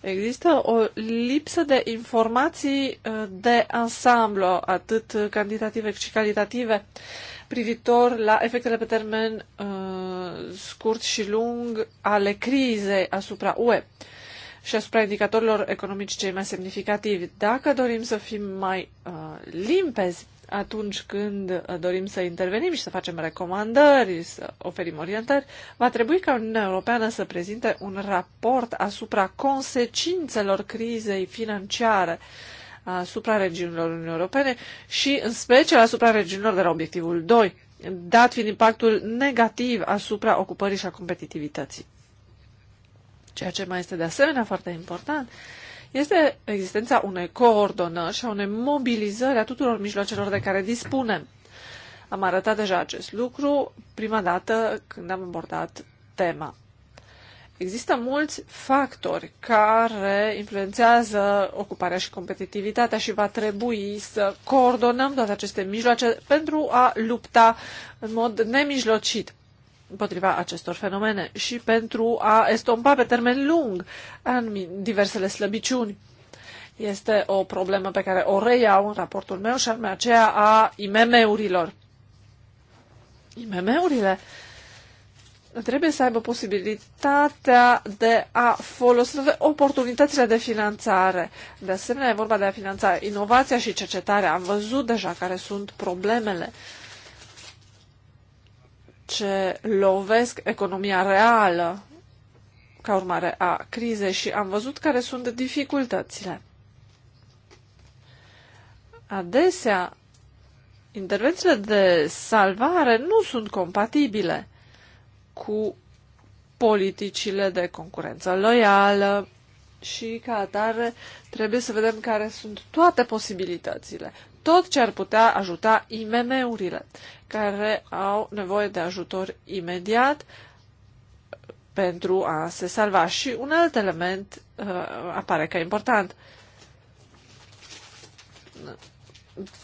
Există o lipsă de informații uh, de ansamblu, atât cantitative cât și calitative, privitor la efectele pe termen uh, scurt și lung ale crizei asupra UE și asupra indicatorilor economici cei mai semnificativi. Dacă dorim să fim mai uh, limpezi atunci când dorim să intervenim și să facem recomandări, să oferim orientări, va trebui ca Uniunea Europeană să prezinte un raport asupra consecințelor crizei financiare asupra regiunilor Uniunii Europene și în special asupra regiunilor de la obiectivul 2, dat fiind impactul negativ asupra ocupării și a competitivității. Ceea ce mai este de asemenea foarte important este existența unei coordonări și a unei mobilizări a tuturor mijloacelor de care dispunem. Am arătat deja acest lucru prima dată când am abordat tema. Există mulți factori care influențează ocuparea și competitivitatea și va trebui să coordonăm toate aceste mijloace pentru a lupta în mod nemijlocit împotriva acestor fenomene și pentru a estompa pe termen lung diversele slăbiciuni. Este o problemă pe care o reiau în raportul meu și anume aceea a IMM-urilor. IMM-urile trebuie să aibă posibilitatea de a folosi oportunitățile de finanțare. De asemenea, e vorba de a finanța inovația și cercetarea. Am văzut deja care sunt problemele uh, ce lovesc economia reală ca urmare a crizei și am văzut care sunt dificultățile. Adesea, intervențiile de salvare nu sunt compatibile cu politicile de concurență loială și ca atare trebuie să vedem care sunt toate posibilitățile tot ce ar putea ajuta IMM-urile, care au nevoie de ajutor imediat pentru a se salva. Și un alt element uh, apare ca important.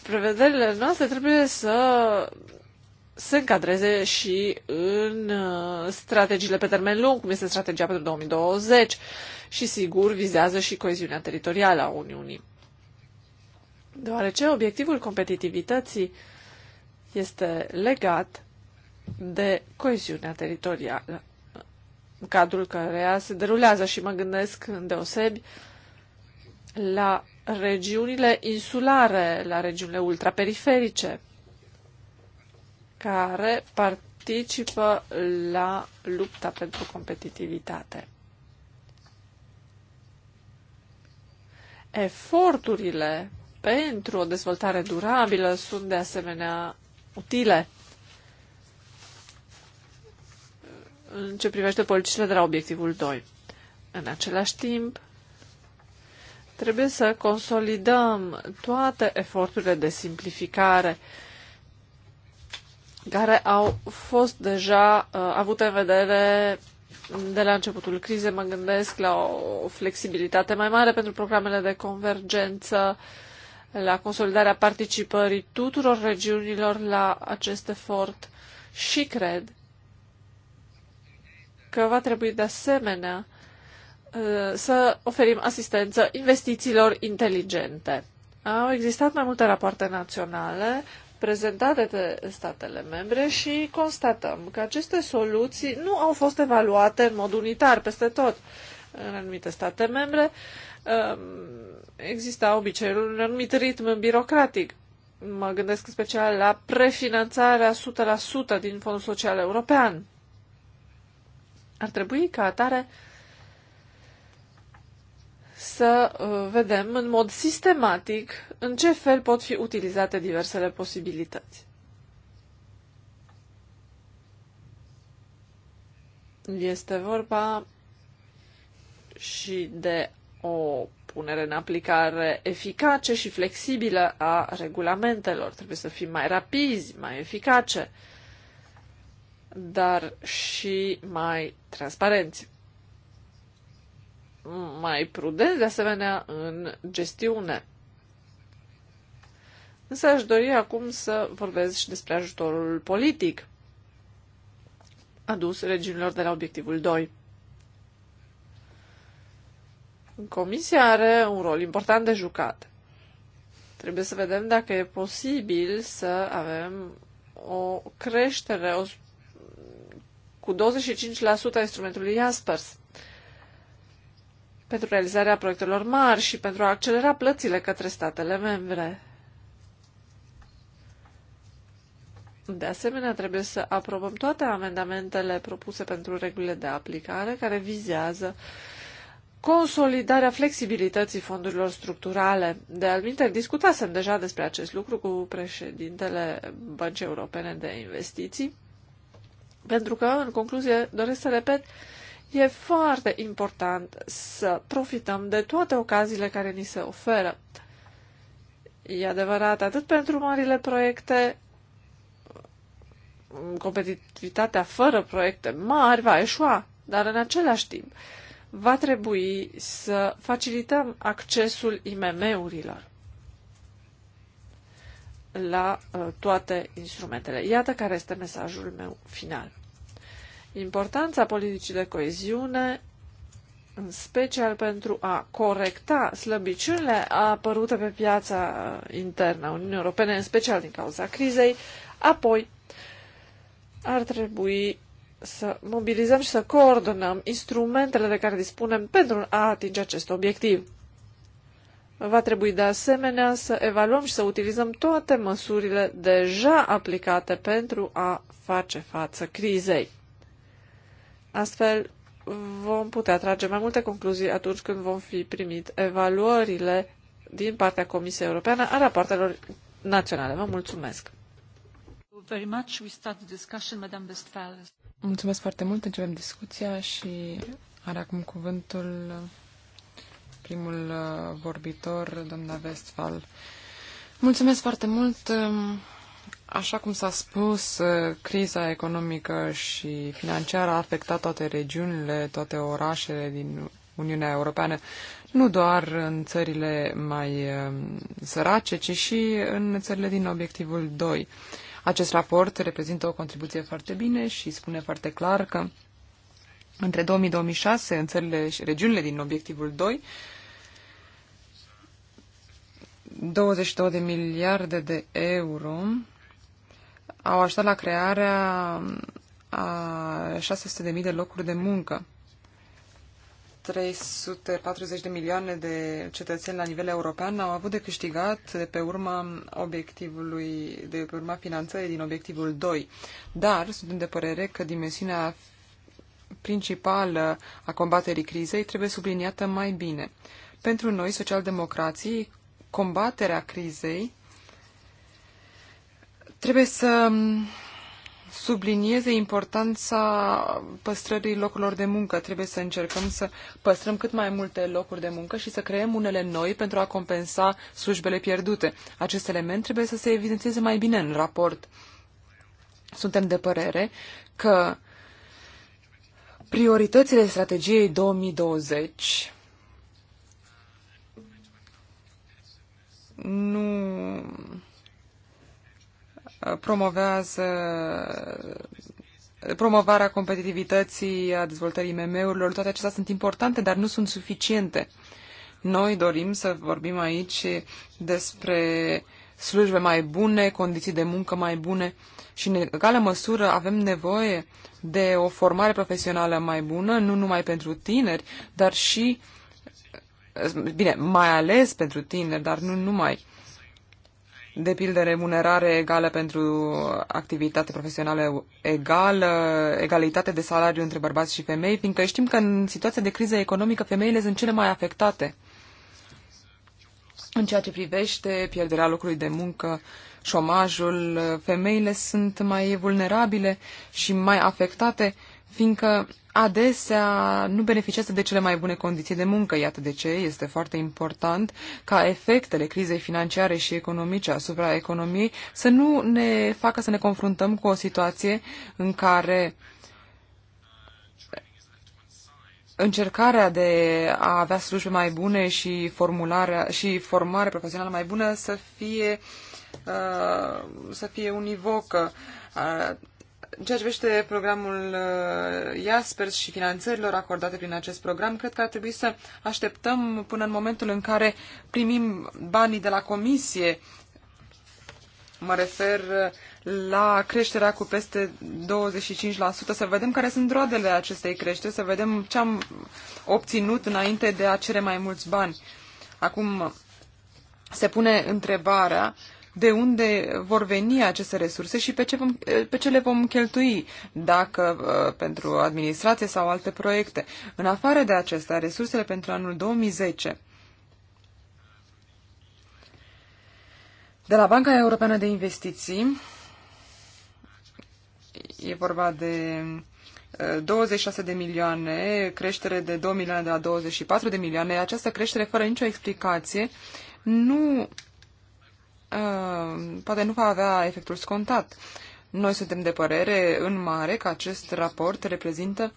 Prevederile noastre trebuie să se încadreze și în uh, strategiile pe termen lung, cum este strategia pentru 2020 și, sigur, vizează și coeziunea teritorială a Uniunii deoarece obiectivul competitivității este legat de coeziunea teritorială, în cadrul căreia se derulează și mă gândesc deosebi la regiunile insulare, la regiunile ultraperiferice, care participă la lupta pentru competitivitate. Eforturile pentru o dezvoltare durabilă sunt de asemenea utile. în ce privește politicile de la obiectivul 2. În același timp, trebuie să consolidăm toate eforturile de simplificare care au fost deja uh, avute în vedere de la începutul crizei. Mă gândesc la o flexibilitate mai mare pentru programele de convergență, uh, la consolidarea participării tuturor regiunilor la acest efort și cred că va trebui de asemenea uh, să oferim asistență investițiilor inteligente. Au existat mai multe rapoarte naționale prezentate de statele membre și constatăm că aceste soluții nu au fost evaluate în mod unitar peste tot. În anumite state membre, uh, Ehm, exista obiceiul un anumit ritm birocratic. Mă gândesc în special la prefinanțarea 100% din Fondul Social European. Ar trebui ca atare să uh, vedem în mod sistematic în ce fel pot fi utilizate diversele posibilități. Este vorba și de o punere în aplicare eficace și flexibilă a regulamentelor. Trebuie să fim mai rapizi, mai eficace, dar și mai transparenți. Mai prudenți, de asemenea, în gestiune. Însă aș dori acum să vorbesc și despre ajutorul politic adus regiunilor de la obiectivul 2. Comisia are un rol important de jucat. Trebuie să vedem dacă e posibil să avem o creștere o, cu 25% a instrumentului Jaspers pentru realizarea proiectelor mari și pentru a accelera plățile către statele membre. De asemenea, trebuie să aprobăm toate amendamentele propuse pentru regulile de aplicare care vizează uh, consolidarea flexibilității fondurilor structurale. De alminte, discutasem deja despre acest lucru cu președintele Băncii Europene de Investiții, pentru că, în concluzie, doresc să repet, e foarte important să profităm de toate ocaziile care ni se oferă. E adevărat, atât pentru marile proiecte, competitivitatea fără proiecte mari va eșua, dar în același timp, va trebui să facilităm accesul IMM-urilor la uh, toate instrumentele. Iată care este mesajul meu final. Importanța politicii de coeziune, în special pentru a corecta slăbiciunile apărute pe piața uh, internă a Uniunii Europene, în special din cauza crizei, apoi ar trebui să mobilizăm și să coordonăm instrumentele de care dispunem pentru a atinge acest obiectiv. Va trebui de asemenea să evaluăm și să utilizăm toate măsurile deja aplicate pentru a face față crizei. Astfel, vom putea trage mai multe concluzii atunci când vom fi primit evaluările din partea Comisiei Europeană a rapoartelor naționale. Vă mulțumesc! Very much. We start the discussion, Madame Westphal. Mulțumesc foarte mult, începem discuția și are acum cuvântul primul uh, vorbitor, doamna Westphal. Mulțumesc foarte mult. Um, așa cum s-a spus, uh, criza economică și financiară a afectat toate regiunile, toate orașele din Uniunea Europeană, nu doar în țările mai um, sărace, ci și în țările din obiectivul 2. Acest raport reprezintă o contribuție foarte bine și spune foarte clar că între 2006 în țările și regiunile din obiectivul 2, 22 de miliarde de euro au ajutat la crearea a 600.000 de locuri de muncă. 340 de milioane de cetățeni la nivel european au avut de câștigat de pe urma obiectivului, de pe urma finanțării din obiectivul 2. Dar suntem de părere că dimensiunea principală a combaterii crizei trebuie subliniată mai bine. Pentru noi, socialdemocrații, combaterea crizei trebuie să sublinieze importanța păstrării locurilor de muncă. Trebuie să încercăm să păstrăm cât mai multe locuri de muncă și să creăm unele noi pentru a compensa slujbele pierdute. Acest element trebuie să se evidențieze mai bine în raport. Suntem de părere că prioritățile strategiei 2020 nu promovează promovarea competitivității, a dezvoltării IMM-urilor, toate acestea sunt importante, dar nu sunt suficiente. Noi dorim să vorbim aici despre slujbe mai bune, condiții de muncă mai bune și în egală măsură avem nevoie de o formare profesională mai bună, nu numai pentru tineri, dar și, bine, mai ales pentru tineri, dar nu numai de pildă remunerare egală pentru activitate profesională egală, egalitate de salariu între bărbați și femei, fiindcă știm că în situația de criză economică femeile sunt cele mai afectate în ceea ce privește pierderea locului de muncă, șomajul, femeile sunt mai vulnerabile și mai afectate fiindcă adesea nu beneficiază de cele mai bune condiții de muncă. Iată de ce este foarte important ca efectele crizei financiare și economice asupra economiei să nu ne facă să ne confruntăm cu o situație în care încercarea de a avea slujbe mai bune și, formularea, și formare profesională mai bună să fie, uh, să fie univocă. Uh, în ceea ce privește programul uh, Jaspers și finanțărilor acordate prin acest program, cred că ar trebui să așteptăm până în momentul în care primim banii de la comisie. Mă refer uh, la creșterea cu peste 25%, să vedem care sunt roadele acestei creșteri, să vedem ce am obținut înainte de a cere mai mulți bani. Acum se pune întrebarea uh, de unde vor veni aceste resurse și pe ce, vom, pe ce le vom cheltui, dacă uh, pentru administrație sau alte proiecte. În afară de acestea, resursele pentru anul 2010 de la Banca Europeană de Investiții e vorba de 26 uh, de milioane, creștere de 2 milioane de la 24 de milioane. Această creștere, fără nicio explicație, nu uh, poate nu va avea efectul scontat. Noi suntem de părere în mare că acest raport reprezintă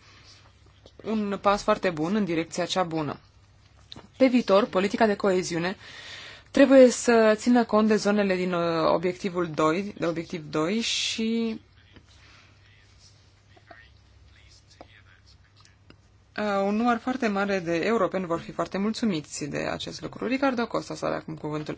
un pas foarte bun în direcția cea bună. Pe viitor, politica de coeziune trebuie să țină cont de zonele din uh, obiectivul 2, de obiectiv 2 și uh, un număr foarte mare de europeni vor fi foarte mulțumiți de acest lucru. Ricardo Costa să are acum cuvântul.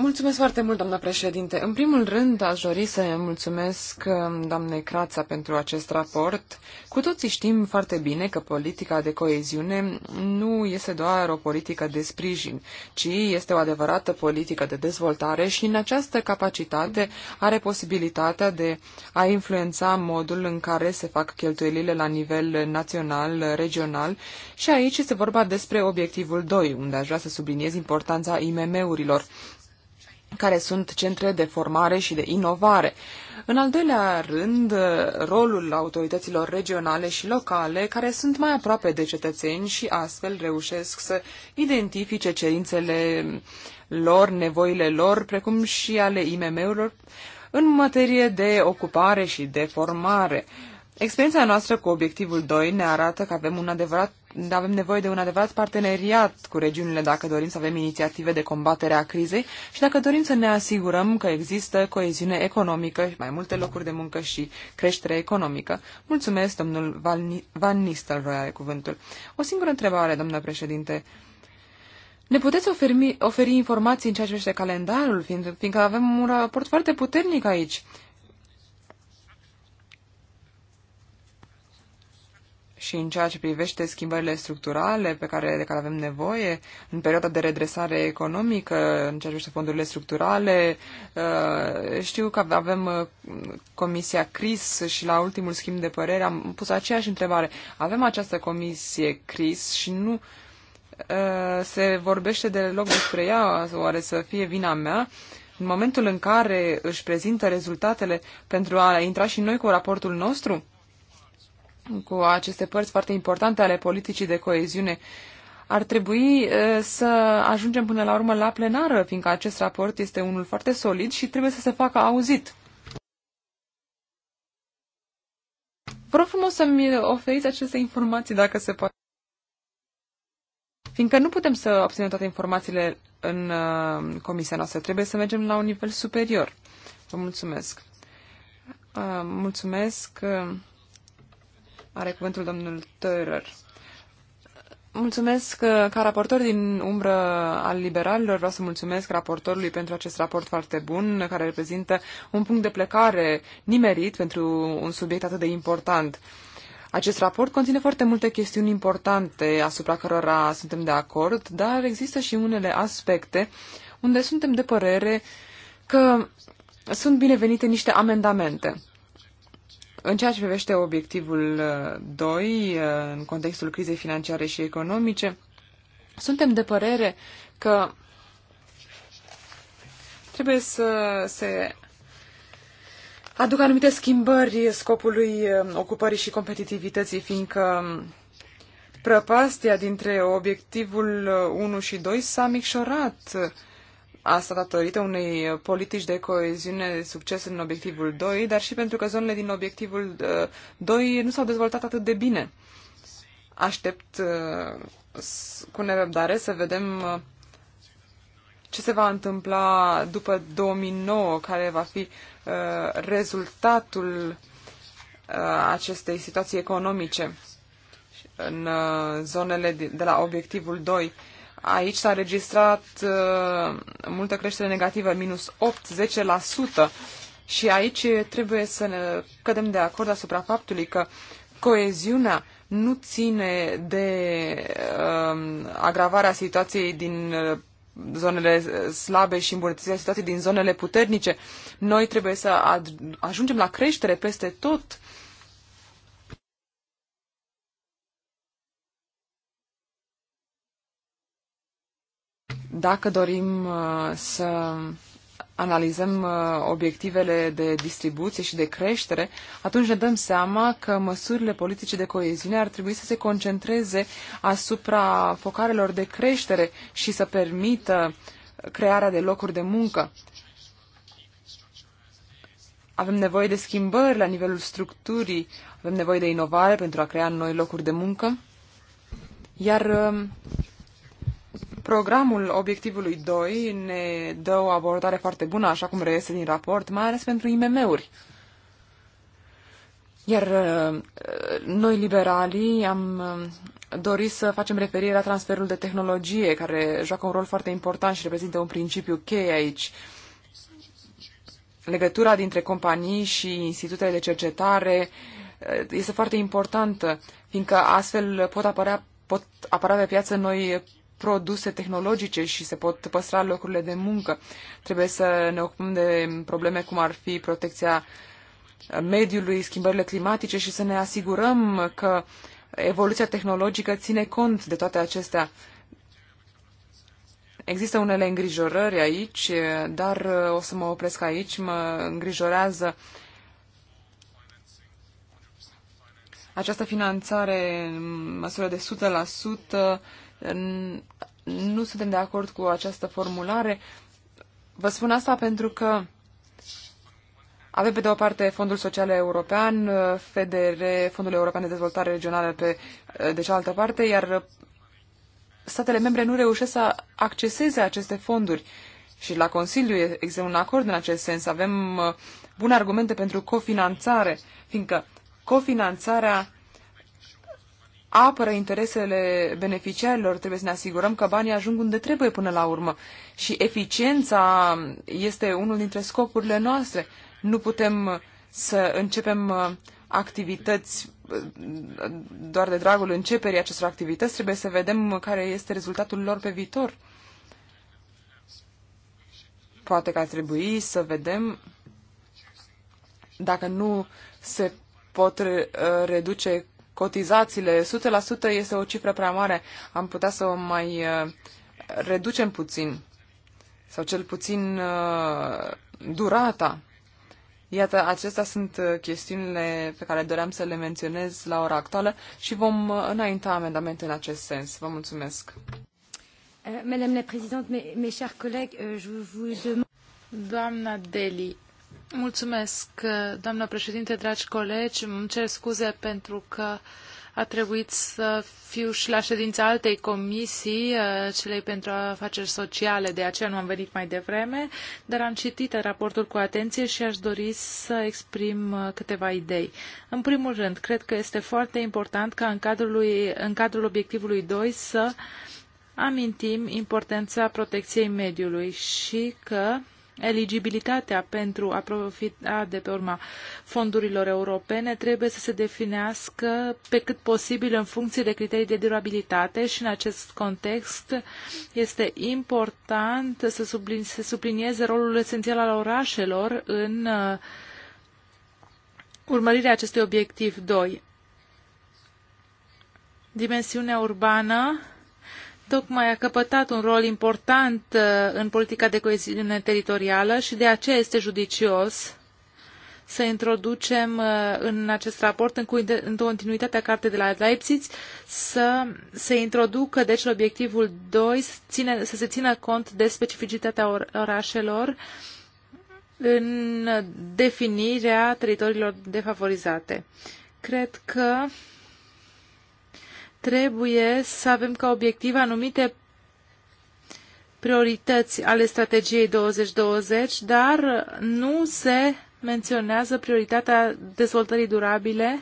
Mulțumesc foarte mult, doamna președinte. În primul rând, aș dori să mulțumesc um, doamnei Crața pentru acest raport. Cu toții știm foarte bine că politica de coeziune nu este doar o politică de sprijin, ci este o adevărată politică de dezvoltare și în această capacitate are posibilitatea de a influența modul în care se fac cheltuielile la nivel național, regional și aici este vorba despre obiectivul 2, unde aș vrea să subliniez importanța IMM-urilor care sunt centre de formare și de inovare. În al doilea rând, rolul autorităților regionale și locale, care sunt mai aproape de cetățeni și astfel reușesc să identifice cerințele lor, nevoile lor, precum și ale IMM-urilor, în materie de ocupare și de formare. Experiența noastră cu obiectivul 2 ne arată că avem un adevărat da, avem nevoie de un adevărat parteneriat cu regiunile dacă dorim să avem inițiative de combatere a crizei și dacă dorim să ne asigurăm că există coeziune economică și mai multe locuri de muncă și creștere economică. Mulțumesc, domnul Van Nistelrooy, are cuvântul. O singură întrebare, domnule președinte. Ne puteți oferi, oferi informații în ceea ce privește calendarul, fiind, fiindcă avem un raport foarte puternic aici. și în ceea ce privește schimbările structurale pe care, de care avem nevoie în perioada de redresare economică, în ceea ce privește fondurile structurale. Uh, știu că avem uh, comisia CRIS și la ultimul schimb de părere am pus aceeași întrebare. Avem această comisie CRIS și nu uh, se vorbește deloc despre ea, oare să fie vina mea? În momentul în care își prezintă rezultatele pentru a intra și noi cu raportul nostru? cu aceste părți foarte importante ale politicii de coeziune. Ar trebui să ajungem până la urmă la plenară, fiindcă acest raport este unul foarte solid și trebuie să se facă auzit. Vă rog frumos să-mi oferiți aceste informații dacă se poate. Fiindcă nu putem să obținem toate informațiile în comisia noastră, trebuie să mergem la un nivel superior. Vă mulțumesc. mulțumesc. Are cuvântul domnul Teurer. Mulțumesc uh, ca raportor din umbră al liberalilor. Vreau să mulțumesc raportorului pentru acest raport foarte bun, care reprezintă un punct de plecare nimerit pentru un subiect atât de important. Acest raport conține foarte multe chestiuni importante asupra cărora suntem de acord, dar există și unele aspecte unde suntem de părere că sunt binevenite niște amendamente. În ceea ce privește obiectivul 2, uh, uh, în contextul crizei financiare și economice, suntem de părere că trebuie să se aducă anumite schimbări scopului uh, ocupării și competitivității, fiindcă um, prăpastia dintre obiectivul 1 și 2 s-a micșorat Asta datorită unei politici de coeziune de succes în obiectivul 2, dar și pentru că zonele din obiectivul 2 uh, nu s-au dezvoltat atât de bine. Aștept uh, cu nerăbdare să vedem uh, ce se va întâmpla după 2009, care va fi rezultatul acestei situații economice în zonele de la obiectivul 2 Aici s-a registrat uh, multă creștere negativă, minus 8-10%. Și aici trebuie să ne cădem de acord asupra faptului că coeziunea nu ține de uh, agravarea situației din uh, zonele uh, slabe și îmbunătățirea situației din zonele puternice. Noi trebuie să ajungem la creștere peste tot Dacă dorim uh, să analizăm uh, obiectivele de distribuție și de creștere, atunci ne dăm seama că măsurile politice de coeziune ar trebui să se concentreze asupra focarelor de creștere și să permită crearea de locuri de muncă. Avem nevoie de schimbări la nivelul structurii, avem nevoie de inovare pentru a crea noi locuri de muncă, iar uh, Programul obiectivului 2 ne dă o abordare foarte bună, așa cum reiese din raport, mai ales pentru IMM-uri. Iar uh, noi, liberalii, am uh, dorit să facem referire la transferul de tehnologie, care joacă un rol foarte important și reprezintă un principiu cheie aici. Legătura dintre companii și institutele de cercetare uh, este foarte importantă, fiindcă astfel pot apărea pot apărea pe piață noi produse tehnologice și se pot păstra locurile de muncă. Trebuie să ne ocupăm de probleme cum ar fi protecția mediului, schimbările climatice și să ne asigurăm că evoluția tehnologică ține cont de toate acestea. Există unele îngrijorări aici, dar o să mă opresc aici. Mă îngrijorează această finanțare în măsură de 100% nu suntem de acord cu această formulare. Vă spun asta pentru că avem pe de o parte Fondul Social European, FDR, Fondul European de Dezvoltare Regională pe de cealaltă parte, iar statele membre nu reușesc să acceseze aceste fonduri. Și la Consiliu există un acord în acest sens. Avem uh, bune argumente pentru cofinanțare, fiindcă cofinanțarea apără interesele beneficiarilor, trebuie să ne asigurăm că banii ajung unde trebuie până la urmă. Și eficiența este unul dintre scopurile noastre. Nu putem uh, să începem uh, activități uh, doar de dragul începerii acestor activități, trebuie să vedem care este rezultatul lor pe viitor. Poate că ar trebui să vedem dacă nu se pot reduce cotizațiile. 100% este o cifră prea mare. Am putea să o mai uh, reducem puțin sau cel puțin uh, durata. Iată, acestea sunt uh, chestiunile pe care doream să le menționez la ora actuală și vom înainta amendamente în acest sens. Vă mulțumesc. Euh, madame la Présidente, mes, mes chers collègues, euh, je vous demande... Doamna Deli, Mulțumesc, doamnă președinte, dragi colegi. Îmi cer scuze pentru că a trebuit să fiu și la ședința altei comisii, uh, celei pentru afaceri sociale, de aceea nu am venit mai devreme, dar am citit raportul cu atenție și aș dori să exprim uh, câteva idei. În primul rând, cred că este foarte important ca în cadrul, lui, în cadrul obiectivului 2 să amintim importanța protecției mediului și că eligibilitatea pentru a profita de pe urma fondurilor europene trebuie să se definească pe cât posibil în funcție de criterii de durabilitate și în acest context este important să, sublin, să sublinieze rolul esențial al orașelor în uh, urmărirea acestui obiectiv 2. Dimensiunea urbană tocmai a căpătat un rol important uh, în politica de coeziune teritorială și de aceea este judicios să introducem uh, în acest raport, în continuitatea cartei de la Leipzig, să se introducă, deci, obiectivul 2, să, ține, să se țină cont de specificitatea orașelor în definirea teritoriilor defavorizate. Cred că trebuie să avem ca obiectiv anumite priorități ale strategiei 2020, dar nu se menționează prioritatea dezvoltării durabile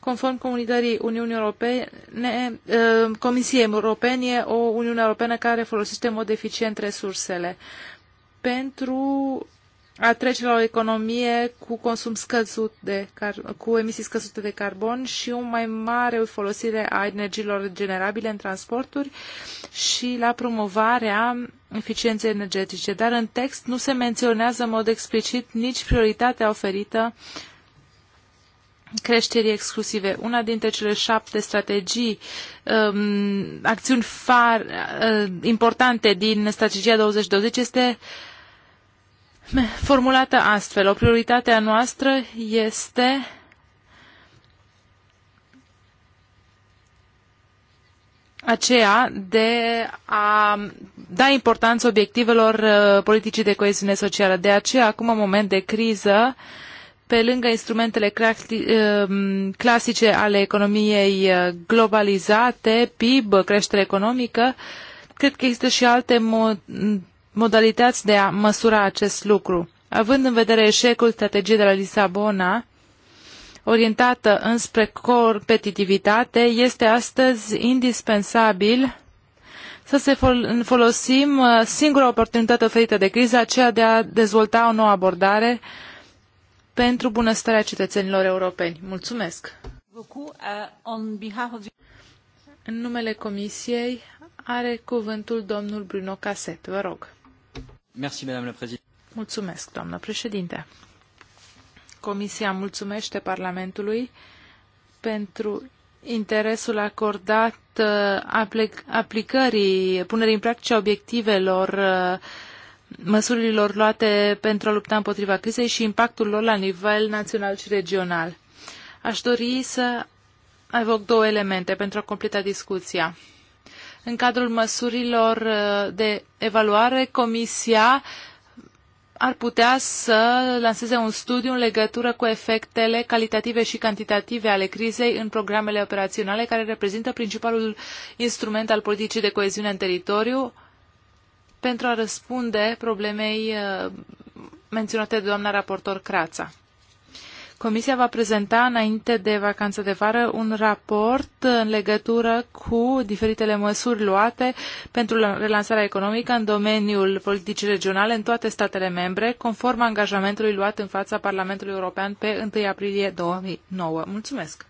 conform comunitării Uniunii Europene, ă, Comisiei Europene, o Uniune Europeană care folosește în mod eficient resursele. Pentru a trece la o economie cu consum scăzut de cu emisii scăzute de carbon și o mai mare folosire a energiilor regenerabile în transporturi și la promovarea eficienței energetice. Dar în text nu se menționează în mod explicit nici prioritatea oferită creșterii exclusive. Una dintre cele șapte strategii, um, acțiuni far, uh, importante din strategia 2020 este uh, formulată astfel. O prioritate a noastră este aceea de a da importanță obiectivelor uh, politicii de coeziune socială. De aceea, acum, în moment de criză, pe lângă instrumentele uh, clasice ale economiei uh, globalizate, PIB, creștere economică, cred că există și alte modalități de a măsura acest lucru. Având în vedere eșecul strategiei de la Lisabona, orientată înspre competitivitate, este astăzi indispensabil să se fol- folosim uh, singura oportunitate oferită de criză, aceea de a dezvolta o nouă abordare pentru bunăstarea cetățenilor europeni. Mulțumesc! În numele Comisiei are cuvântul domnul Bruno Caset. Vă rog. Mulțumesc, doamnă președinte. Comisia mulțumește Parlamentului pentru interesul acordat uh, aplicării, punerii în practică obiectivelor uh, măsurilor luate pentru a lupta împotriva crizei și impactul lor la nivel național și regional. Aș dori să evoc două elemente pentru a completa discuția. În cadrul măsurilor uh, de evaluare, Comisia ar putea să lanseze un studiu în legătură cu efectele calitative și cantitative ale crizei în programele operaționale, care reprezintă principalul instrument al politicii de coeziune în teritoriu, pentru a răspunde problemei uh, menționate de doamna raportor Crața. Comisia va prezenta înainte de vacanță de vară un raport în legătură cu diferitele măsuri luate pentru relansarea economică în domeniul politicii regionale în toate statele membre, conform angajamentului luat în fața Parlamentului European pe 1 aprilie 2009. Mulțumesc!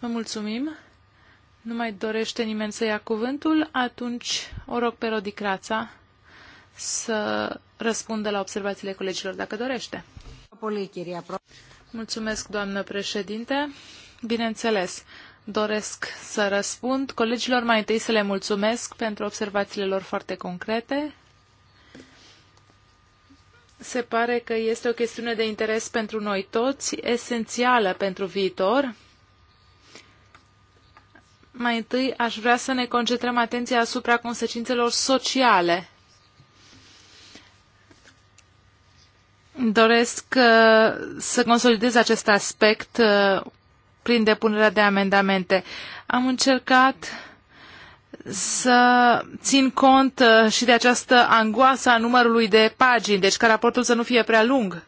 Vă mulțumim! Nu mai dorește nimeni să ia cuvântul, atunci o rog pe Rodicrața să răspundă la observațiile colegilor, dacă dorește. Mulțumesc, doamnă președinte. Bineînțeles, doresc să răspund. Colegilor, mai întâi să le mulțumesc pentru observațiile lor foarte concrete. Se pare că este o chestiune de interes pentru noi toți, esențială pentru viitor. Mai întâi aș vrea să ne concentrăm atenția asupra consecințelor sociale Doresc uh, să consolidez acest aspect uh, prin depunerea de amendamente. Am încercat să țin cont uh, și de această angoasă a numărului de pagini, deci ca raportul să nu fie prea lung.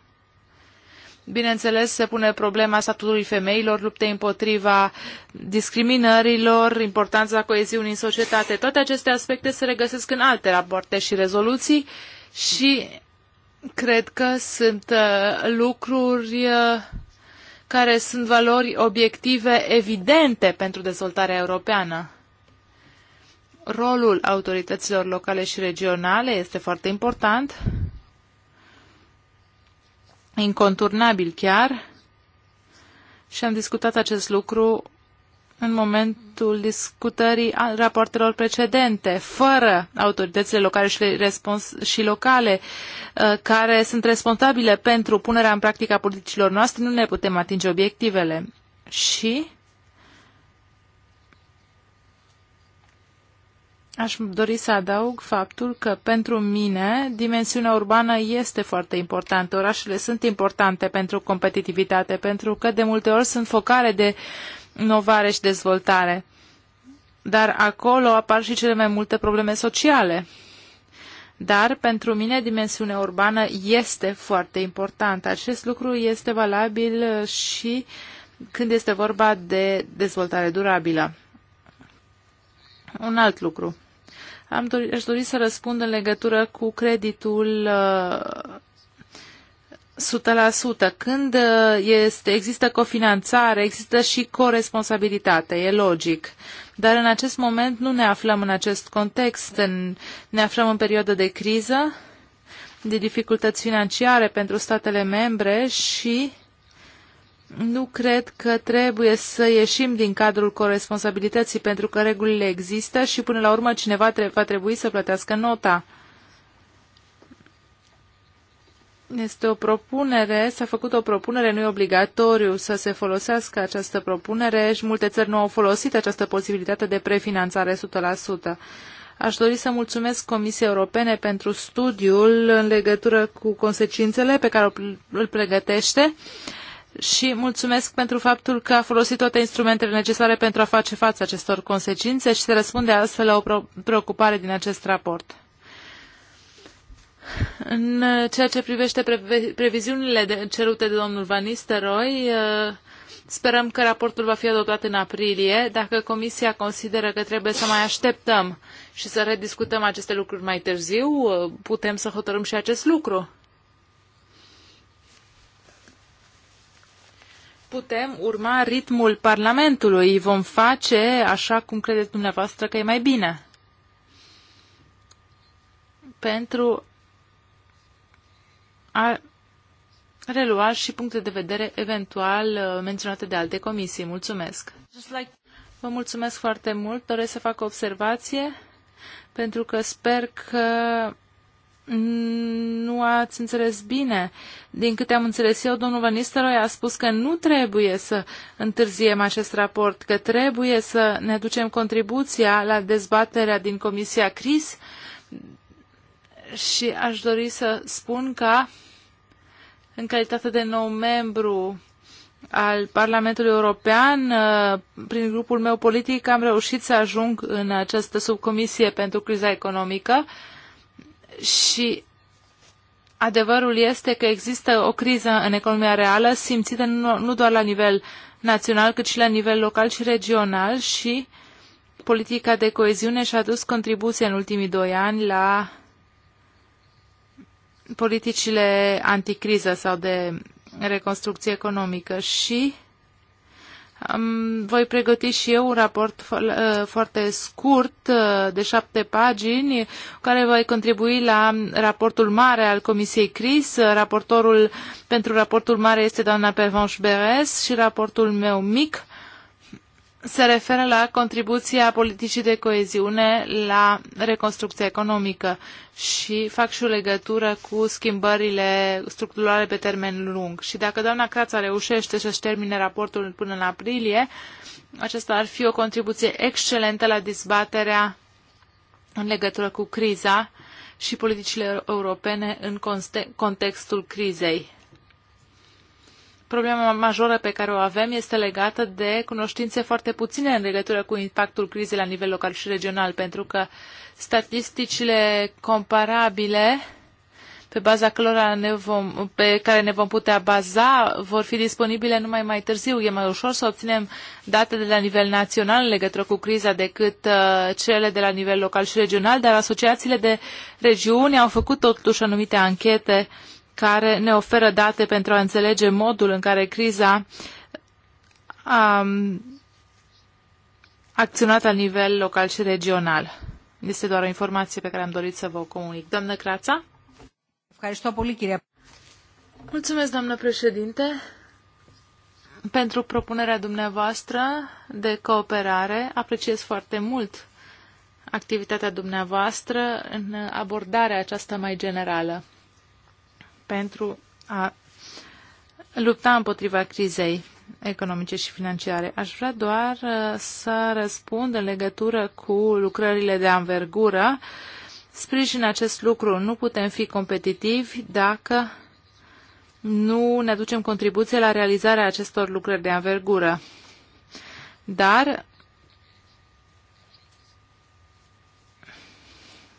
Bineînțeles, se pune problema statutului femeilor, lupte împotriva discriminărilor, importanța coeziunii în societate. Toate aceste aspecte se regăsesc în alte rapoarte și rezoluții și Cred că sunt uh, lucruri uh, care sunt valori obiective evidente pentru dezvoltarea europeană. Rolul autorităților locale și regionale este foarte important, inconturnabil chiar, și am discutat acest lucru în momentul discutării rapoartelor precedente, fără autoritățile locale și, respons- și locale uh, care sunt responsabile pentru punerea în practică a politicilor noastre, nu ne putem atinge obiectivele. Și Aș dori să adaug faptul că pentru mine dimensiunea urbană este foarte importantă. Orașele sunt importante pentru competitivitate, pentru că de multe ori sunt focare de uh, inovare și dezvoltare. Dar acolo apar și cele mai multe probleme sociale. Dar pentru mine dimensiunea urbană este foarte importantă. Acest lucru este valabil uh, și când este vorba de dezvoltare durabilă. Un alt lucru. Am dori, aș dori să răspund în legătură cu creditul uh, 100%. Când uh, este, există cofinanțare, există și coresponsabilitate, e logic. Dar în acest moment nu ne aflăm în acest context, în, ne aflăm în perioadă de criză, de dificultăți financiare pentru statele membre și nu cred că trebuie să ieșim din cadrul coresponsabilității pentru că regulile există și până la urmă cineva tre- va trebui să plătească nota. Este o propunere, s-a făcut o propunere, nu e obligatoriu să se folosească această propunere și multe țări nu au folosit această posibilitate de prefinanțare 100%. Aș dori să mulțumesc Comisiei Europene pentru studiul în legătură cu consecințele pe care îl pregătește și mulțumesc pentru faptul că a folosit toate instrumentele necesare pentru a face față acestor consecințe și se răspunde astfel la o preocupare din acest raport. În uh, ceea ce privește previziunile de, cerute de domnul Van Nistelrooy, uh, sperăm că raportul va fi adoptat în aprilie. Dacă Comisia consideră că trebuie să mai așteptăm și să rediscutăm aceste lucruri mai târziu, uh, putem să hotărâm și acest lucru. Putem urma ritmul Parlamentului. Vom face așa cum credeți dumneavoastră că e mai bine. Pentru a relua și puncte de vedere eventual uh, menționate de alte comisii. Mulțumesc! Vă mulțumesc foarte mult. Doresc să fac o observație pentru că sper că nu ați înțeles bine. Din câte am înțeles eu, domnul Van Nistelrooy a spus că nu trebuie să întârziem acest raport, că trebuie să ne aducem contribuția la dezbaterea din Comisia CRIS și aș dori să spun că în calitate de nou membru al Parlamentului European, uh, prin grupul meu politic, am reușit să ajung în această subcomisie pentru criza economică și adevărul este că există o criză în economia reală simțită nu doar la nivel național, cât și la nivel local și regional și politica de coeziune și-a dus contribuție în ultimii doi ani la politicile anticriză sau de reconstrucție economică și um, voi pregăti și eu un raport fo uh, foarte scurt uh, de șapte pagini care voi contribui la raportul mare al Comisiei CRIS. Raportorul pentru raportul mare este doamna Pervenche Beres și raportul meu mic se referă la contribuția politicii de coeziune la reconstrucția economică și fac și o legătură cu schimbările structurale pe termen lung. Și dacă doamna Crața reușește să-și termine raportul până în aprilie, aceasta ar fi o contribuție excelentă la dezbaterea în legătură cu criza și politicile europene în contextul crizei. Problema majoră pe care o avem este legată de cunoștințe foarte puține în legătură cu impactul crizei la nivel local și regional, pentru că statisticile comparabile pe baza cărora ne vom, pe care ne vom putea baza vor fi disponibile numai mai târziu. E mai ușor să obținem date de la nivel național în legătură cu criza decât uh, cele de la nivel local și regional, dar asociațiile de regiuni au făcut totuși anumite anchete uh, care ne oferă date pentru a înțelege modul în care criza a um, acționat la nivel local și regional. Este doar o informație pe care am dorit să vă o comunic. Doamnă Crața? Mulțumesc, doamnă președinte, pentru propunerea dumneavoastră de cooperare. Apreciez foarte mult activitatea dumneavoastră în abordarea aceasta mai generală pentru a lupta împotriva crizei economice și financiare. Aș vrea doar uh, să răspund în legătură cu lucrările de anvergură. Sprijin acest lucru. Nu putem fi competitivi dacă nu ne aducem contribuție la realizarea acestor lucrări de anvergură. Dar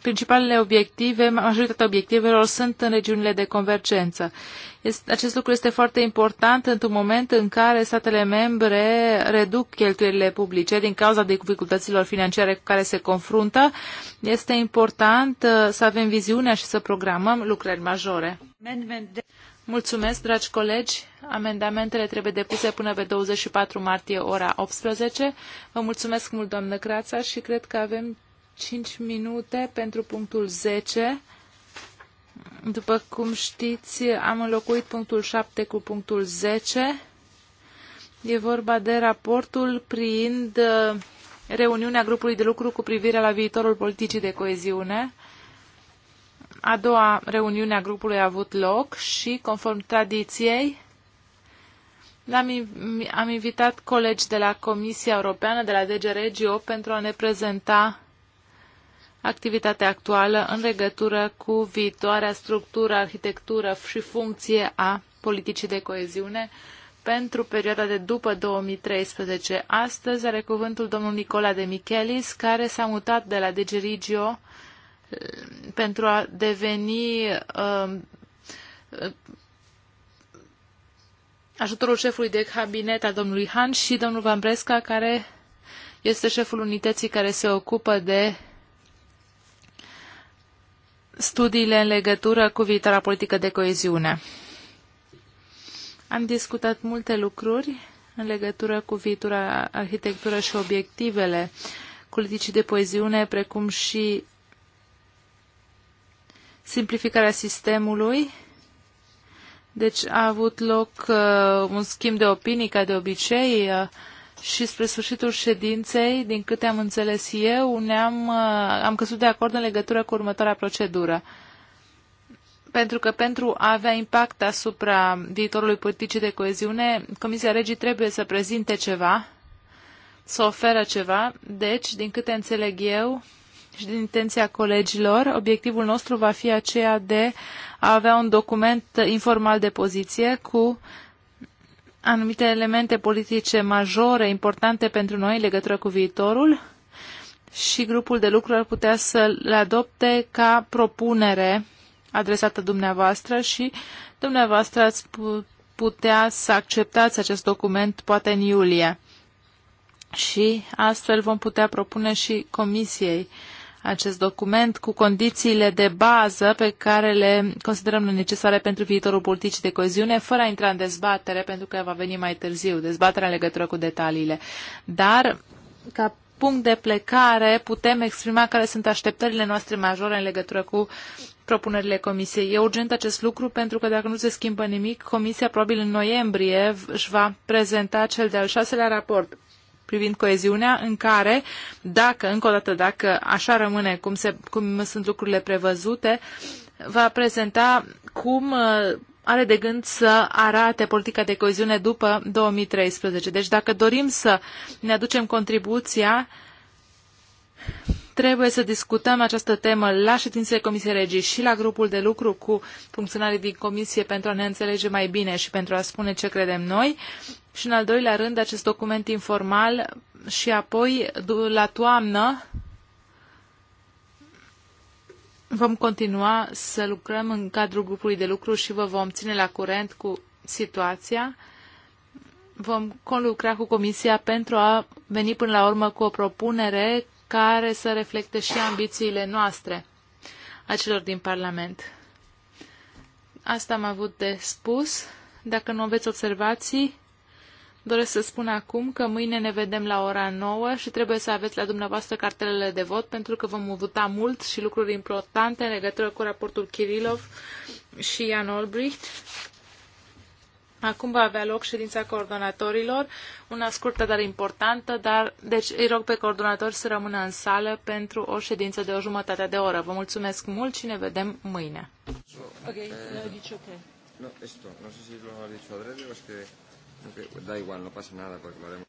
principalele obiective, majoritatea obiectivelor sunt în regiunile de convergență. Este, acest lucru este foarte important într-un moment în care statele membre reduc cheltuielile publice din cauza dificultăților financiare cu care se confruntă. Este important uh, să avem viziunea și să programăm lucrări majore. Mulțumesc, dragi colegi. Amendamentele trebuie depuse până pe 24 martie, ora 18. Vă mulțumesc mult, doamnă Crața, și cred că avem 5 minute pentru punctul 10. După cum știți, am înlocuit punctul 7 cu punctul 10. E vorba de raportul prind uh, reuniunea grupului de lucru cu privire la viitorul politicii de coeziune. A doua reuniune a grupului a avut loc și, conform tradiției, am, am invitat colegi de la Comisia Europeană, de la DG Regio, pentru a ne prezenta activitatea actuală în legătură cu viitoarea structură, arhitectură și funcție a politicii de coeziune pentru perioada de după 2013. Astăzi are cuvântul domnul Nicola de Michelis, care s-a mutat de la Degerigio eh, pentru a deveni uh, ajutorul șefului de cabinet al domnului Han și domnul Vambresca, care este șeful unității care se ocupă de studiile în legătură cu viitoarea politică de coeziune. Am discutat multe lucruri în legătură cu viitoarea arhitectură și obiectivele politicii de coeziune, precum și simplificarea sistemului. Deci a avut loc uh, un schimb de opinii, ca de obicei. Uh, și spre sfârșitul ședinței, din câte am înțeles eu, ne-am, uh, am căzut de acord în legătură cu următoarea procedură. Pentru că pentru a avea impact asupra viitorului politicii de coeziune, Comisia Regii trebuie să prezinte ceva, să oferă ceva. Deci, din câte înțeleg eu și din intenția colegilor, obiectivul nostru va fi aceea de a avea un document informal de poziție cu anumite elemente politice majore, importante pentru noi, legătură cu viitorul și grupul de lucru ar putea să le adopte ca propunere adresată dumneavoastră și dumneavoastră ați putea să acceptați acest document poate în iulie. Și astfel vom putea propune și comisiei uh, acest document cu condițiile de bază pe care le considerăm necesare pentru viitorul politicii de coeziune, fără a intra în dezbatere, pentru că va veni mai târziu, dezbaterea în legătură cu detaliile. Dar, ca punct de plecare, putem exprima care sunt așteptările noastre majore în legătură cu propunerile Comisiei. E urgent acest lucru pentru că dacă nu se schimbă nimic, Comisia probabil în noiembrie își va prezenta cel de-al șaselea raport privind coeziunea, în care, dacă, încă o dată, dacă așa rămâne cum, se, cum sunt lucrurile prevăzute, va prezenta cum uh, are de gând să arate politica de coeziune după 2013. Deci dacă dorim să ne aducem contribuția, Trebuie să discutăm această temă la ședințele Comisiei Regii și la grupul de lucru cu funcționarii din Comisie pentru a ne înțelege mai bine și pentru a spune ce credem noi. Și în al doilea rând, acest document informal și apoi la toamnă vom continua să lucrăm în cadrul grupului de lucru și vă vom ține la curent cu situația vom conlucra cu Comisia pentru a veni până la urmă cu o propunere care să reflecte și ambițiile noastre, a celor din Parlament. Asta am avut de spus. Dacă nu aveți observații, doresc să spun acum că mâine ne vedem la ora 9 și trebuie să aveți la dumneavoastră cartelele de vot pentru că vom vota mult și lucruri importante în legătură cu raportul Kirilov și Ian Olbricht Acum va avea loc ședința coordonatorilor, una scurtă, dar importantă, dar deci îi rog pe coordonatori să rămână în sală pentru o ședință de o jumătate de oră. Vă mulțumesc mult și ne vedem mâine. Okay. No, esto, no sé si lo ha dicho adrede o es que, da igual, no pasa nada porque lo haremos.